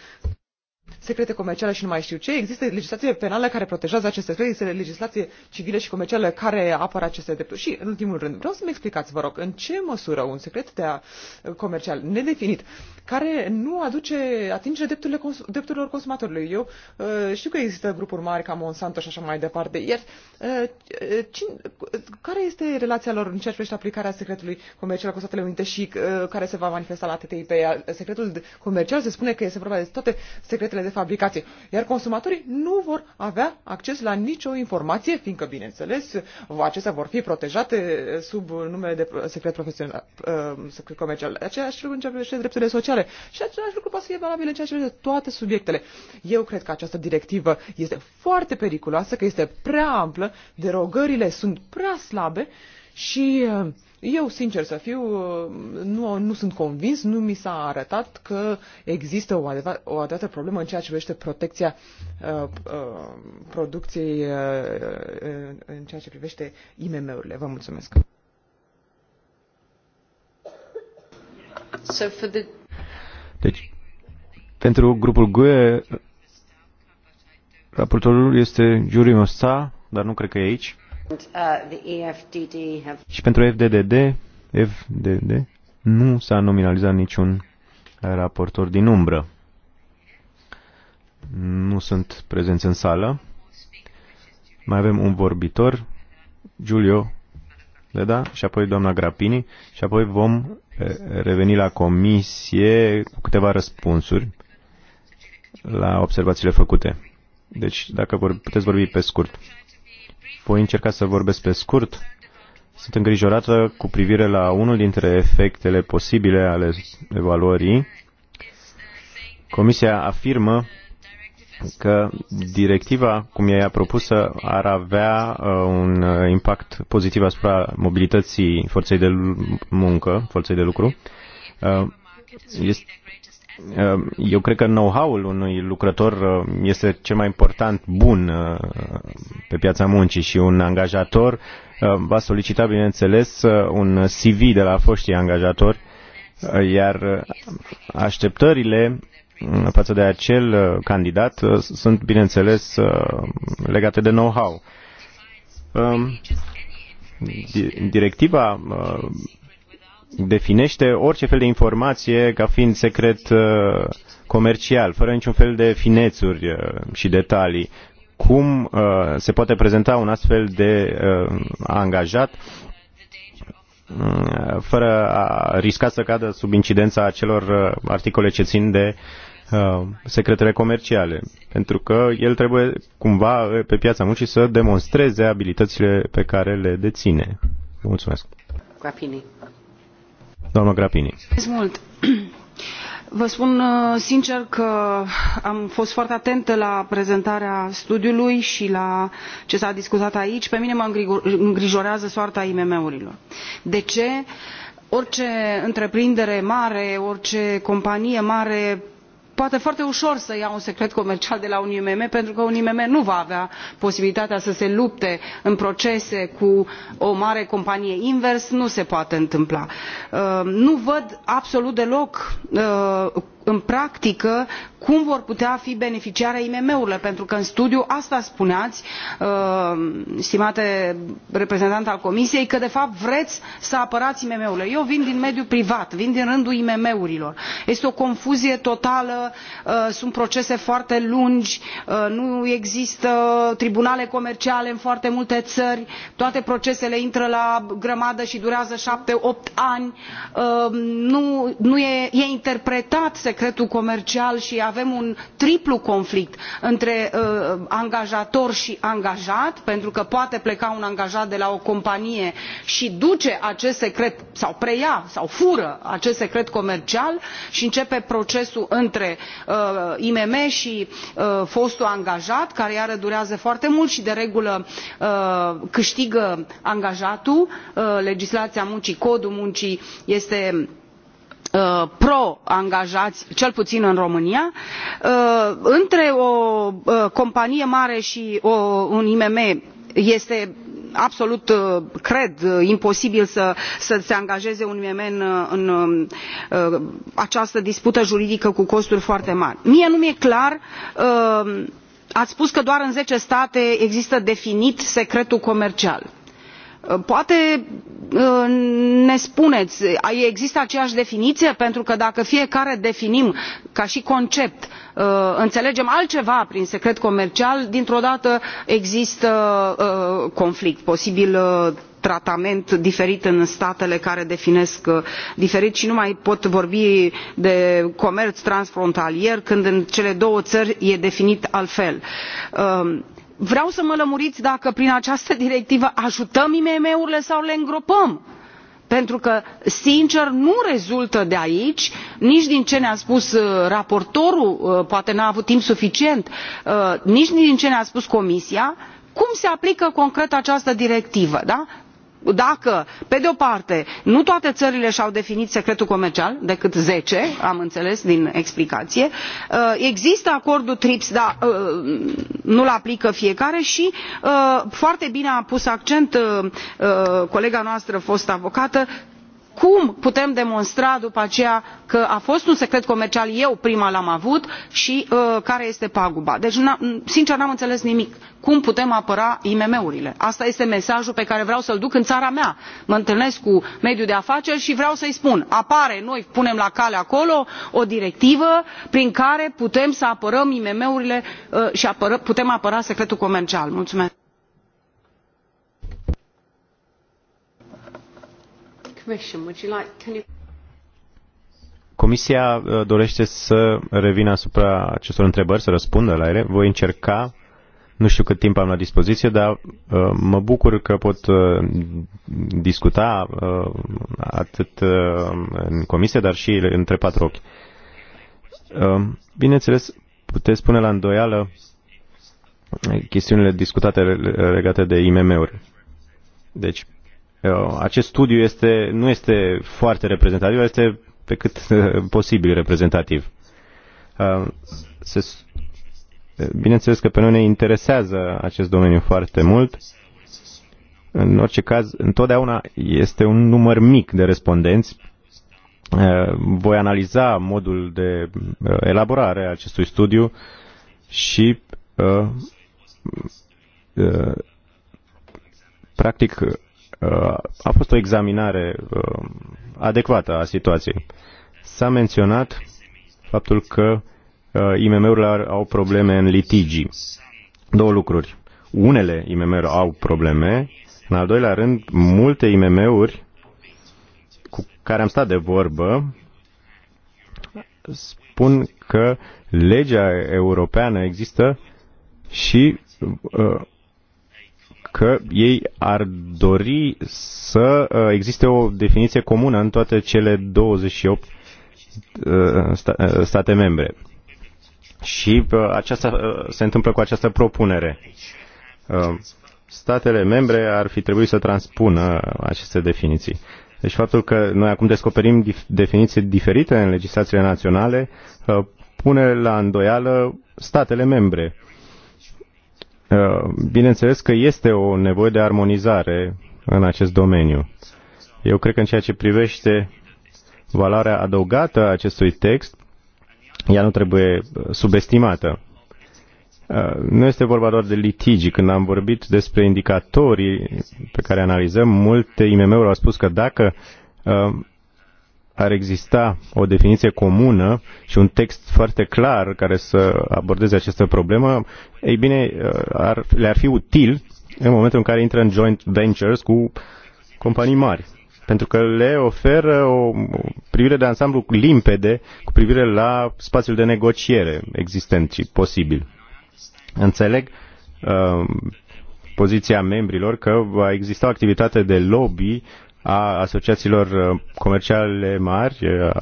secrete comerciale și nu mai știu ce. Există legislație penală care protejează aceste aspecte, există legislație civilă și comercială care apără aceste drepturi. Și, în ultimul rând, vreau să-mi explicați, vă rog, în ce măsură un secret de a, uh, comercial nedefinit, care nu aduce atingere drepturile cons- drepturilor consumatorilor. Eu uh, știu că există grupuri mari ca Monsanto și așa mai departe, iar uh, uh cine, uh, care este relația lor în ceea ce privește aplicarea secretului comercial cu Statele Unite și uh, care se va manifesta la TTIP? Secretul comercial se spune că este vorba de toate secretele procesele de fabricație, iar consumatorii nu vor avea acces la nicio informație, fiindcă, bineînțeles, acestea vor fi protejate eh, sub numele de secret profesional, eh, secret comercial. Aceeași lucru în ceea ce privește drepturile sociale și același lucru poate să fie valabil în ceea ce privește toate subiectele. Eu cred că această directivă este foarte periculoasă, că este prea amplă, derogările sunt prea slabe și uh, eu, sincer să fiu, uh, nu, nu sunt convins, nu mi s-a arătat că există o, adevăr, o adevărată problemă în ceea ce privește protecția uh, uh, producției, uh, uh, în ceea ce privește IMM-urile. Vă mulțumesc. Deci, pentru grupul GUE, raportorul este Juri Mosta, dar nu cred că e aici. Uh, și pentru FDDD, FDD nu s-a nominalizat niciun raportor din umbră. Nu sunt prezenți în sală. Mai avem un vorbitor, Giulio Leda, și apoi doamna Grapini, și apoi vom reveni la comisie cu câteva răspunsuri la observațiile făcute. Deci, dacă vor, puteți vorbi pe scurt. Voi încerca să vorbesc pe scurt. Sunt îngrijorată cu privire la unul dintre efectele posibile ale evaluării. Comisia afirmă că directiva, cum ea propusă, ar avea uh, un uh, impact pozitiv asupra mobilității forței de muncă, forței de lucru. Uh, este Eh, eu cred că know-how-ul unui lucrător eh, este cel mai important bun eh, pe piața muncii și un angajator va solicita, bineînțeles, un CV de la foștii angajatori, iar așteptările mm, față de acel candidat sunt, bineînțeles, legate de know-how. Directiva definește orice fel de informație ca fiind secret uh, comercial, fără niciun fel de finețuri uh, și detalii. Cum uh, se poate prezenta un astfel de angajat fără a risca să cadă sub incidența acelor articole ce țin de secretele comerciale, pentru că el trebuie cumva pe piața muncii să demonstreze abilitățile pe care le deține. Mulțumesc. Doamna Grapini. Vă spun uh, sincer că am fost foarte atentă la prezentarea studiului și la ce s-a discutat aici. Pe mine mă îngrijorează soarta IMM-urilor. De ce? Orice întreprindere mare, orice companie mare poate foarte ușor să ia un secret comercial de la un imm pentru că un imm nu va avea posibilitatea să se lupte în procese cu o mare companie invers nu se poate întâmpla. Uh, nu văd absolut deloc uh, în practică cum vor putea fi beneficiare imm urile pentru că în studiu asta spuneați uh, stimate reprezentant al comisiei că de fapt vreți să apărați imm urile. eu vin din mediul privat vin din rândul imm urilor este o confuzie totală uh, sunt procese foarte lungi uh, nu există tribunale comerciale în foarte multe țări toate procesele intră la grămadă și durează șapte opt ani nu e, e interpretat secretul comercial și avem un triplu conflict între uh, angajator și angajat pentru că poate pleca un angajat de la o companie și duce acest secret sau preia sau fură acest secret comercial și începe procesul între uh, imm și uh, fostul angajat care iară durează foarte mult și de regulă câștigă angajatul legislația muncii codul muncii este Uh, pro angajați cel puțin în românia uh, între o uh, companie mare și un imm este absolut cred imposibil să, se angajeze un imm în această dispută juridică cu costuri foarte mari. mie nu mi e clar ați spus că doar în zece state există definit secretul comercial poate uh, ne spuneți există aceeași definiție pentru că dacă fiecare definim ca și concept uh, înțelegem altceva prin secret comercial dintr o dată există uh, conflict posibil tratament diferit în statele care definesc diferit și nu mai pot vorbi de comerț transfrontalier când în cele două țări e definit altfel vreau să mă lămuriți dacă prin această directivă ajutăm imm urile sau le îngropăm pentru că sincer nu rezultă de aici nici din ce ne a spus uh, raportorul uh, poate n a avut timp suficient uh, nici din ce ne a spus comisia cum se aplică concret această directivă da? dacă pe de o parte nu toate țările și au definit secretul comercial decât zece am înțeles din explicație uh, există acordul trips dar uh, nu l aplică fiecare și uh, foarte bine a pus accent colega noastră fostă avocată cum putem demonstra după aceea că a fost un secret comercial eu prima l am avut și uh, care este paguba? deci sincer nu am înțeles nimic cum putem apăra imm urile? asta este mesajul pe care vreau să l duc în țara mea mă întâlnesc cu mediul de afaceri și vreau să i spun apare noi punem la cale acolo o directivă prin care putem să apărăm imm urile uh, și putem apăra secretul comercial. mulțumesc. Comisia uh, dorește să revină asupra acestor întrebări, să răspundă la ele. Voi încerca, nu știu cât timp am la dispoziție, dar uh, mă bucur că pot uh, discuta atât în comisie, dar și între patru ochi. Bineînțeles, puteți pune la îndoială chestiunile discutate legate de IMM-uri. Deci, acest studiu este, nu este foarte reprezentativ, este pe cât posibil reprezentativ. Uh, se, bineînțeles că pe noi ne interesează acest domeniu foarte mult. În orice caz, întotdeauna este un număr mic de respondenți. Uh, voi analiza modul de uh, elaborare a acestui studiu și practic Uh, a fost o examinare uh, adecvată a situației. S-a menționat faptul că uh, IMM-urile au probleme în litigii. Două lucruri. Unele IMM-uri au probleme, în al doilea rând, multe IMM-uri cu care am stat de vorbă spun că legea europeană există și uh, că ei ar dori să uh, existe o definiție comună în toate cele 28 uh, uh, state membre. Și aceasta, se întâmplă cu această propunere. Statele membre ar fi trebuit să transpună aceste definiții. Deci faptul că noi acum descoperim definiții diferite în legislațiile naționale pune la îndoială statele membre Uh, bineînțeles că este o nevoie de armonizare în acest domeniu. Eu cred că în ceea ce privește valoarea adăugată a acestui text, ea nu trebuie uh, subestimată. Uh, nu este vorba doar de litigi. Când am vorbit despre indicatorii pe care analizăm, multe IMM-uri au spus că dacă ar exista o definiție comună și un text foarte clar care să abordeze această problemă, ei bine, uh, ar, le-ar fi util în momentul în care intră în joint ventures cu companii mari. Pentru că le oferă o privire de ansamblu limpede cu privire la spațiul de negociere existent și posibil. Înțeleg uh, poziția membrilor că va exista o activitate de lobby a asociațiilor uh, comerciale mari, uh, a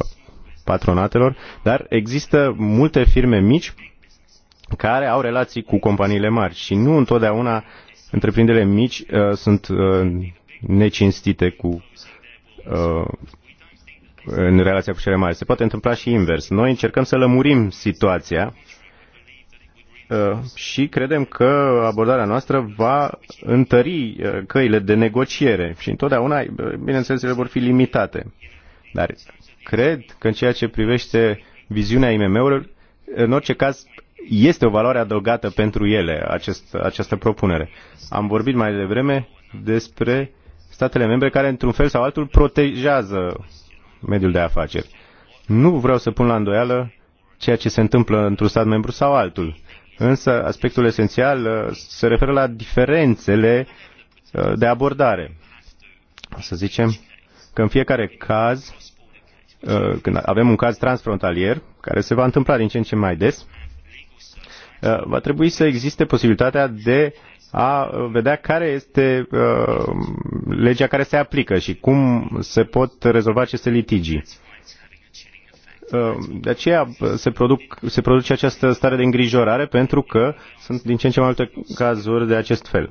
patronatelor, dar există multe firme mici care au relații cu companiile mari și nu întotdeauna întreprinderile mici uh, sunt uh, necinstite cu uh, în relația cu cele mari. Se poate întâmpla și invers. Noi încercăm să lămurim situația Uh, și credem că abordarea noastră va întări uh, căile de negociere și întotdeauna, uh, bineînțeles, ele vor fi limitate. Dar cred că în ceea ce privește viziunea IMM-urilor, în orice caz, este o valoare adăugată pentru ele, acest, această propunere. Am vorbit mai devreme despre statele membre care, într-un fel sau altul, protejează mediul de afaceri. Nu vreau să pun la îndoială ceea ce se întâmplă într-un stat membru sau altul. Însă aspectul esențial uh, se referă la diferențele uh, de abordare. Să zicem că în fiecare caz, uh, când avem un caz transfrontalier, care se va întâmpla din ce în ce mai des, va trebui să existe posibilitatea de a vedea care este legea care se aplică și cum se pot rezolva aceste litigii. Ehm, de aceea se, produc, se produce această stare de îngrijorare pentru că sunt din ce în ce mai multe cazuri de acest fel.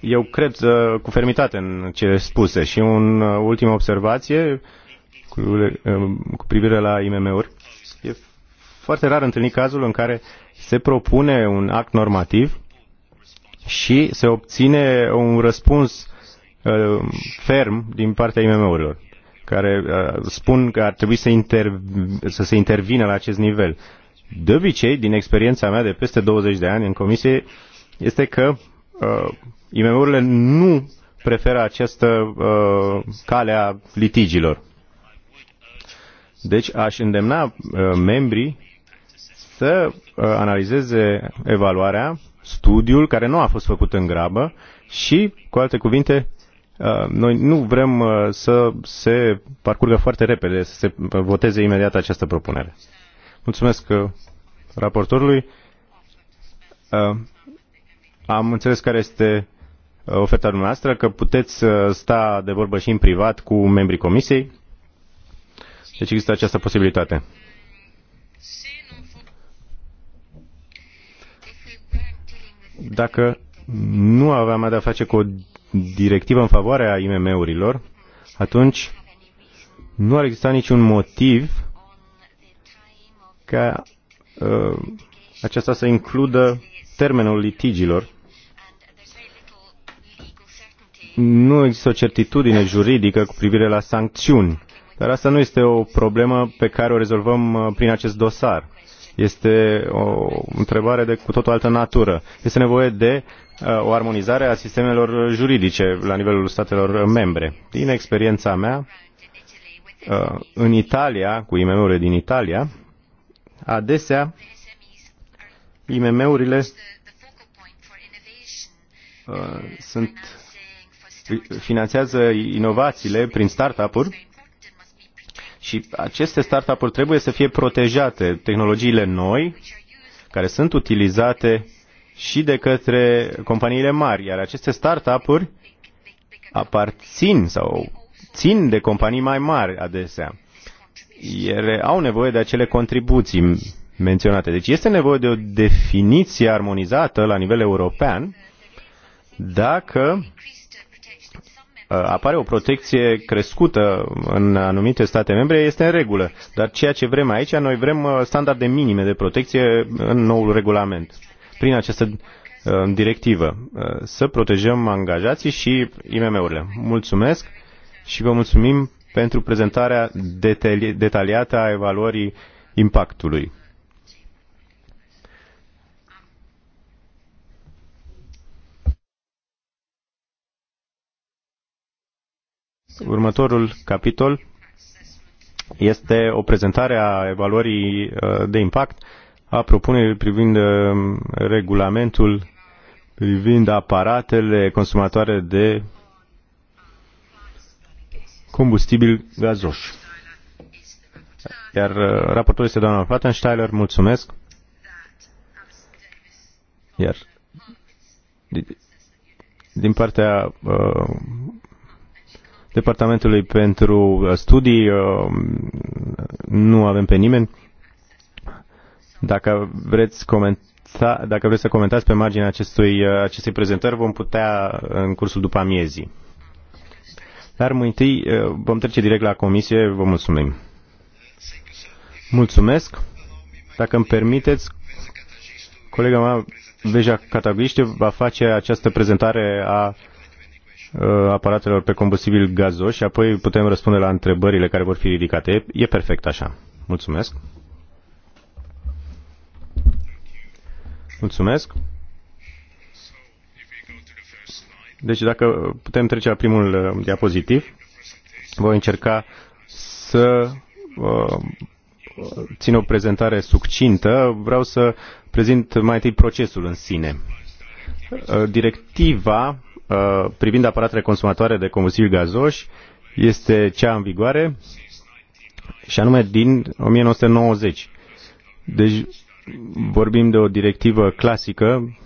Eu cred cu fermitate în ce spuse și un ultimă observație cu, ehm, cu privire la IMM-uri. E foarte rar întâlnit cazul în care se propune un act normativ și se obține un răspuns ehm, ferm din partea IMM-urilor care uh, spun că ar trebui să, să se intervină la acest nivel. De obicei, din experiența mea de peste 20 de ani în comisie, este că uh, IMM-urile nu preferă această uh, cale a litigilor. Deci aș îndemna uh, membrii să uh, analizeze evaluarea, studiul care nu a fost făcut în grabă și, cu alte cuvinte, Uh, noi nu vrem uh, să se parcurgă foarte repede, să se uh, voteze imediat această propunere. Mulțumesc raportorului. Am înțeles care este oferta dumneavoastră, că puteți sta de vorbă și în privat cu membrii comisiei. Deci există această posibilitate. Dacă nu aveam de-a face cu o directivă în favoarea IMM-urilor, atunci nu ar exista niciun motiv ca uh, aceasta să includă termenul litigilor. Nu există o certitudine juridică cu privire la sancțiuni, dar asta nu este o problemă pe care o rezolvăm uh, prin acest dosar. Este o întrebare de cu totul altă natură. Este nevoie de o armonizare a sistemelor juridice la nivelul statelor membre. Din experiența mea, uh, în Italia, cu IMM-urile din Italia, adesea IMM-urile uh, sunt finanțează inovațiile prin startup-uri și aceste startup-uri trebuie să fie protejate. Tehnologiile noi, care sunt utilizate și de către companiile mari, iar aceste startup-uri aparțin sau țin de companii mai mari adesea. Ele au nevoie de acele contribuții menționate. Deci este nevoie de o definiție armonizată la nivel european dacă uh, apare o protecție crescută în anumite state membre, este în regulă. Dar ceea ce vrem aici, noi vrem uh, standarde minime de protecție în noul regulament prin această uh, directivă. Uh, să protejăm angajații și IMM-urile. Mulțumesc și vă mulțumim pentru prezentarea detali detaliată a evaluării impactului. Următorul capitol este o prezentare a evaluării uh, de impact a propunerii privind uh, regulamentul privind aparatele consumatoare de combustibil gazos. Iar uh, raportul este doamna Plattensteiler, mulțumesc. Iar din partea uh, Departamentului pentru uh, Studii uh, nu avem pe nimeni. Dacă vreți, comenta, dacă vreți să comentați pe marginea acestui, acestei prezentări, vom putea în cursul după amiezii. Dar mai întâi vom trece direct la comisie. Vă mulțumim. Mulțumesc. Dacă îmi permiteți, colega mea, Veja Catagliște, va face această prezentare a aparatelor pe combustibil gazos și apoi putem răspunde la întrebările care vor fi ridicate. E perfect așa. Mulțumesc. Mulțumesc. Deci dacă putem trece la primul uh, diapozitiv, voi încerca să uh, țin o prezentare succintă. Vreau să prezint mai întâi procesul în sine. Uh, directiva uh, privind aparatele consumatoare de combustibil gazoși este cea în vigoare și anume din 1990. Deci vorbim de o directivă clasică,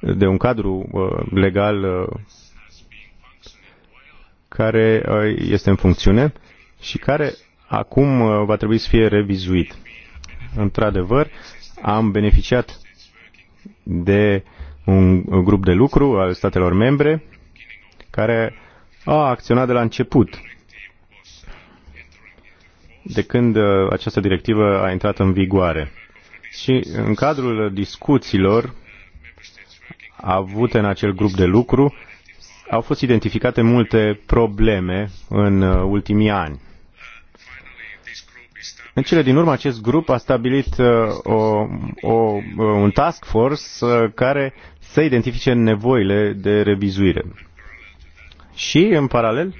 de un cadru uh, legal uh, care uh, este în funcțiune și care acum va trebui să fie revizuit. Într-adevăr, am beneficiat de un grup de lucru al statelor membre care a acționat de la început, de când această directivă a intrat în vigoare. Și în cadrul discuțiilor avute în acel grup de lucru, au fost identificate multe probleme în uh, ultimii ani. În cele din urmă, acest grup a stabilit uh, o, o, uh, un task force care să identifice nevoile de revizuire. Și, în paralel,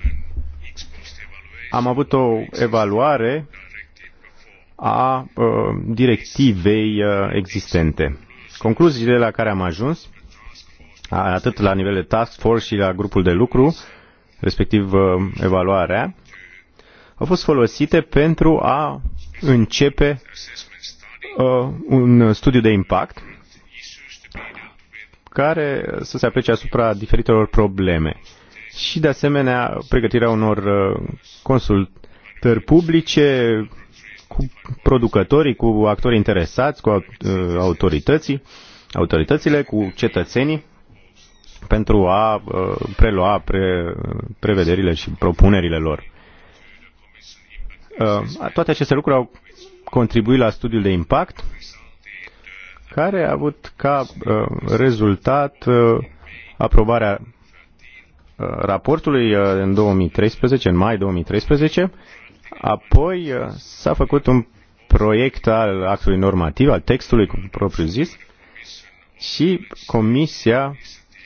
am avut o evaluare a directivei existente. Concluziile la care am ajuns, atât la nivel de task force și la grupul de lucru, respectiv evaluarea, au fost folosite pentru a începe un studiu de impact care să se aplice asupra diferitelor probleme și, de asemenea, pregătirea unor consultări publice cu producătorii, cu actorii interesați, cu uh, autorității, autoritățile, cu cetățenii, pentru a uh, prelua pre, prevederile și propunerile lor. Uh, toate aceste lucruri au contribuit la studiul de impact, care a avut ca rezultat aprobarea raportului în 2013, în mai 2013, Apoi uh, s-a făcut un proiect al actului normativ, al textului cum propriu zis, și Comisia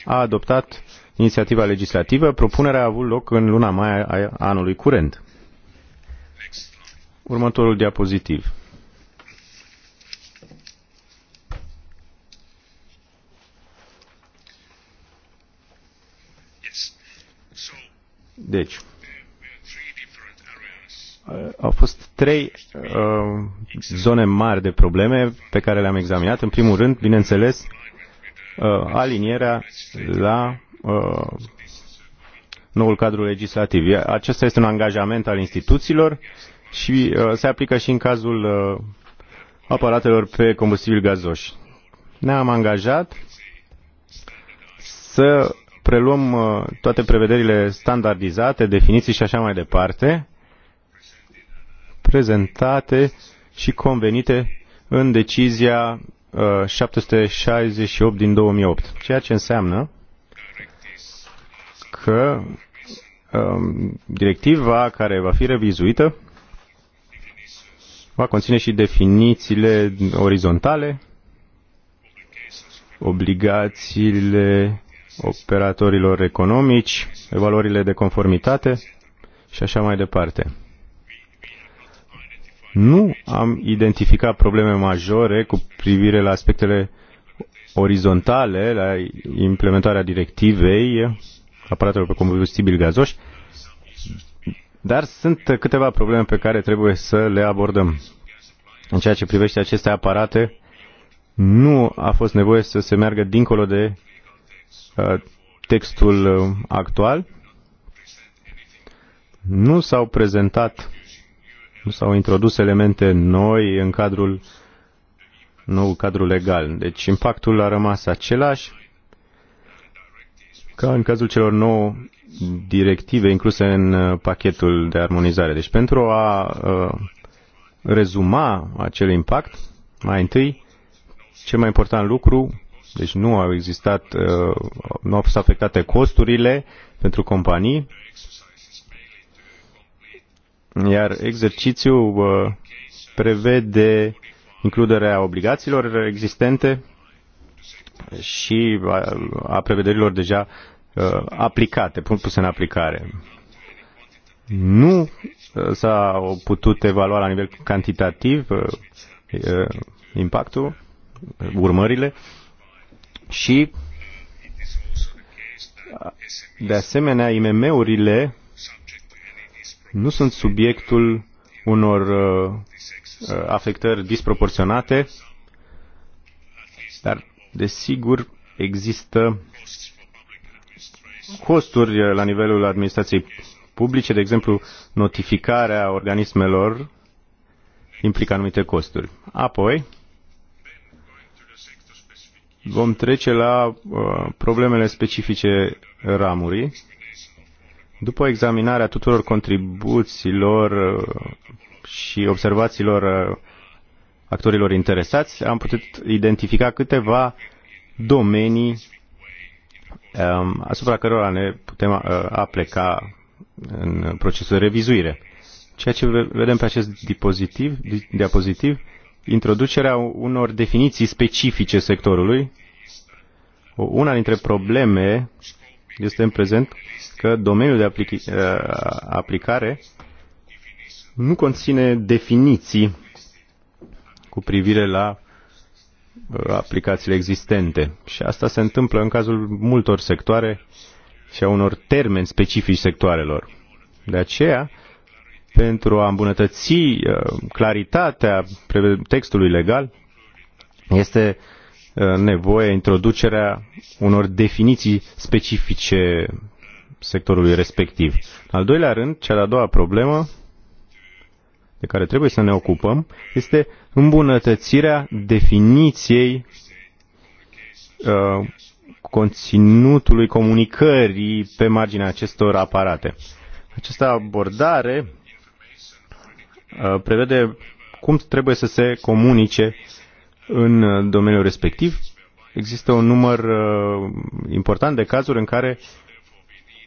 a adoptat inițiativa legislativă. Propunerea a avut loc în luna mai a anului curent. Următorul diapozitiv. Deci, Uh, au fost trei uh, zone mari de probleme pe care le-am examinat. În primul rând, bineînțeles, uh, alinierea la uh, noul cadru legislativ. Acesta este un angajament al instituțiilor și uh, se aplică și în cazul uh, aparatelor pe combustibil gazoși. Ne-am angajat să preluăm uh, toate prevederile standardizate, definiții și așa mai departe prezentate și convenite în decizia 768 uh, din 2008, ceea ce înseamnă că um, directiva care va fi revizuită va conține și definițiile orizontale, obligațiile operatorilor economici, evaluările de conformitate și așa mai departe nu am identificat probleme majore cu privire la aspectele orizontale, la implementarea directivei aparatelor pe combustibil gazoși, dar sunt câteva probleme pe care trebuie să le abordăm. În ceea ce privește aceste aparate, nu a fost nevoie să se meargă dincolo de uh, textul actual. Nu s-au prezentat s-au introdus elemente noi în cadrul nou cadru legal. Deci impactul a rămas același ca în cazul celor nouă directive incluse în uh, pachetul de armonizare. Deci pentru a uh, rezuma acel impact, mai întâi, cel mai important lucru, deci nu au existat, uh, nu au fost afectate costurile pentru companii, iar exercițiul uh, prevede includerea obligațiilor existente și uh, a prevederilor deja uh, aplicate, puse în aplicare. Nu s-a putut evalua la nivel cantitativ impactul, urmările și de asemenea IMM-urile nu sunt subiectul unor uh, uh, afectări disproporționate, dar desigur există costuri uh, la nivelul administrației publice, de exemplu notificarea organismelor implică anumite costuri. Apoi vom trece la uh, problemele specifice ramurii după examinarea tuturor contribuțiilor uh, și observațiilor uh, actorilor interesați, am putut identifica câteva domenii um, asupra cărora ne putem uh, apleca în procesul de revizuire. Ceea ce vedem pe acest diapozitiv, diapozitiv introducerea unor definiții specifice sectorului. Una dintre probleme este în prezent că domeniul de aplic- eh, aplicare nu conține definiții cu privire la eh, aplicațiile existente. Și asta se întâmplă în cazul multor sectoare și a unor termeni specifici sectoarelor. De aceea, pentru a îmbunătăți eh, claritatea textului legal, este uh, Uh, nevoie introducerea unor definiții specifice sectorului respectiv. Al doilea rând, cea de-a doua problemă de care trebuie să ne ocupăm este îmbunătățirea definiției uh, conținutului comunicării pe marginea acestor aparate. Această abordare uh, prevede cum trebuie să se comunice în uh, domeniul respectiv. Există un număr uh, important de cazuri în care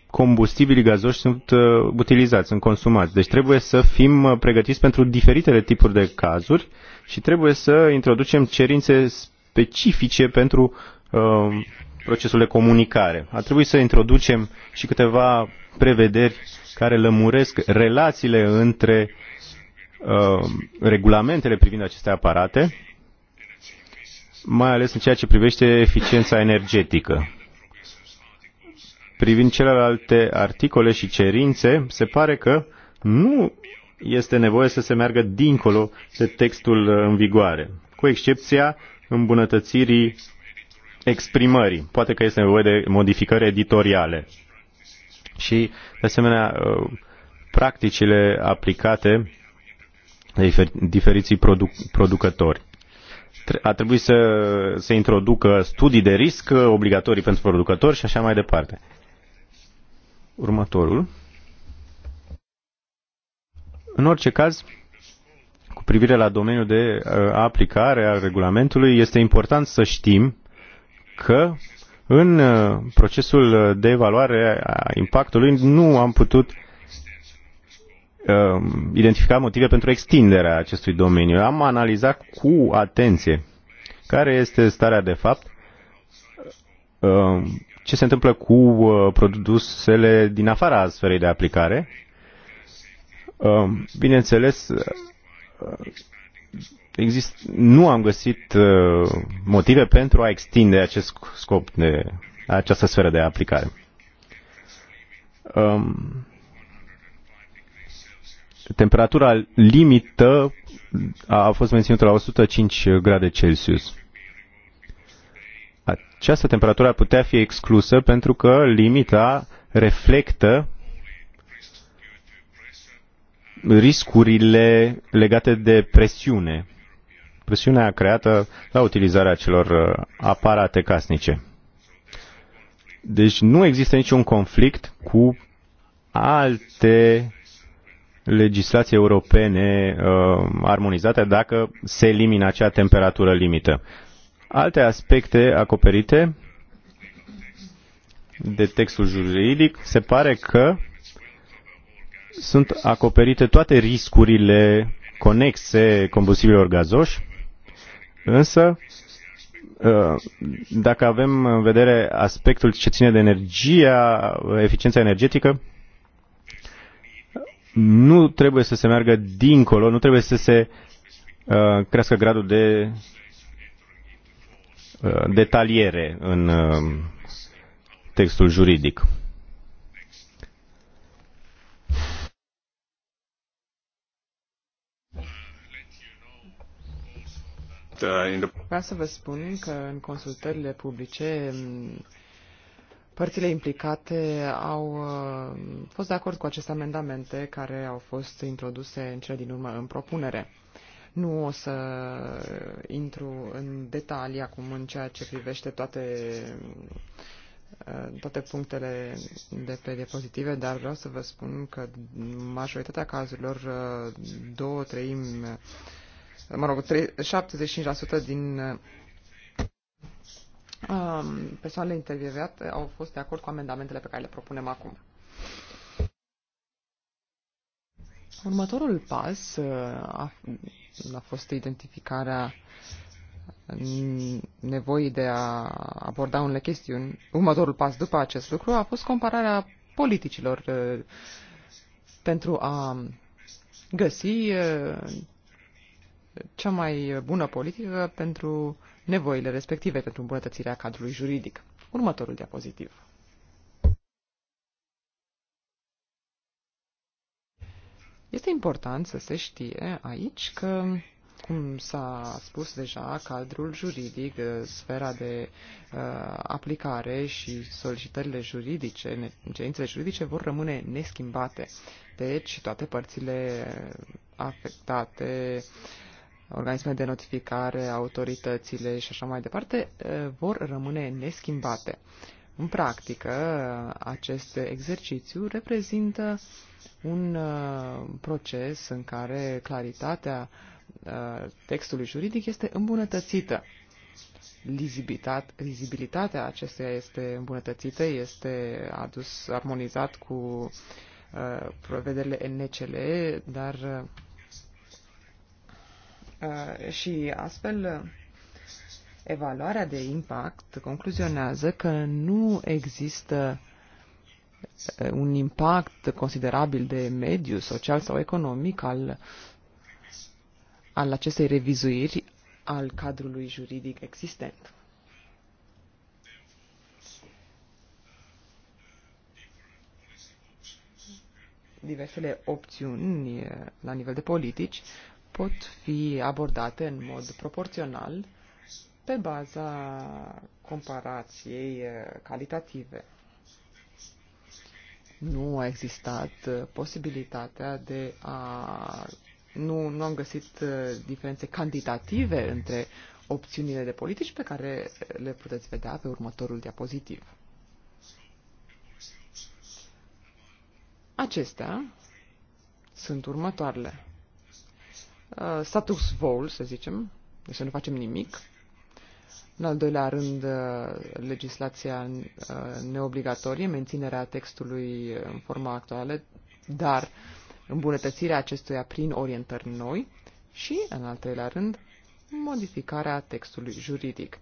combustibilii gazoși sunt uh, utilizați, sunt consumați. Deci trebuie să fim pregătiți pentru diferitele tipuri de cazuri și trebuie să introducem cerințe specifice pentru uh, procesul de comunicare. A trebuit să introducem și câteva prevederi care lămuresc relațiile între uh, regulamentele privind aceste aparate mai ales în ceea ce privește eficiența energetică. Privind celelalte articole și cerințe, se pare că nu este nevoie să se meargă dincolo de textul în vigoare, cu excepția îmbunătățirii exprimării. Poate că este nevoie de modificări editoriale. Și, de asemenea, ă, practicile aplicate de diferiții produc- producători a trebuit să se introducă studii de risc uh, obligatorii pentru producători și așa mai departe. Următorul. În orice caz, cu privire la domeniul de uh, aplicare al regulamentului, este important să știm că în uh, procesul de evaluare a impactului nu am putut uh, Um, identifica motive pentru extinderea acestui domeniu. Am analizat cu atenție care este starea de fapt, um, ce se întâmplă cu uh, produsele din afara sferei de aplicare. Um, bineînțeles, uh, exist, nu am găsit uh, motive pentru a extinde acest scop de această sferă de aplicare. Um, temperatura limită a fost menținută la 105 grade Celsius. Această temperatură ar putea fi exclusă pentru că limita reflectă riscurile legate de presiune. Presiunea creată la utilizarea acelor uh, aparate casnice. Deci nu există niciun conflict cu alte legislației europene uh, armonizate dacă se elimină acea temperatură limită. Alte aspecte acoperite de textul juridic se pare că sunt acoperite toate riscurile conexe combustibilor gazoși, însă uh, dacă avem în vedere aspectul ce ține de energia, eficiența energetică, nu trebuie să se meargă dincolo, nu trebuie să se uh, crească gradul de uh, detaliere în uh, textul juridic. Da, Vreau să vă spun că în consultările publice Părțile implicate au uh, fost de acord cu aceste amendamente care au fost introduse în cele din urmă în propunere. Nu o să intru în detalii acum în ceea ce privește toate, uh, toate punctele de pe diapozitive, dar vreau să vă spun că majoritatea cazurilor, uh, două treimi, mă rog, 75% din Um, persoanele intervievate au fost de acord cu amendamentele pe care le propunem acum. Următorul pas uh, a, a fost identificarea nevoii de a aborda unele chestiuni. Următorul pas după acest lucru a fost compararea politicilor uh, pentru a găsi uh, cea mai bună politică pentru nevoile respective pentru îmbunătățirea cadrului juridic. Următorul diapozitiv. Este important să se știe aici că, cum s-a spus deja, cadrul juridic, sfera de uh, aplicare și solicitările juridice, cerințele juridice vor rămâne neschimbate. Deci, toate părțile afectate uh, organismele de notificare, autoritățile și așa mai departe, vor rămâne neschimbate. În practică, acest exercițiu reprezintă un proces în care claritatea textului juridic este îmbunătățită. Lizibilitatea acesteia este îmbunătățită, este adus armonizat cu prevederile NCL, dar Uh, și astfel evaluarea de impact concluzionează că nu există uh, un impact considerabil de mediu, social sau economic al, al acestei revizuiri al cadrului juridic existent. Diversele opțiuni uh, la nivel de politici pot fi abordate în mod proporțional pe baza comparației eh, calitative. Nu a existat eh, posibilitatea de a. Nu, nu am găsit eh, diferențe cantitative între opțiunile de politici pe care le puteți vedea pe următorul diapozitiv. Acestea sunt următoarele. Uh, status vol, să zicem, deci să nu facem nimic. În al doilea rând, uh, legislația uh, neobligatorie, menținerea textului în forma actuală, dar îmbunătățirea acestuia prin orientări noi și, în al treilea rând, modificarea textului juridic.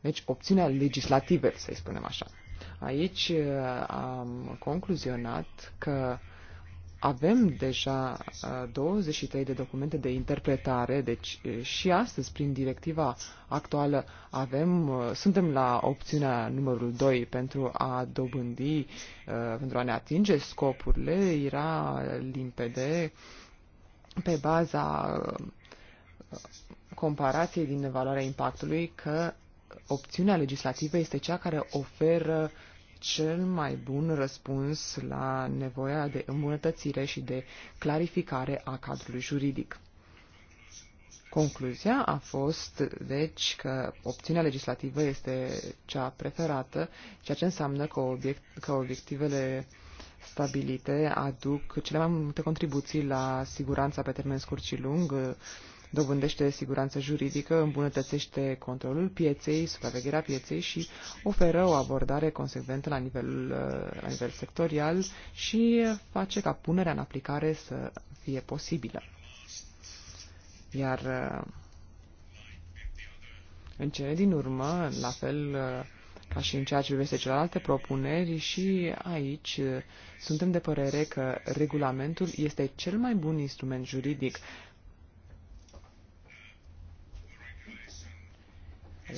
Deci, opțiunea legislative, să-i spunem așa. Aici am concluzionat că uh, avem deja 23 de documente de interpretare, deci și astăzi, prin directiva actuală, avem, suntem la opțiunea numărul 2 pentru a dobândi, pentru a ne atinge scopurile, era limpede pe baza comparației din evaluarea impactului că opțiunea legislativă este cea care oferă uh, cel mai bun răspuns la nevoia de îmbunătățire și de clarificare a cadrului juridic. Concluzia a fost, deci, că opțiunea legislativă este cea preferată, ceea ce înseamnă că, obiect, că obiectivele stabilite aduc cele mai multe contribuții la siguranța pe termen scurt și lung, dobândește siguranță juridică, îmbunătățește controlul pieței, supravegherea pieței și oferă o abordare consecventă la nivel, la nivel sectorial și face ca punerea în aplicare să fie posibilă. Iar în cele din urmă, la fel ca și în ceea ce privește celelalte propuneri, și aici suntem de părere că regulamentul este cel mai bun instrument juridic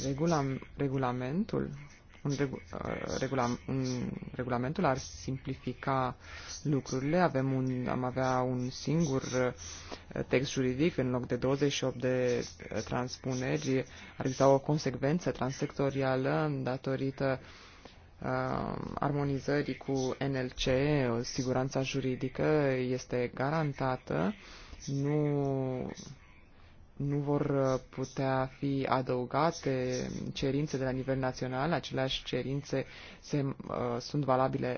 regulam, regulamentul un, regu, uh, regula, un, regulamentul ar simplifica lucrurile. Avem un, am avea un singur uh, text juridic în loc de 28 de uh, transpuneri. Ar exista o consecvență transsectorială datorită uh, armonizării cu NLC. Siguranța juridică este garantată. Nu nu vor uh, putea fi adăugate cerințe de la nivel național, aceleași cerințe se, uh, sunt valabile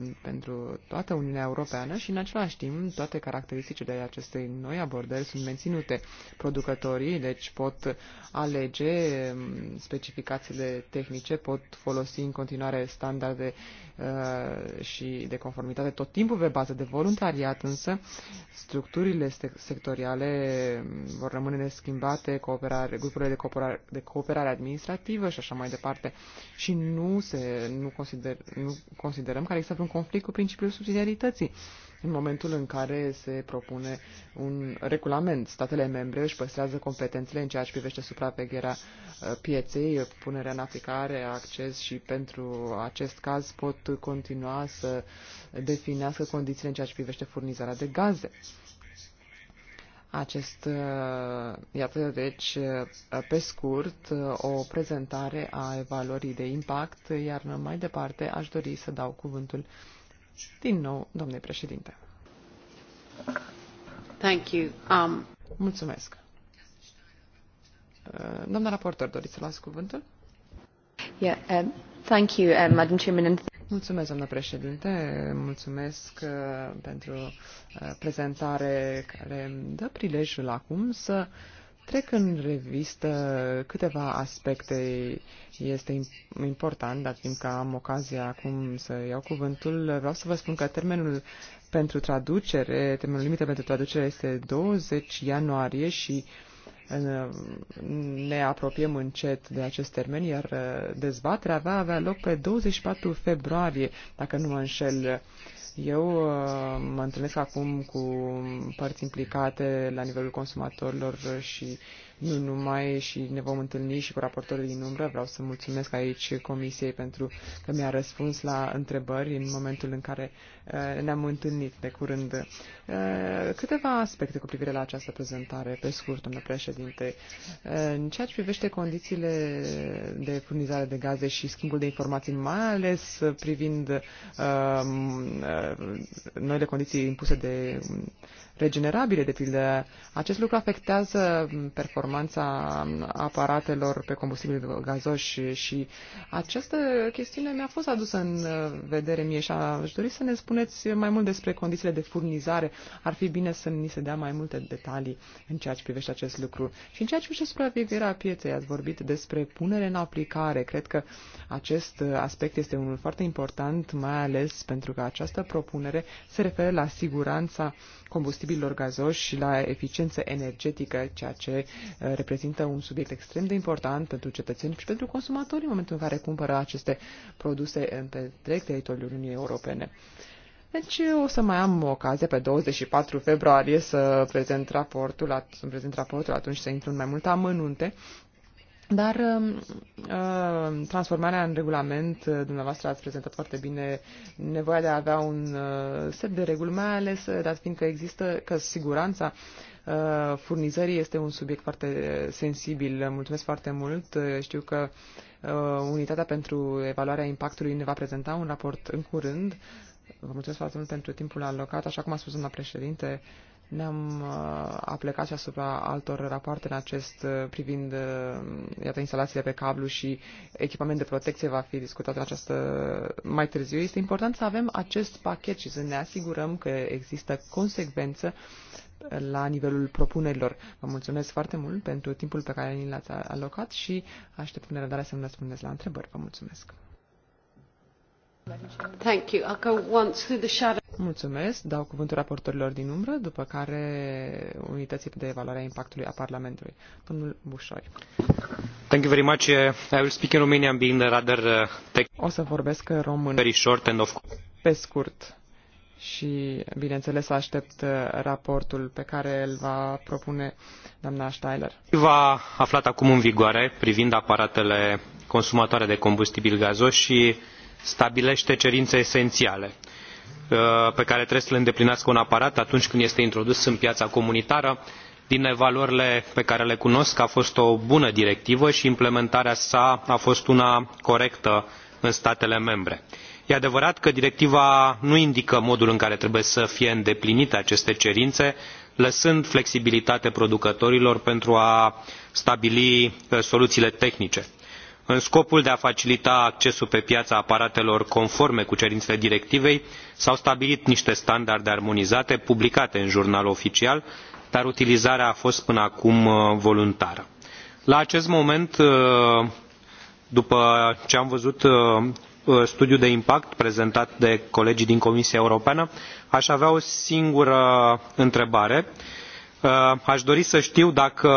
uh, pentru toată Uniunea Europeană și în același timp toate caracteristicile acestei noi abordări sunt menținute. Producătorii deci pot alege um, specificațiile tehnice, pot folosi în continuare standarde uh, și de conformitate tot timpul pe bază de voluntariat, însă structurile sectoriale um, vor rămâne rămâne neschimbate, cooperare, grupurile de cooperare, de cooperare administrativă și așa mai departe. Și nu, se, nu, consider, nu considerăm că există un conflict cu principiul subsidiarității. În momentul în care se propune un regulament, statele membre își păstrează competențele în ceea ce privește supravegherea uh, pieței, punerea în aplicare, acces și pentru acest caz pot continua să definească condițiile în ceea ce privește furnizarea de gaze acest, uh, iată deci, uh, pe scurt, uh, o prezentare a evaluării de impact, iar mai departe aș dori să dau cuvântul din nou, domnule președinte. Thank you. Um... Mulțumesc. Doamna raportor, doriți să luați cuvântul? Yeah, um, thank you, um, Madam Chairman. Mulțumesc, doamnă președinte, mulțumesc uh, pentru uh, prezentare care dă prilejul acum să Trec în revistă câteva aspecte. Este important, dar fiindcă am ocazia acum să iau cuvântul, vreau să vă spun că termenul pentru traducere, termenul limită pentru traducere este 20 ianuarie și uh, ne apropiem încet de acest termen, iar uh, dezbaterea va avea loc pe 24 februarie, dacă nu mă înșel. Eu uh, mă întâlnesc acum cu părți implicate la nivelul consumatorilor și uh, nu numai și ne vom întâlni și cu raportorii din umbră. Vreau să mulțumesc aici Comisiei pentru că mi-a răspuns la întrebări în momentul în care eh, ne-am întâlnit de curând. Eh, câteva aspecte cu privire la această prezentare, pe scurt, domnule președinte. Eh, în ceea ce privește condițiile de furnizare de gaze și schimbul de informații, mai ales privind noile condiții impuse de regenerabile, de pildă. Acest lucru afectează performanța aparatelor pe combustibil gazoși și această chestiune mi-a fost adusă în vedere mie și aș dori să ne spuneți mai mult despre condițiile de furnizare. Ar fi bine să ni se dea mai multe detalii în ceea ce privește acest lucru. Și în ceea ce privește supravegherea pieței, ați vorbit despre punere în aplicare. Cred că acest aspect este unul foarte important, mai ales pentru că această propunere se referă la siguranța combustibililor gazoși și la eficiență energetică, ceea ce uh, reprezintă un subiect extrem de important pentru cetățeni și pentru consumatori în momentul în care cumpără aceste produse în întreg teritoriul Uniunii Europene. Deci o să mai am ocazia pe 24 februarie să prezint raportul, să prezint raportul atunci să intru în mai multe amănunte, dar um, uh, transformarea în regulament, uh, dumneavoastră ați prezentat foarte bine nevoia de a avea un uh, set de reguli, mai ales uh, dat fiindcă există, că siguranța uh, furnizării este un subiect foarte sensibil. Mulțumesc foarte mult. Uh, știu că uh, Unitatea pentru Evaluarea Impactului ne va prezenta un raport în curând. Vă mulțumesc foarte mult pentru timpul alocat. Așa cum a spus doamna președinte, uh, ne-am uh, aplecat și asupra altor rapoarte în acest uh, privind, uh, iată, instalațiile pe cablu și echipament de protecție va fi discutat în această mai târziu. Este important să avem acest pachet și să ne asigurăm că există consecvență la nivelul propunerilor. Vă mulțumesc foarte mult pentru timpul pe care ni l-ați alocat și aștept cu nerăbdare să-mi răspundeți la întrebări. Vă mulțumesc! Thank you. I'll go Mulțumesc. Dau cuvântul raportorilor din umbră, după care unității de evaluare a impactului a Parlamentului. Domnul Bușoi. Thank you very much. I will speak in Romanian being rather uh, tech. O să vorbesc român. Very short and of course. Pe scurt. Și, bineînțeles, aștept uh, raportul pe care îl va propune doamna Steiler. Va aflat acum în vigoare privind aparatele consumatoare de combustibil gazos și stabilește cerințe esențiale uh, pe care trebuie să le îndeplinească un aparat atunci când este introdus în piața comunitară. Din evaluările pe care le cunosc a fost o bună directivă și implementarea sa a fost una corectă în statele membre. E adevărat că directiva nu indică modul în care trebuie să fie îndeplinite aceste cerințe, lăsând flexibilitate producătorilor pentru a stabili uh, soluțiile tehnice în scopul de a facilita accesul pe piață a aparatelor conforme cu cerințele directivei s au stabilit niște standarde armonizate publicate în jurnalul oficial dar utilizarea a fost până acum uh, voluntară. la acest moment uh, după ce am văzut uh, studiul de impact prezentat de colegii din comisia europeană aș avea o singură întrebare aș dori să știu dacă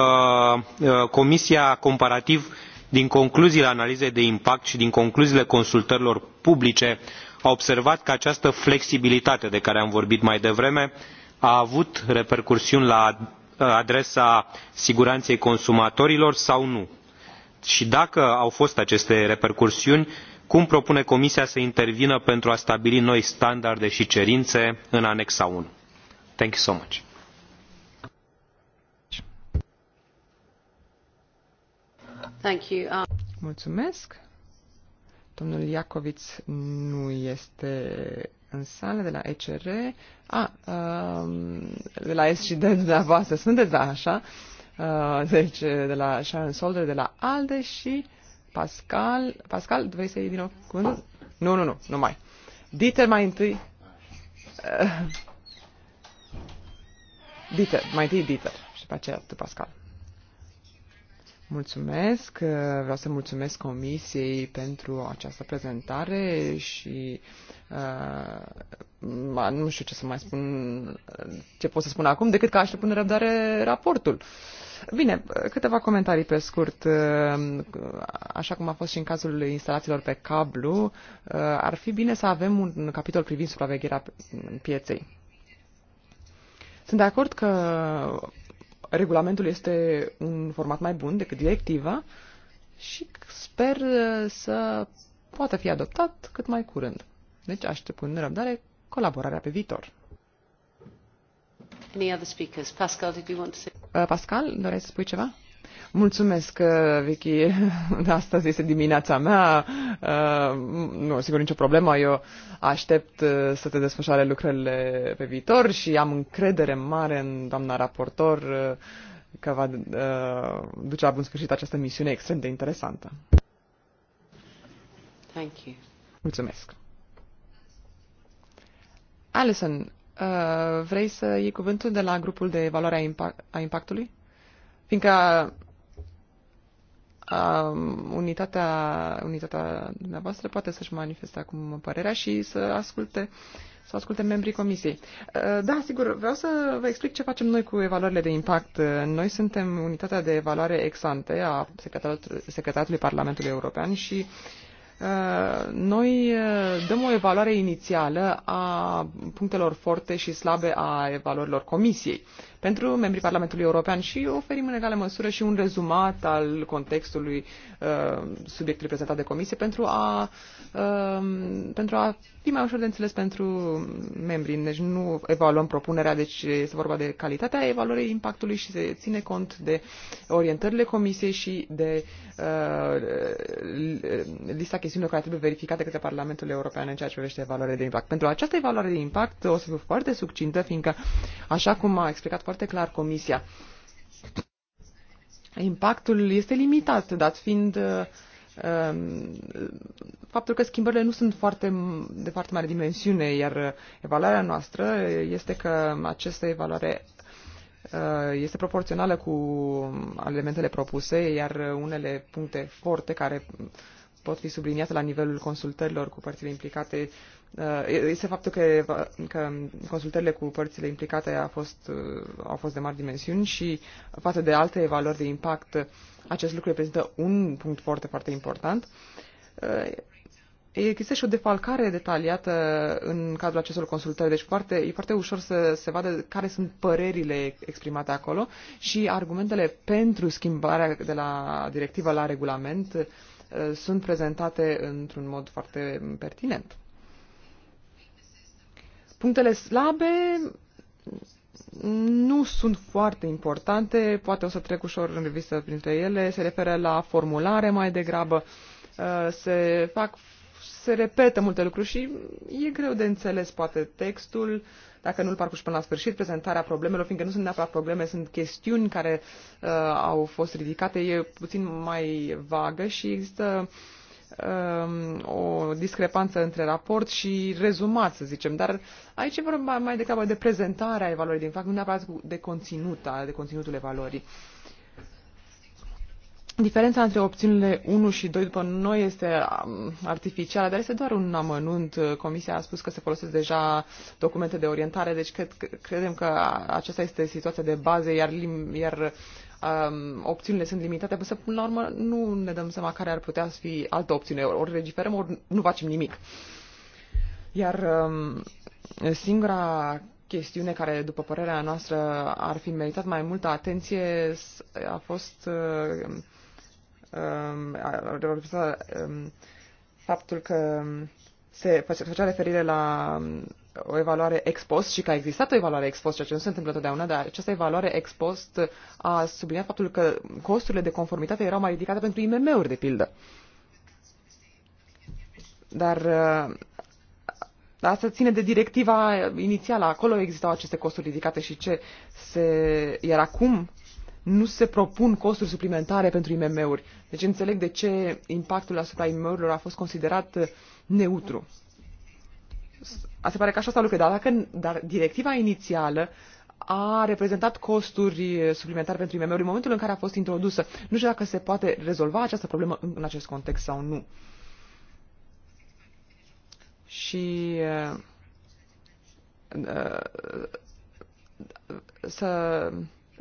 comisia comparativ din concluziile analizei de impact și din concluziile consultărilor publice a observat că această flexibilitate de care am vorbit mai devreme a avut repercusiuni la adresa siguranței consumatorilor sau nu și dacă au fost aceste repercusiuni cum propune comisia să intervină pentru a stabili noi standarde și cerințe în anexa i? Thank you. Um, Mulțumesc. Domnul Iacoviț nu este în sală de la ECR. A, um, de la SGD și D dumneavoastră sunteți, da, așa. Uh, deci, de la Sharon Solder, de la ALDE și Pascal. Pascal, vrei să iei din nou cuvântul? Nu, nu, nu, nu mai. Dieter mai întâi. Uh, Dieter, mai întâi Dieter și după aceea tu Pascal. Mulțumesc, vreau să mulțumesc Comisiei pentru această prezentare și uh, nu știu ce să mai spun, ce pot să spun acum, decât că aș pune răbdare raportul. Bine, câteva comentarii pe scurt. Uh, așa cum a fost și în cazul instalațiilor pe cablu, uh, ar fi bine să avem un capitol privind supravegherea pieței. Sunt de acord că regulamentul este un format mai bun decât directiva și sper uh, să poată fi adoptat cât mai curând. Deci aștept cu nerăbdare colaborarea pe viitor. Any other speakers? Pascal, did you want to say? Uh, Pascal, doreai să spui ceva? Mulțumesc, uh, Vicky. Astăzi este dimineața mea. Uh, nu, sigur, nicio problemă. Eu aștept uh, să te desfășoare lucrările pe viitor și am încredere mare în doamna raportor că va duce la bun sfârșit această misiune extrem de interesantă. Thank you. Mulțumesc. Alison, vrei să iei cuvântul de la grupul de evaluare a, impact- a impactului? Fiindcă um, unitatea, unitatea dumneavoastră poate să-și manifeste acum părerea și să asculte să asculte membrii comisiei. Uh, da, sigur, vreau să vă explic ce facem noi cu evaluările de impact. Noi suntem unitatea de evaluare exante a Secretariatului, Secretariatului Parlamentului European și uh, noi uh, dăm o evaluare inițială a punctelor forte și slabe a evaluărilor comisiei pentru membrii Parlamentului European și oferim în egală măsură și un rezumat al contextului uh, subiectului prezentat de comisie pentru a, uh, pentru a fi mai ușor de înțeles pentru membrii. Deci nu evaluăm propunerea, deci este vorba de calitatea evaluării impactului și se ține cont de orientările comisiei și de uh, lista chestiunilor care trebuie verificate către Parlamentul European în ceea ce privește evaluarea de impact. Pentru această evaluare de impact o să fiu foarte succintă, fiindcă, așa cum a explicat foarte clar Comisia. Impactul este limitat, dat fiind uh, um, faptul că schimbările nu sunt foarte, de foarte mare dimensiune, iar evaluarea noastră este că această evaluare uh, este proporțională cu elementele propuse, iar unele puncte forte care pot fi subliniate la nivelul consultărilor cu părțile implicate uh, este faptul că, că consultările cu părțile implicate a fost, uh, au fost de mari dimensiuni și față de alte valori de impact, acest lucru reprezintă un punct foarte, foarte important. Uh, există și o defalcare detaliată în cadrul acestor consultări, deci foarte, e foarte ușor să se vadă care sunt părerile exprimate acolo și argumentele pentru schimbarea de la directivă la regulament Uh, sunt prezentate într-un mod foarte pertinent. Punctele slabe nu sunt foarte importante, poate o să trec ușor în revistă printre ele, se referă la formulare mai degrabă, uh, se fac se repetă multe lucruri și e greu de înțeles poate textul, dacă nu îl parcurgi până la sfârșit, prezentarea problemelor, fiindcă nu sunt neapărat probleme, sunt chestiuni care uh, au fost ridicate, e puțin mai vagă și există um, o discrepanță între raport și rezumat, să zicem. Dar aici e vorba mai degrabă de prezentarea evaluării din fapt, nu neapărat de conținut, de conținutul evaluării. Uh, Diferența între opțiunile 1 și 2 după noi este um, artificială, dar este doar un amănunt. Comisia a spus că se folosesc deja documente de orientare, deci cred, credem că aceasta este situația de bază, iar, iar um, opțiunile sunt limitate, însă până la urmă nu ne dăm seama care ar putea fi altă opțiune. Ori legiferăm, ori nu facem nimic. Iar um, singura chestiune care, după părerea noastră, ar fi meritat mai multă atenție a fost uh, Um, um, faptul că se făcea referire la um, o evaluare ex post și că a existat o evaluare ex post, ceea ce nu se întâmplă totdeauna, dar această evaluare ex post a subliniat faptul că costurile de conformitate erau mai ridicate pentru IMM-uri, de pildă. Dar uh, asta ține de directiva inițială. Acolo existau aceste costuri ridicate și ce se... Iar acum nu se propun costuri suplimentare pentru IMM-uri. Deci înțeleg de ce impactul asupra IMM-urilor a fost considerat uh, neutru. A se pare că așa s-a lucrat, dar, dacă, dar directiva inițială a reprezentat costuri uh, suplimentare pentru IMM-uri în momentul în care a fost introdusă. Nu știu dacă se poate rezolva această problemă în, în acest context sau nu. Și uh, uh, să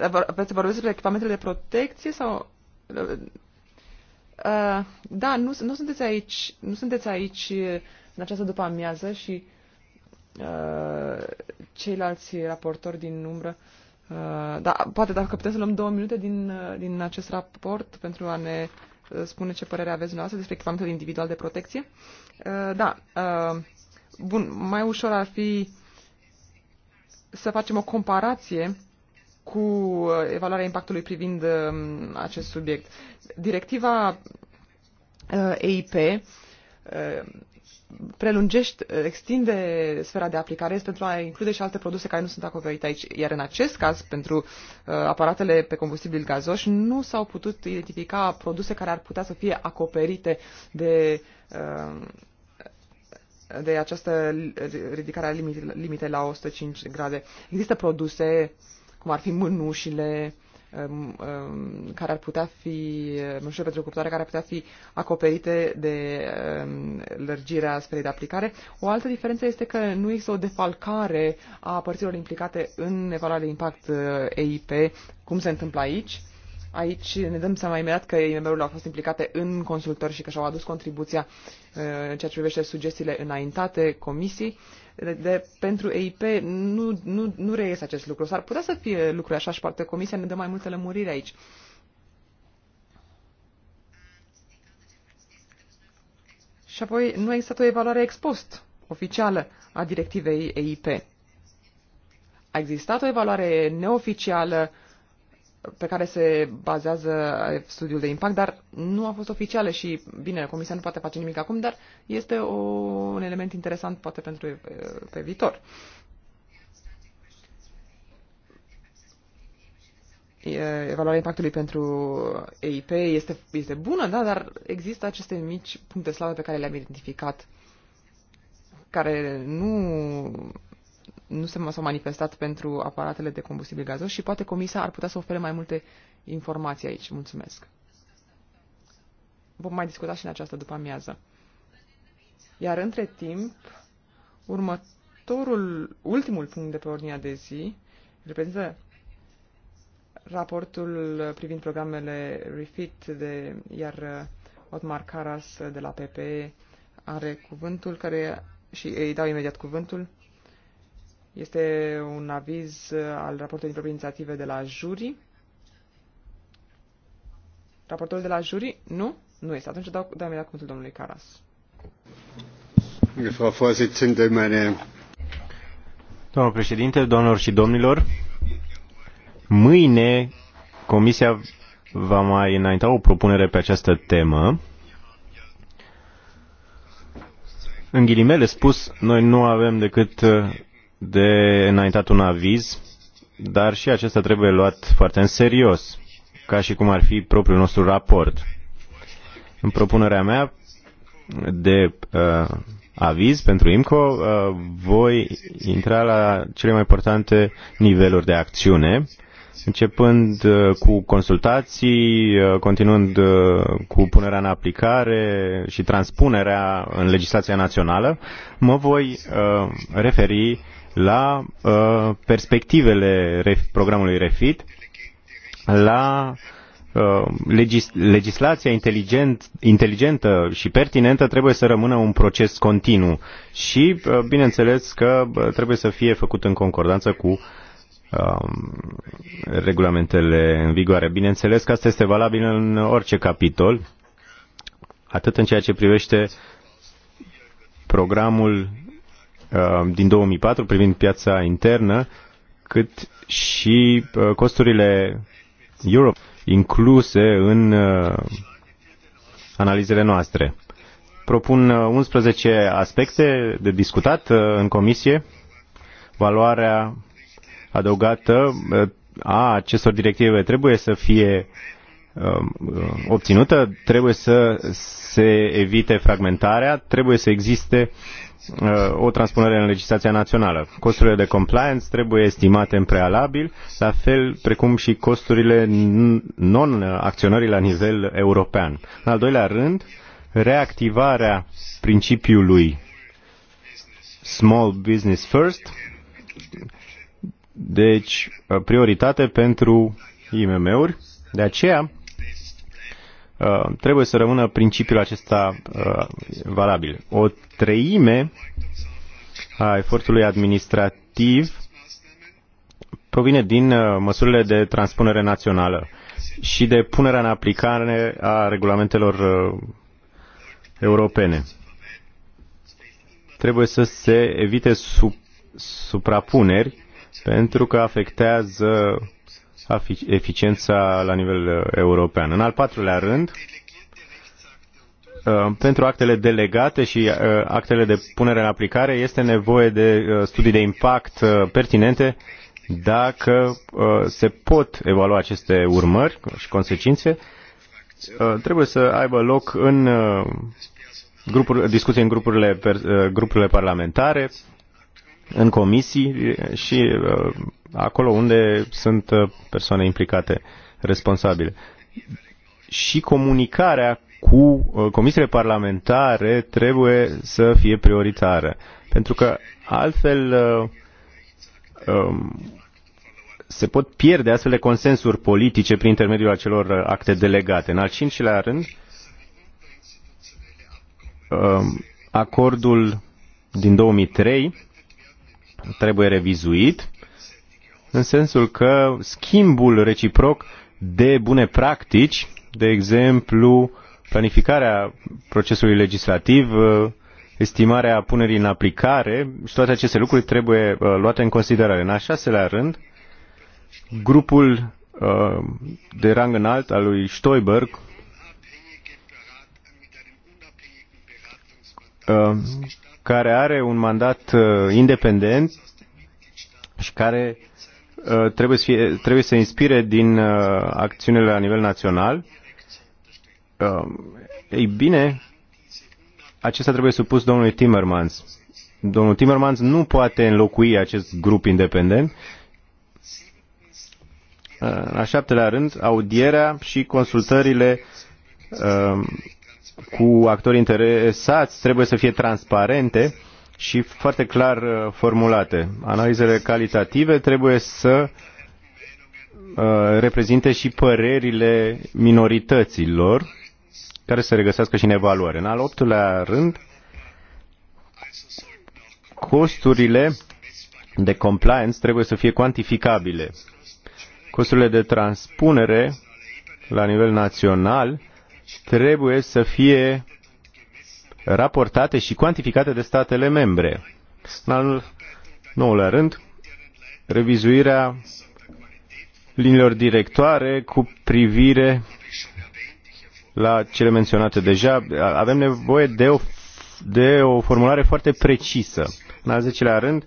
Veți vorbesc despre echipamentele de protecție sau... Uh, uh, da, nu, nu sunteți aici, nu sunteți aici uh, în această după-amiază și ceilalți raportori din umbră. da, poate dacă putem să luăm două minute din, din acest raport pentru a ne spune ce părere aveți dumneavoastră despre echipamentul individual de protecție. da, bun, mai ușor ar fi să facem o comparație cu uh, evaluarea impactului privind um, acest subiect. Directiva uh, EIP uh, prelungește, extinde sfera de aplicare este pentru a include și alte produse care nu sunt acoperite aici. Iar în acest caz, pentru aparatele pe combustibil gazoși, nu s-au putut identifica produse care ar putea să fie acoperite de, de această ridicare a limitei la 105 grade. Există produse uh, cum ar fi mânușile um, um, care ar putea fi, mânușile pentru cuptoare care ar putea fi acoperite de um, lărgirea sferei de aplicare. O altă diferență este că nu există o defalcare a părților implicate în evaluarea de impact uh, EIP, cum se întâmplă aici. Aici ne dăm seama imediat că IMM-urile au fost implicate în consultări și că și-au adus contribuția uh, în ceea ce privește sugestiile înaintate comisii de, pentru EIP nu, nu, nu reiese acest lucru. S-ar putea să fie lucruri așa și poate comisia ne dă mai multe lămuriri aici. Și apoi nu există o evaluare ex post oficială a directivei EIP. A existat o evaluare neoficială pe care se bazează studiul de impact, dar nu a fost oficială și, bine, Comisia nu poate face nimic acum, dar este o, un element interesant poate pentru pe viitor. Evaluarea impactului pentru EIP este, este bună, da, dar există aceste mici puncte slabe pe care le-am identificat, care nu nu s-au manifestat pentru aparatele de combustibil gazos și poate Comisia ar putea să ofere mai multe informații aici. Mulțumesc. Vom mai discuta și în această după amiază. Iar între timp, următorul, ultimul punct de pe ordinea de zi reprezintă raportul privind programele REFIT, de, iar uh, Otmar Caras uh, de la PPE are cuvântul care și îi dau imediat cuvântul este un aviz uh, al raportului din proprie inițiative de la juri. Raportorul de la juri? Nu? Nu este. Atunci dau, dau la cuvântul domnului Caras. Domnul președinte, domnilor și domnilor, mâine Comisia va mai înainta o propunere pe această temă. În ghilimele spus, noi nu avem decât uh, de înaintat un aviz, dar și acesta trebuie luat foarte în serios, ca și cum ar fi propriul nostru raport. În propunerea mea de uh, aviz pentru IMCO, uh, voi intra la cele mai importante niveluri de acțiune, începând uh, cu consultații, uh, continuând uh, cu punerea în aplicare și transpunerea în legislația națională, mă voi uh, referi la uh, perspectivele ref, programului REFIT, la uh, legis, legislația inteligent, inteligentă și pertinentă trebuie să rămână un proces continuu și, uh, bineînțeles, că uh, trebuie să fie făcut în concordanță cu um, regulamentele în vigoare. Bineînțeles că asta este valabil în orice capitol, atât în ceea ce privește programul Uh, din 2004 privind piața internă, cât și uh, costurile Europe incluse în uh, analizele noastre. Propun 11 aspecte de discutat în comisie. Valoarea adăugată a acestor directive trebuie să fie um, obținută, trebuie să se evite fragmentarea, trebuie să existe Uh, o transpunere în legislația națională. Costurile de compliance trebuie estimate în prealabil, la fel precum și costurile non-acționării la nivel european. În al doilea rând, reactivarea principiului small business first, deci uh, prioritate pentru IMM-uri. De aceea, Uh, trebuie să rămână principiul acesta uh, valabil. O treime a efortului administrativ provine din uh, măsurile de transpunere națională și de punerea în aplicare a regulamentelor europene. Trebuie să se evite suprapuneri pentru că afectează eficiența la nivel uh, european. În al patrulea rând, uh, pentru actele delegate și uh, actele de punere în aplicare este nevoie de studii de impact pertinente dacă se pot evalua aceste urmări și consecințe. Trebuie să aibă loc în grupuri, discuții în grupurile, grupurile parlamentare, în comisii și acolo unde sunt uh, persoane implicate, responsabile. Și comunicarea cu uh, comisiile parlamentare trebuie să fie prioritară, pentru că altfel uh, um, se pot pierde astfel de consensuri politice prin intermediul acelor acte delegate. În al cincilea rând, um, acordul din 2003 trebuie revizuit în sensul că schimbul reciproc de bune practici, de exemplu, planificarea procesului legislativ, uh, estimarea punerii în aplicare și toate aceste lucruri trebuie uh, luate în considerare. În a șaselea rând, grupul uh, de rang înalt al lui Stoiber care are un mandat independent și care Uh, trebuie să, fie, trebuie să inspire din uh, acțiunile la nivel național. Uh, ei bine, acesta trebuie supus domnului Timmermans. Domnul Timmermans nu poate înlocui acest grup independent. În a șaptelea rând, audierea și consultările cu actorii interesați trebuie să fie transparente și foarte clar uh, formulate. Analizele calitative trebuie să uh, reprezinte și părerile minorităților care se regăsească și în evaluare. În al optulea rând, costurile de compliance trebuie să fie cuantificabile. Costurile de transpunere la nivel național trebuie să fie raportate și cuantificate de statele membre. În al nouălea rând, revizuirea liniilor directoare cu privire la cele menționate deja. Avem nevoie de o, de o formulare foarte precisă. În al zecelea rând,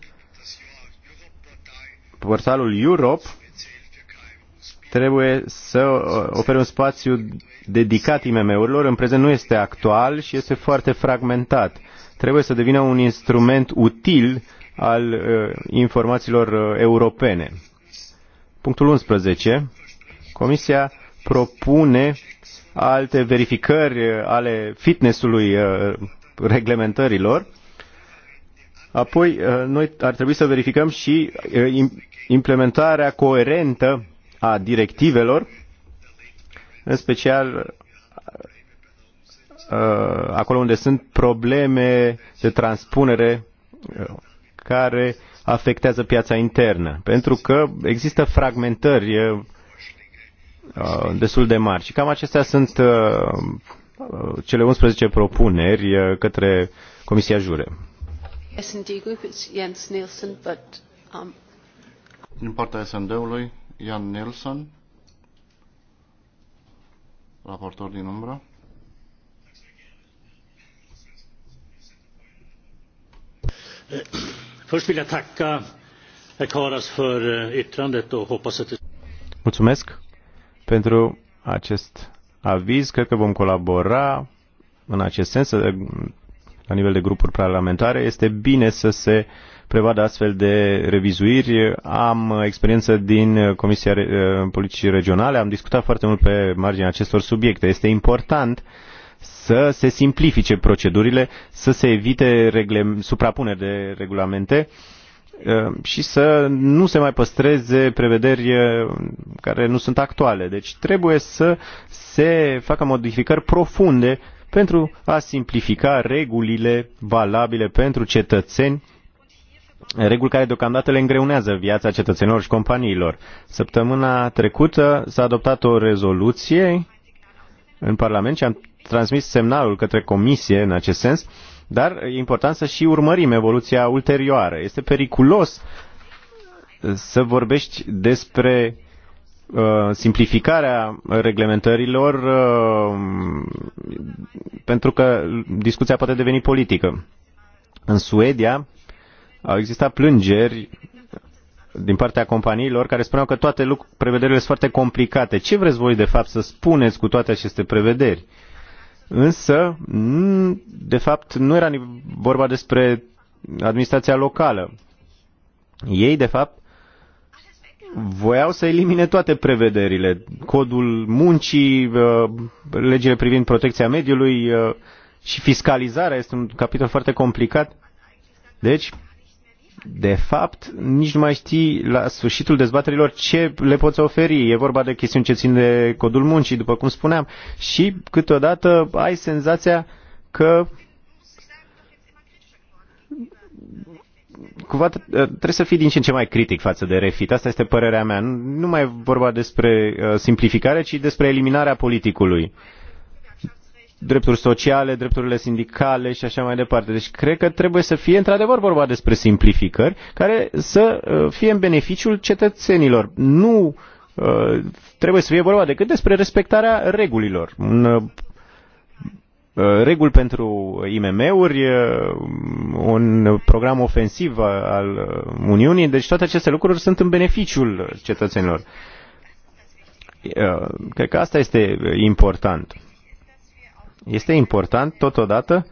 portalul Europe trebuie să uh, ofere un spațiu dedicat IMM-urilor. În prezent nu este actual și este foarte fragmentat. Trebuie să devină un instrument util al uh, informațiilor uh, europene. Punctul 11. Comisia propune alte verificări ale fitnessului reglementărilor. Apoi, noi ar trebui să verificăm și implementarea coerentă a directivelor, în special uh, acolo unde sunt probleme de transpunere uh, care afectează piața internă, pentru că există fragmentări uh, destul de mari. Și cam acestea sunt cele 11 propuneri către Comisia Jure. Um, Din partea SND-ului, Ian Nelson, raportor din umbră. Först vill jag tacka herr Karas för eh, yttrandet och hoppas att det... Mulțumesc pentru acest aviz. Cred că vom colabora în acest sens eh, la nivel de grupuri parlamentare. Este bine să se uh, prevadă astfel de revizuiri. Am experiență din Comisia eh, Politicii Regionale, am discutat foarte mult pe marginea acestor subiecte. Este important să se simplifice procedurile, să se evite regle, suprapuneri de regulamente eh, și să nu se mai păstreze prevederi eh, care nu sunt actuale. Deci trebuie să se facă modificări profunde pentru a simplifica regulile valabile pentru cetățeni reguli care deocamdată le îngreunează viața cetățenilor și companiilor. Săptămâna trecută s-a adoptat o rezoluție în Parlament și am transmis semnalul către Comisie în acest sens, dar e important să și urmărim evoluția ulterioară. Este periculos să vorbești despre uh, simplificarea reglementărilor uh, pentru că discuția poate deveni politică. În Suedia au existat plângeri din partea companiilor care spuneau că toate prevederile sunt foarte complicate. Ce vreți voi de fapt să spuneți cu toate aceste prevederi? Însă, de fapt, nu era vorba despre administrația locală. Ei, de fapt, voiau să elimine toate prevederile, codul muncii, uh, legile privind protecția mediului uh, și fiscalizarea este un capitol foarte complicat. Deci, de fapt, nici nu mai știi la sfârșitul dezbaterilor ce le poți oferi. E vorba de chestiuni ce țin de codul muncii, după cum spuneam, și câteodată ai senzația că cumva ă, trebuie să fii din ce în ce mai critic față de refit. Asta este părerea mea. Nu mai e vorba despre ă, simplificare, ci despre eliminarea politicului. Uh, drepturi sociale, drepturile sindicale și așa mai departe. Deci cred că trebuie să fie într-adevăr vorba despre simplificări care să uh, fie în beneficiul cetățenilor. Nu uh, trebuie să fie vorba decât despre respectarea regulilor. Regul uh, reguli pentru IMM-uri, un program ofensiv al Uniunii, deci toate aceste lucruri sunt în beneficiul cetățenilor. Cred că asta este important este important totodată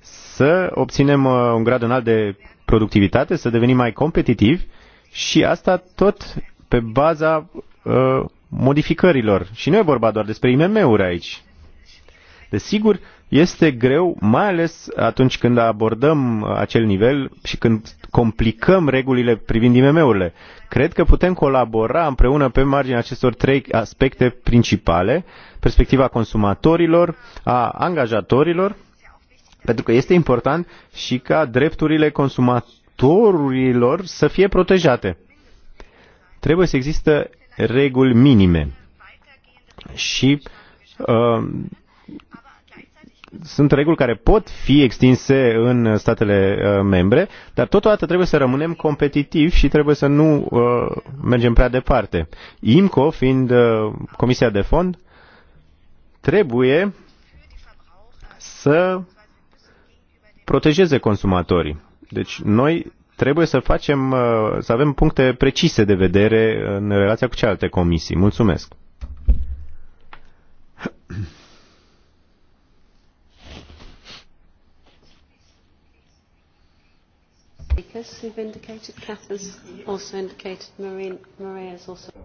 să obținem uh, un grad înalt de productivitate, să devenim mai competitivi și asta tot pe baza uh, modificărilor. Și nu e vorba doar despre IMM-uri aici. Desigur, este greu, mai ales atunci când abordăm acel nivel și când complicăm regulile privind IMM-urile. Cred că putem colabora împreună pe marginea acestor trei aspecte principale perspectiva consumatorilor, a angajatorilor, pentru că este important și ca drepturile consumatorilor să fie protejate. Trebuie să există reguli minime și uh, sunt reguli care pot fi extinse în statele uh, membre, dar totodată trebuie să rămânem competitivi și trebuie să nu uh, mergem prea departe. IMCO, fiind uh, Comisia de Fond, trebuie să protejeze consumatorii. Deci noi trebuie să facem, uh, să avem puncte precise de vedere în relația cu celelalte comisii. Mulțumesc!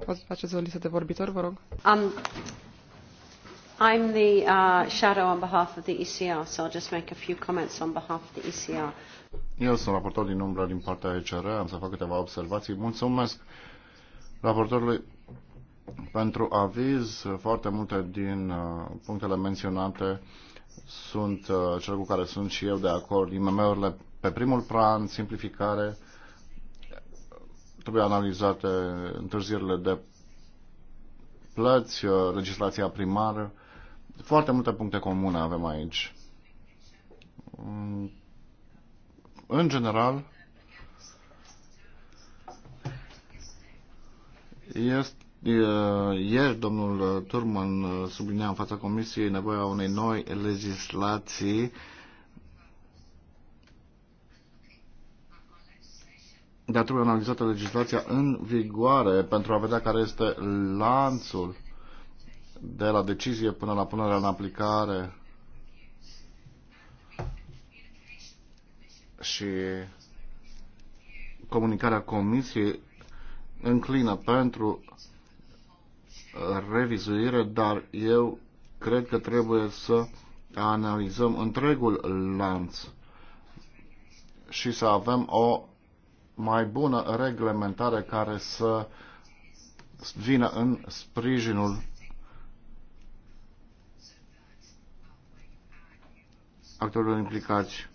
Poți face o listă de vorbitori, vă rog? Um, I'm the uh, shadow on behalf of the ECR, so I'll just make a few comments on behalf of the ECR. Eu sunt raportor din umbră din partea ECR, am să fac câteva observații. Mulțumesc raportorului pentru aviz. Foarte multe din uh, punctele menționate sunt uh, cele cu care sunt și eu de acord. IMM-urile pe primul plan, simplificare, trebuie analizate întârzierile de plăți, uh, legislația primară, foarte multe puncte comune avem aici. În general, este ieri domnul Turman sublinea în fața Comisiei nevoia unei noi legislații dar trebuie analizată legislația în vigoare pentru a vedea care este lanțul de la decizie până la punerea în aplicare și comunicarea Comisiei înclină pentru revizuire, dar eu cred că trebuie să analizăm întregul lanț și să avem o mai bună reglementare care să vină în sprijinul actorilor implicați.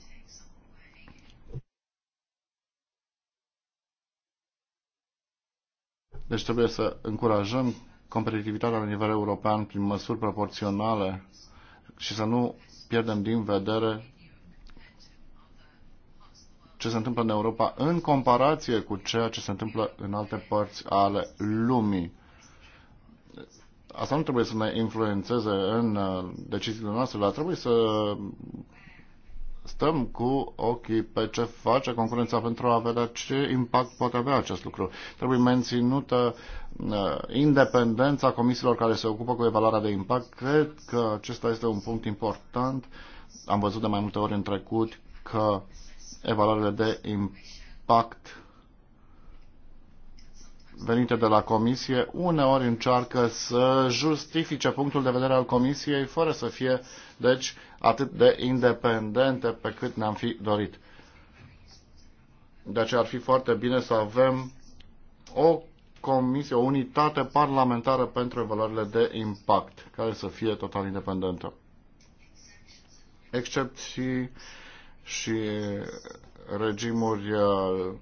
Deci trebuie să încurajăm competitivitatea la nivel european prin măsuri proporționale și să nu pierdem din vedere ce se întâmplă în Europa în comparație cu ceea ce se întâmplă în alte părți ale lumii. Asta nu trebuie să ne influențeze în uh, deciziile noastre, dar trebuie să stăm cu ochii pe ce face concurența pentru a vedea ce impact poate avea acest lucru. Trebuie menținută uh, independența comisiilor care se ocupă cu evaluarea de impact. Cred că acesta este un punct important. Am văzut de mai multe ori în trecut că evaluările de impact venite de la Comisie uneori încearcă să justifice punctul de vedere al Comisiei fără să fie, deci, atât de independente pe cât ne-am fi dorit. Deci ar fi foarte bine să avem o comisie, o unitate parlamentară pentru evaluările de impact, care să fie total independentă. Excepții și regimuri uh,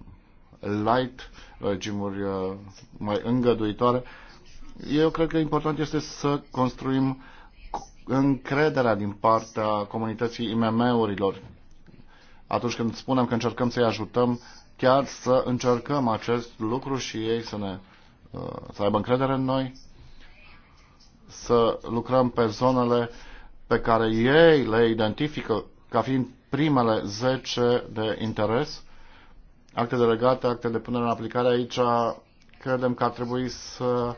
light, regimuri uh, uh, mai îngăduitoare. Eu cred că important este să construim încrederea din partea comunității IMM-urilor. Atunci când spunem că încercăm să-i ajutăm, chiar să încercăm acest lucru și ei să ne uh, să aibă încredere în noi, să lucrăm pe zonele pe care ei le identifică ca fiind primele 10 de interes acte delegate, acte de punere în aplicare. Aici credem că ar trebui să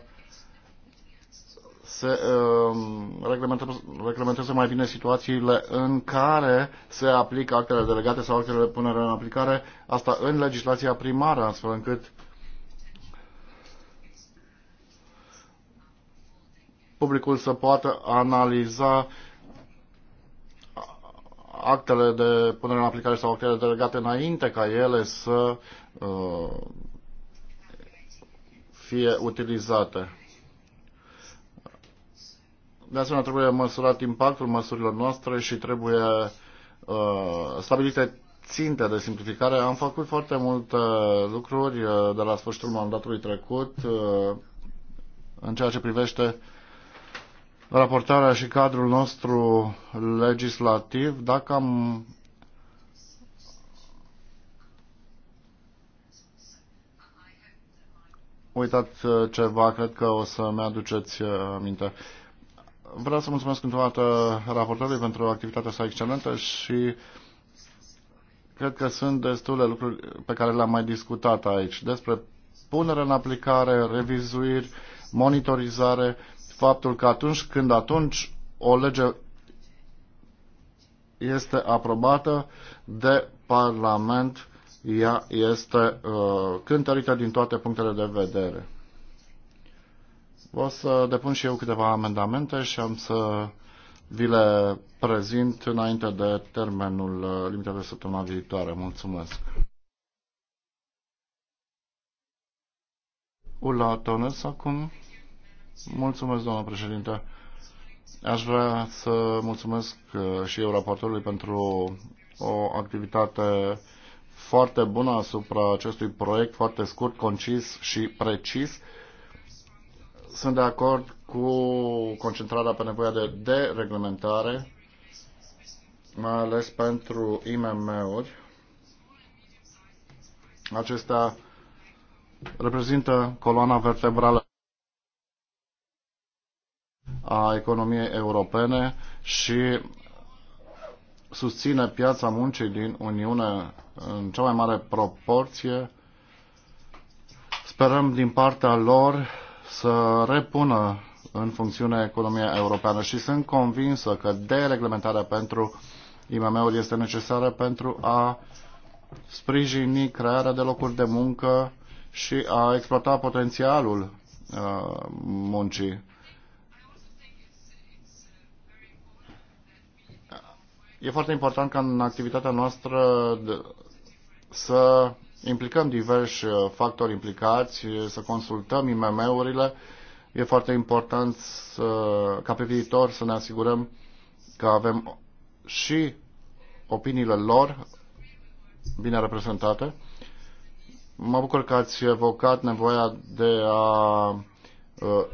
se um, reglementeze mai bine situațiile în care se aplică actele delegate sau actele de punere în aplicare, asta în legislația primară, astfel încât publicul să poată analiza actele de punere în aplicare sau actele delegate înainte ca ele să uh, fie utilizate. De asemenea, trebuie măsurat impactul măsurilor noastre și trebuie uh, stabilite ținte de simplificare. Am făcut foarte multe lucruri uh, de la sfârșitul mandatului trecut uh, în ceea ce privește uh, raportarea și cadrul nostru legislativ, dacă am uitat uh, ceva, cred că o să-mi aduceți uh, aminte. Vreau să mulțumesc într-o dată raportorului pentru activitatea sa excelentă și cred că sunt destule lucruri pe care le-am mai discutat aici despre punere în aplicare, revizuiri, monitorizare, faptul că atunci când atunci o lege este aprobată de Parlament, ea este uh, cântărită din toate punctele de vedere. O să depun și eu câteva amendamente și am să vi le prezint înainte de termenul uh, limită de săptămâna viitoare. Mulțumesc! Ula tonus acum. Mulțumesc, doamnă președinte. Aș vrea să mulțumesc uh, și eu raportorului pentru o activitate foarte bună asupra acestui proiect, foarte scurt, concis și precis. Sunt de acord cu concentrarea pe nevoia de dereglementare, mai ales pentru IMM-uri. Acestea reprezintă coloana vertebrală a economiei europene și susține piața muncii din Uniune în cea mai mare proporție. Sperăm din partea lor să repună în funcțiune economia europeană și sunt convinsă că dereglementarea pentru IMM-uri este necesară pentru a sprijini crearea de locuri de muncă și a exploata potențialul uh, muncii. E foarte important ca în activitatea noastră să implicăm diversi uh, factori implicați, uh, să consultăm IMM-urile. E foarte important să, ca pe viitor să ne asigurăm că avem și opiniile lor bine reprezentate. Mă bucur că ați evocat nevoia de a uh,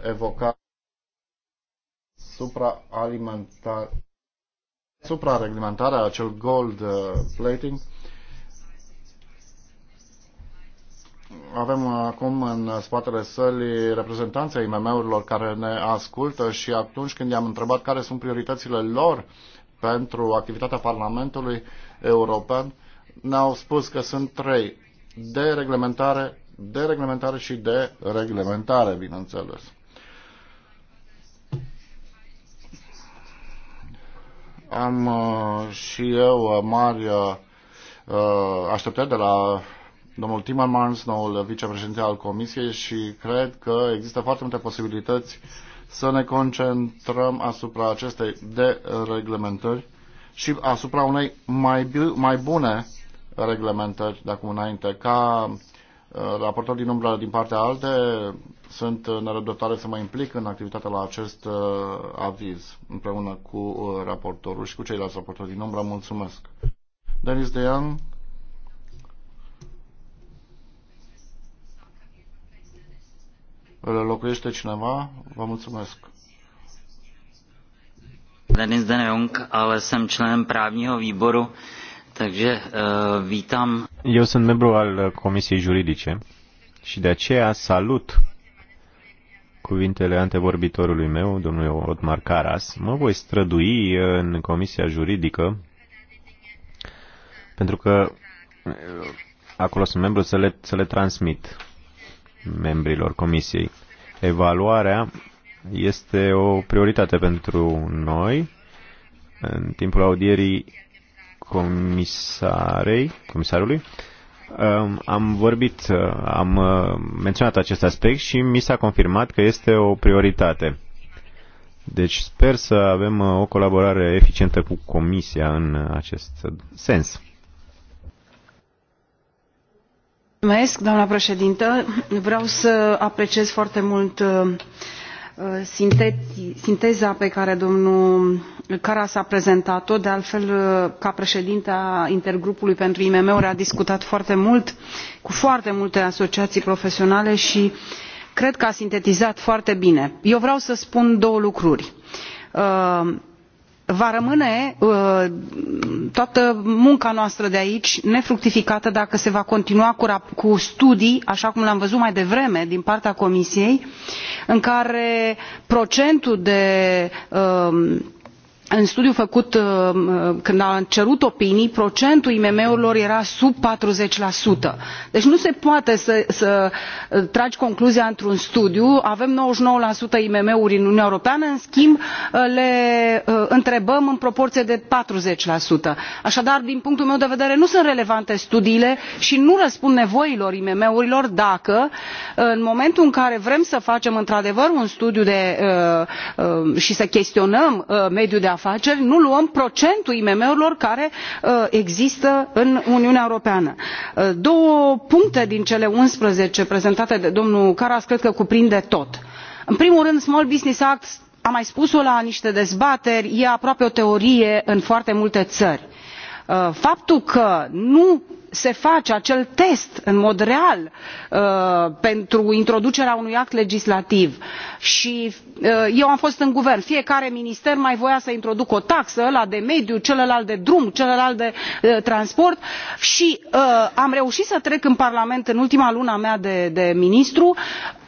evoca supraalimentare suprareglementarea, acel gold uh, plating. Avem acum în spatele sălii reprezentanții IMM-urilor care ne ascultă și atunci când i-am întrebat care sunt prioritățile lor pentru activitatea Parlamentului European, ne-au spus că sunt trei. De reglementare, de reglementare și de reglementare, bineînțeles. Am uh, și eu uh, mari uh, așteptări de la domnul Timmermans, noul vicepreședinte al Comisiei și cred că există foarte multe posibilități să ne concentrăm asupra acestei de reglementări și asupra unei mai, mai bune reglementări de acum înainte. Ca raportor din umbră din partea alte, sunt uh, nerăbdătoare să mă implic în activitatea la acest uh, aviz, împreună cu uh, raportorul și cu ceilalți raportori din umbră. Mulțumesc! Denis Deian, Îl locuiește cineva? Vă mulțumesc. Denis Deneung, ale sunt členem právního výboru, takže uh, vítám. Eu sunt membru al Comisiei Juridice și de aceea salut cuvintele antevorbitorului meu, domnul Otmar Caras. Mă voi strădui uh, în Comisia Juridică, pentru că uh, acolo sunt membru să le, să le transmit membrilor Comisiei. Evaluarea este o prioritate pentru noi. În timpul audierii comisarei, comisarului, am vorbit, am uh, menționat acest aspect și mi s-a confirmat că este o prioritate. Deci sper să avem uh, o colaborare eficientă cu Comisia în acest sens. Mulțumesc, doamna președintă. Vreau să apreciez foarte mult uh, sinteza pe care domnul karas a prezentat o de altfel ca președintă al intergrupului pentru imm uri a discutat foarte mult cu foarte multe asociații profesionale și cred că a sintetizat foarte bine. eu vreau să spun două lucruri în uh, va rămâne uh, toată munca noastră de aici nefructificată dacă se va continua cu studii așa cum l am văzut mai devreme din partea comisiei în care procentul de uh, în studiul făcut uh, uh, când am cerut opinii procentul imm urilor era sub patruzeci deci nu se poate să, uh, tragi concluzia într un studiu avem nouăzeci și nouă imm uri în uniunea europeană în schimb le întrebăm în proporție de patruzeci așadar din punctul meu de vedere nu sunt relevante studiile și nu răspund nevoilor imm urilor dacă în momentul în care vrem să facem într adevăr un studiu și să chestionăm mediul de afaceri nu luăm procentul imm urilor care uh, există în uniunea europeană. Uh, două puncte din cele unsprezece prezentate de domnul karas cred că cuprinde tot. în primul rând small business act am mai spus o la niște dezbateri e aproape o teorie în foarte multe țări uh, faptul că nu se face acel test în mod real uh, pentru introducerea unui act legislativ și uh, eu am fost în guvern fiecare minister mai voia să introducă o taxă ăla de mediu celălalt de drum celălalt de uh, transport și am reușit să trec în parlament în ultima lună a mea de, ministru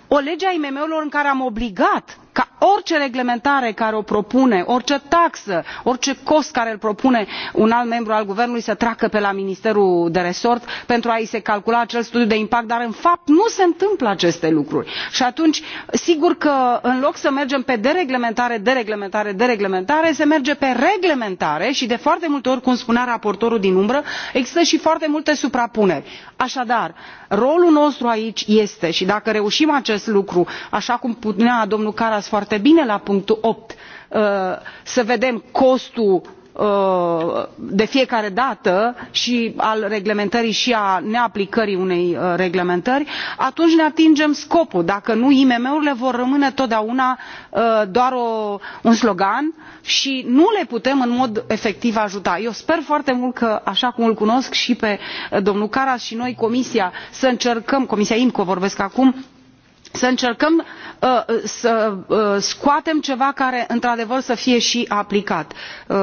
o lege a imm urilor în care am obligat ca orice reglementare pe care o propune orice taxă orice cost pe care îl propune un alt membru al guvernului să treacă pe la ministerul de resort pentru a i se calcula acel studiu de impact dar în fapt nu se întâmplă aceste lucruri și atunci sigur că în loc să mergem pe dereglementare dereglementare dereglementare se merge pe reglementare și de foarte multe ori cum spunea raportorul din umbră există și foarte multe suprapuneri. așadar rolul nostru aici este și dacă reușim acest lucru așa cum spunea domnul karas ați foarte bine la punctul opt uh, să vedem costul uh, de fiecare dată și al reglementării și a neaplicării unei uh, reglementări atunci ne atingem scopul dacă nu imm urile vor rămâne totdeauna doar un slogan și nu le putem în mod efectiv ajuta. eu sper foarte mult că așa cum îl cunosc și pe domnul karas și noi comisia să încercăm comisia imco vorbesc acum să încercăm uh, să uh, scoatem ceva care într adevăr să fie și aplicat. Uh,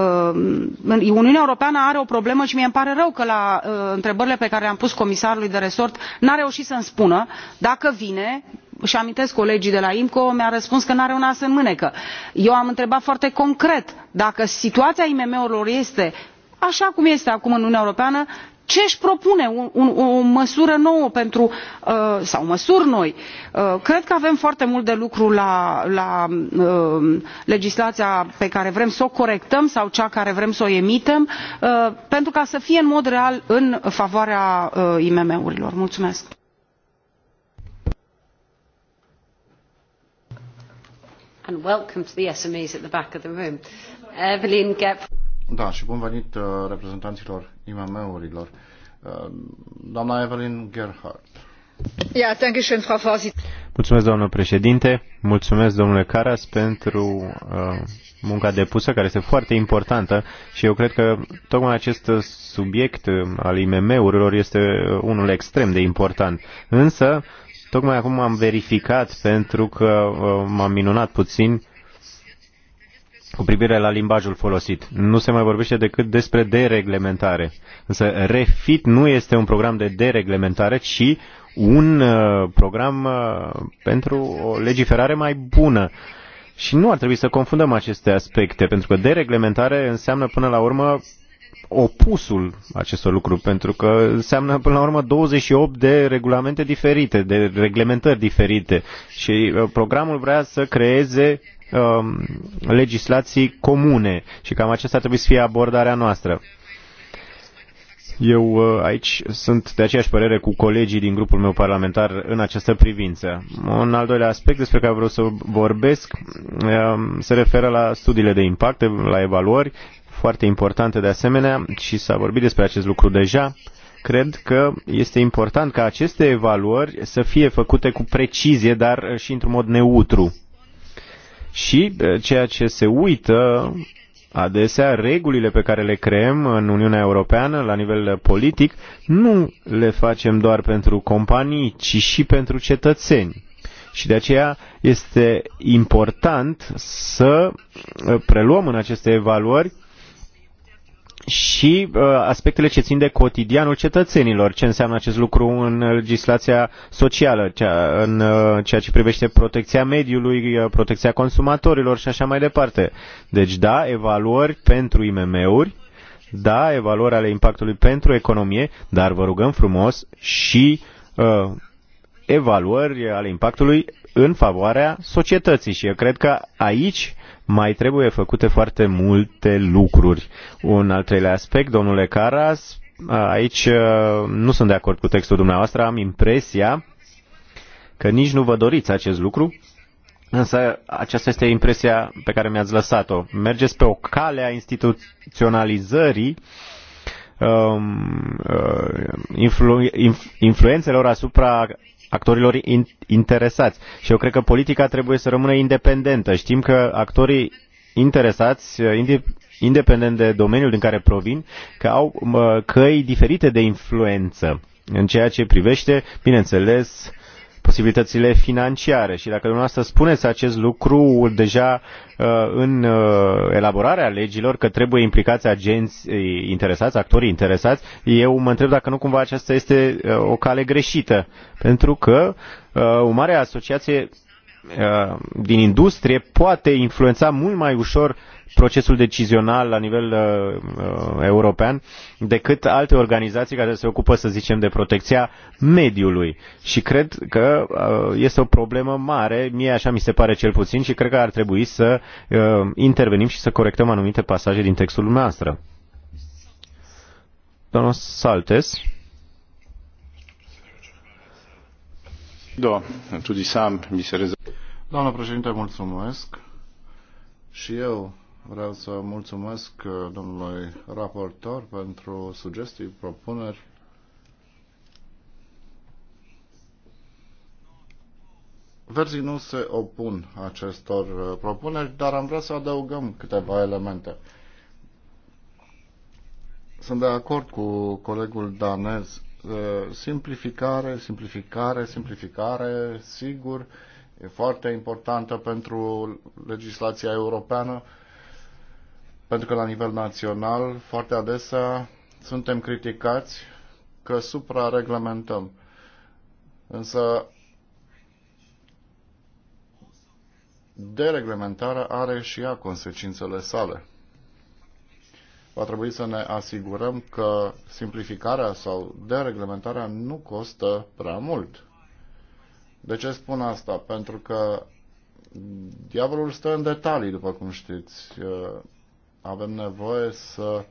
uniunea europeană are o problemă și mie îmi pare rău că la întrebările pe care le am pus comisarului de resort nu a reușit să îmi spună dacă vine își amintesc colegii de la imco mi a răspuns că nu are un as în mânecă. eu am întrebat foarte concret dacă situația imm urilor este așa cum este acum în uniunea europeană ce își propune o măsură nouă pentru, uh, sau măsuri noi? Uh, cred că avem foarte mult de lucru la, la uh, legislația pe care vrem să o corectăm sau cea care vrem să o emitem pentru ca să fie în mod real în favoarea imm urilor. mulțumesc. and welcome to the smes at the back of the room. Evelyn da, și bun venit uh, reprezentanților IMM-urilor. Uh, doamna Evelyn Gerhardt. Ja, danke schön, Frau Mulțumesc, doamnă președinte. Mulțumesc, domnule Caras, pentru uh, munca depusă, care este foarte importantă și eu cred că tocmai acest subiect uh, al IMM-urilor este unul extrem de important. Însă, tocmai acum am verificat, pentru că uh, m-am minunat puțin, cu privire la limbajul folosit. Nu se mai vorbește decât despre dereglementare. Însă Refit nu este un program de dereglementare, ci un uh, program uh, pentru o legiferare mai bună. Și nu ar trebui să confundăm aceste aspecte, pentru că dereglementare înseamnă până la urmă opusul acestor lucruri, pentru că înseamnă până la urmă 28 de regulamente diferite, de reglementări diferite și uh, programul vrea să creeze Um, legislații comune și cam aceasta trebuie să fie abordarea noastră. Eu uh, aici sunt de aceeași părere cu colegii din grupul meu parlamentar în această privință. Un al doilea aspect despre care vreau să vorbesc um, se referă la studiile de impact, la evaluări, foarte importante de asemenea și s-a vorbit despre acest lucru deja. Cred că este important ca aceste evaluări să fie făcute cu precizie, dar și într-un mod neutru și eh, ceea ce se uită adesea, regulile pe care le creăm în Uniunea Europeană la nivel politic nu le facem doar pentru companii, ci și pentru cetățeni. Și de aceea este important să eh, preluăm în aceste evaluări și uh, aspectele ce țin de cotidianul cetățenilor, ce înseamnă acest lucru în legislația socială, cea, în uh, ceea ce privește protecția mediului, uh, protecția consumatorilor și așa mai departe. Deci da, evaluări pentru IMM-uri, da, evaluări ale impactului pentru economie, dar vă rugăm frumos și uh, evaluări ale impactului în favoarea societății și eu cred că aici mai trebuie făcute foarte multe lucruri. Un al treilea aspect, domnule Caras, aici uh, nu sunt de acord cu textul dumneavoastră, am impresia că nici nu vă doriți acest lucru, însă aceasta este impresia pe care mi-ați lăsat-o. Mergeți pe o cale a instituționalizării um, uh, influ, influențelor asupra actorilor in, interesați. Și eu cred că politica trebuie să rămână independentă. Știm că actorii interesați, uh, independent de domeniul din care provin, că au uh, căi diferite de influență în ceea ce privește, bineînțeles, posibilitățile financiare. Și dacă dumneavoastră spuneți acest lucru deja uh, în uh, elaborarea legilor, că trebuie implicați agenți uh, interesați, actorii interesați, eu mă întreb dacă nu cumva aceasta este o cale greșită. Pentru că o mare asociație Uh, din industrie poate influența mult mai ușor procesul decizional la nivel uh, uh, european decât alte organizații care se ocupă, să zicem, de protecția mediului. Și cred că uh, este o problemă mare, mie așa mi se pare cel puțin, și cred că ar trebui să uh, intervenim și să corectăm anumite pasaje din textul nostru. Domnul Saltes. Da, sam mi se Doamnă președinte, mulțumesc. Și eu vreau să mulțumesc uh, domnului raportor pentru sugestii, propuneri. Verzii nu se opun acestor uh, propuneri, dar am vrea să adăugăm câteva elemente. Sunt de acord cu colegul danez Uh, simplificare, simplificare, simplificare, sigur, e foarte importantă pentru legislația europeană, pentru că la nivel național foarte adesea suntem criticați că suprareglementăm. Însă dereglementarea are și ea consecințele sale va trebui să ne asigurăm că simplificarea sau dereglementarea nu costă prea mult. De ce spun asta? Pentru că diavolul stă în detalii, după cum știți. Avem nevoie să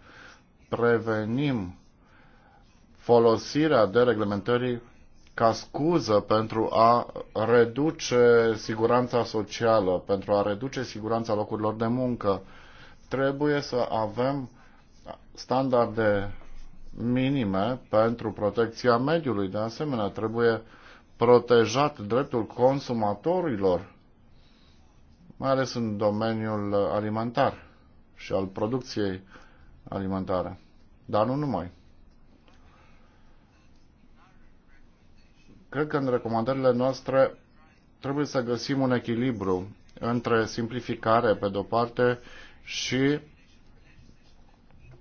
prevenim folosirea dereglementării ca scuză pentru a reduce siguranța socială, pentru a reduce siguranța locurilor de muncă. Trebuie să avem standarde minime pentru protecția mediului. De asemenea, trebuie protejat dreptul consumatorilor, mai ales în domeniul alimentar și al producției alimentare, dar nu numai. Cred că în recomandările noastre trebuie să găsim un echilibru între simplificare pe de-o parte și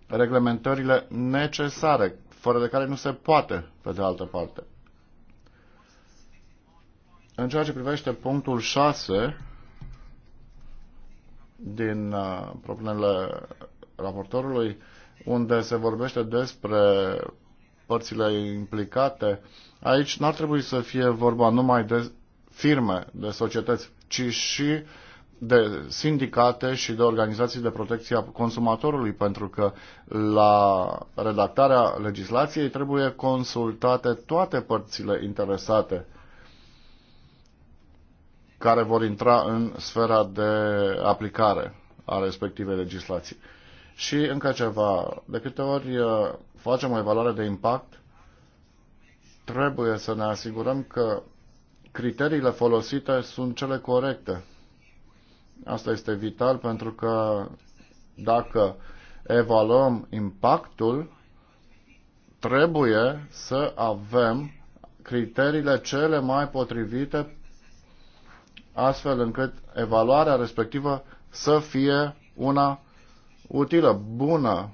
reglementările necesare, fără de care nu se poate, pe de altă parte. În ceea ce privește punctul 6 din uh, propunerile raportorului, unde se vorbește despre părțile implicate, aici n-ar trebui să fie vorba numai de firme, de societăți, ci și de sindicate și de organizații de protecție a consumatorului, pentru că la redactarea legislației trebuie consultate toate părțile interesate care vor intra în sfera de aplicare a respectivei legislații. Și încă ceva, de câte ori uh, facem o evaluare de impact, trebuie să ne asigurăm că criteriile folosite sunt cele corecte. Asta este vital pentru că dacă evaluăm impactul, trebuie să avem criteriile cele mai potrivite astfel încât evaluarea respectivă să fie una utilă, bună,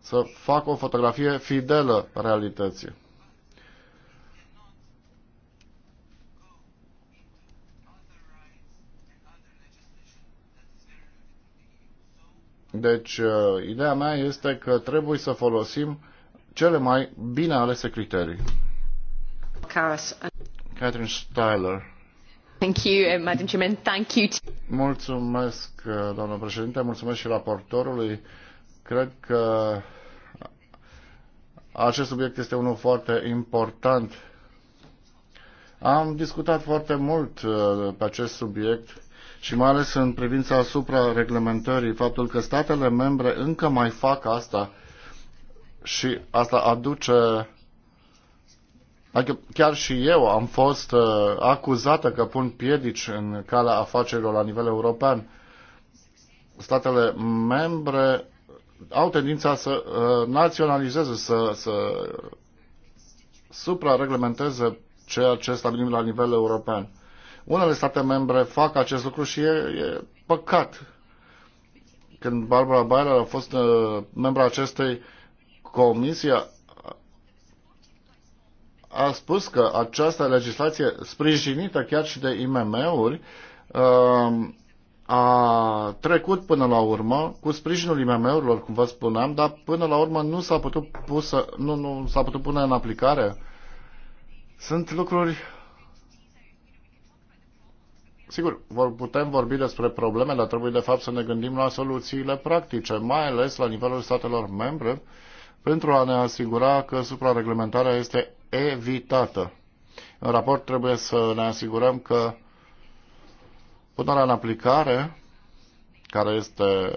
să facă o fotografie fidelă realității. Deci, uh, ideea mea este că trebuie să folosim cele mai bine alese criterii. Catherine Styler. Thank you, uh, Madam Chairman. Thank you. Mulțumesc, uh, doamnă președinte, mulțumesc și raportorului. Cred că acest subiect este unul foarte important. Am discutat foarte mult pe acest subiect și mai ales în privința asupra reglementării, faptul că statele membre încă mai fac asta și asta aduce Adică chiar și eu am fost uh, acuzată că pun piedici în calea afacerilor la nivel european. Statele membre au tendința să uh, naționalizeze, să, să suprareglementeze ceea ce stabilim la nivel european. Unele state membre fac acest lucru și e, e păcat. Când Barbara Bayer a fost uh, membra acestei comisii, a, a spus că această legislație sprijinită chiar și de IMM-uri uh, a trecut până la urmă cu sprijinul IMM-urilor, cum vă spuneam, dar până la urmă nu s-a putut, pusă, nu, nu s-a putut pune în aplicare. Sunt lucruri Sigur, vor, putem vorbi despre probleme, dar trebuie de fapt să ne gândim la soluțiile practice, mai ales la nivelul statelor membre, pentru a ne asigura că suprareglementarea este evitată. În raport trebuie să ne asigurăm că punerea în aplicare, care este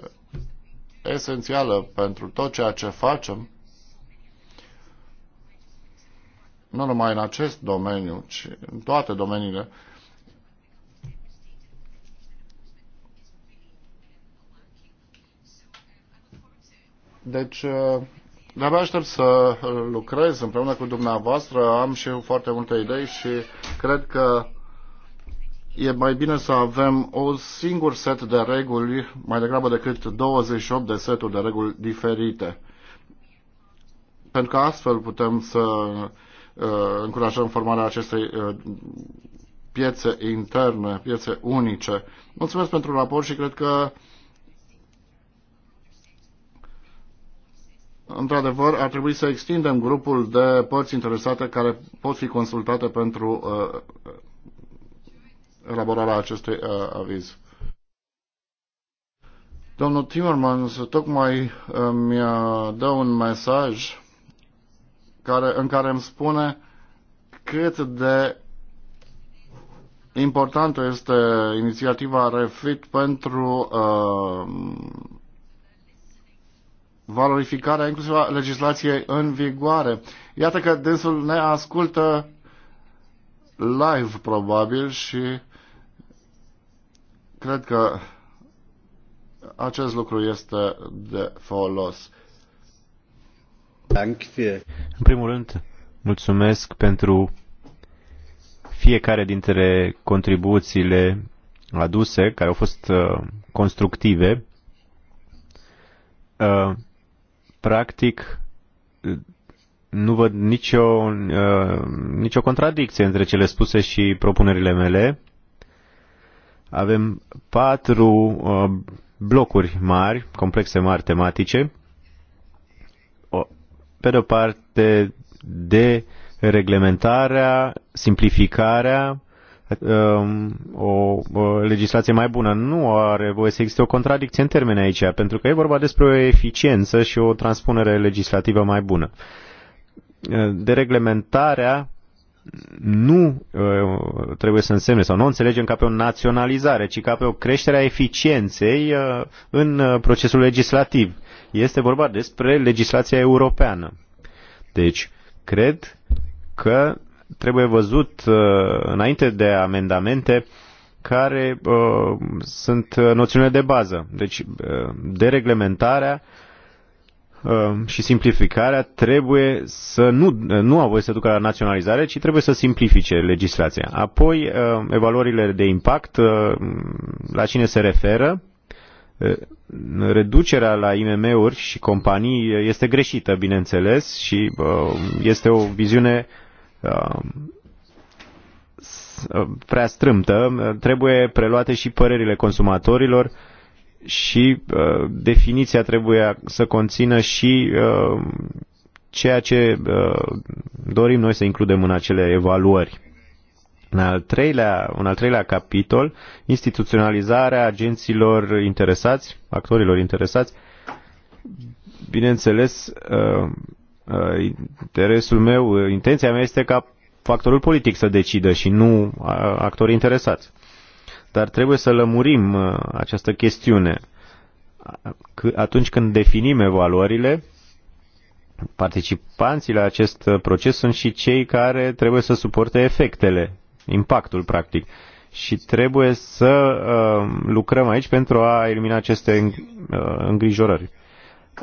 esențială pentru tot ceea ce facem, nu numai în acest domeniu, ci în toate domeniile, Deci, uh, de-abia aștept să uh, lucrez împreună cu dumneavoastră. Am și eu foarte multe idei și cred că e mai bine să avem un singur set de reguli, mai degrabă decât 28 de seturi de reguli diferite. Pentru că astfel putem să uh, încurajăm formarea acestei uh, piețe interne, piețe unice. Mulțumesc pentru raport și cred că într-adevăr, ar trebui să extindem grupul de părți interesate care pot fi consultate pentru uh, uh elaborarea acestui uh, aviz. Domnul Timmermans tocmai îmi uh, dă un mesaj care, în care îmi spune cât de importantă este inițiativa Refit pentru uh, valorificarea inclusiv a legislației în vigoare. Iată că dânsul ne ascultă live probabil și cred că acest lucru este de folos. În primul rând, mulțumesc pentru fiecare dintre contribuțiile aduse, care au fost uh, constructive. Uh, practic, nu văd nicio, uh, nicio contradicție între cele spuse și propunerile mele. Avem patru uh, blocuri mari, complexe mari tematice. Pe de-o parte, de reglementarea, simplificarea, Um, o legislație mai bună. Nu are voie să existe o contradicție în termeni aici, pentru că e vorba despre o eficiență și o transpunere legislativă mai bună. Uh, Dereglementarea nu uh, trebuie să însemne sau nu înțelegem ca pe o naționalizare, ci ca pe o creștere a eficienței uh, în procesul legislativ. Este vorba despre legislația europeană. Deci, cred că trebuie văzut uh, înainte de amendamente care uh, sunt uh, noțiunile de bază. Deci, uh, dereglementarea uh, și simplificarea trebuie să nu, uh, nu au voie să ducă la naționalizare, ci trebuie să simplifice legislația. Apoi, uh, evaluările de impact, uh, la cine se referă, reducerea la IMM-uri și companii este greșită, bineînțeles, și este o viziune Um, uh, prea strâmtă, uh, trebuie preluate și părerile consumatorilor și uh, definiția trebuie să conțină și uh, ceea ce uh, dorim noi să includem în acele evaluări. În al treilea, un al treilea capitol, instituționalizarea agenților interesați, actorilor interesați, bineînțeles, uh, Uh, interesul meu, uh, intenția mea este ca factorul politic să decidă și nu uh, actorii interesați. Dar trebuie să lămurim această chestiune. Atunci când definim evaluările, participanții la acest proces sunt și cei care trebuie să suporte efectele, impactul practic. Și trebuie să uh, lucrăm aici pentru a elimina aceste îngrijorări.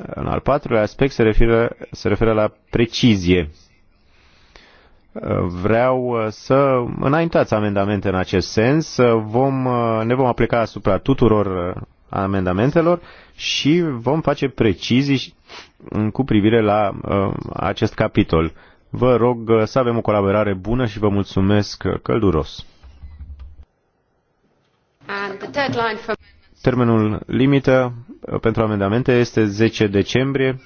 În al patrulea aspect se referă, se referă la precizie. Vreau uh, să înaintați amendamente în acest sens. Vom, uh, ne vom aplica asupra tuturor uh, amendamentelor și vom face precizii mm, cu privire la acest capitol. Vă rog să avem o colaborare bună și vă mulțumesc călduros. Termenul limită uh, pentru amendamente este 10 decembrie.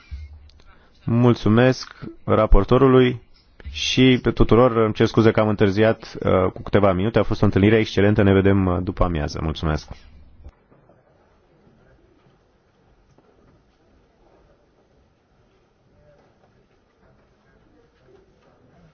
Mulțumesc raportorului și tuturor îmi cer scuze că am întârziat uh, cu câteva minute. A fost o întâlnire excelentă. Ne vedem uh, după amiază. Mulțumesc!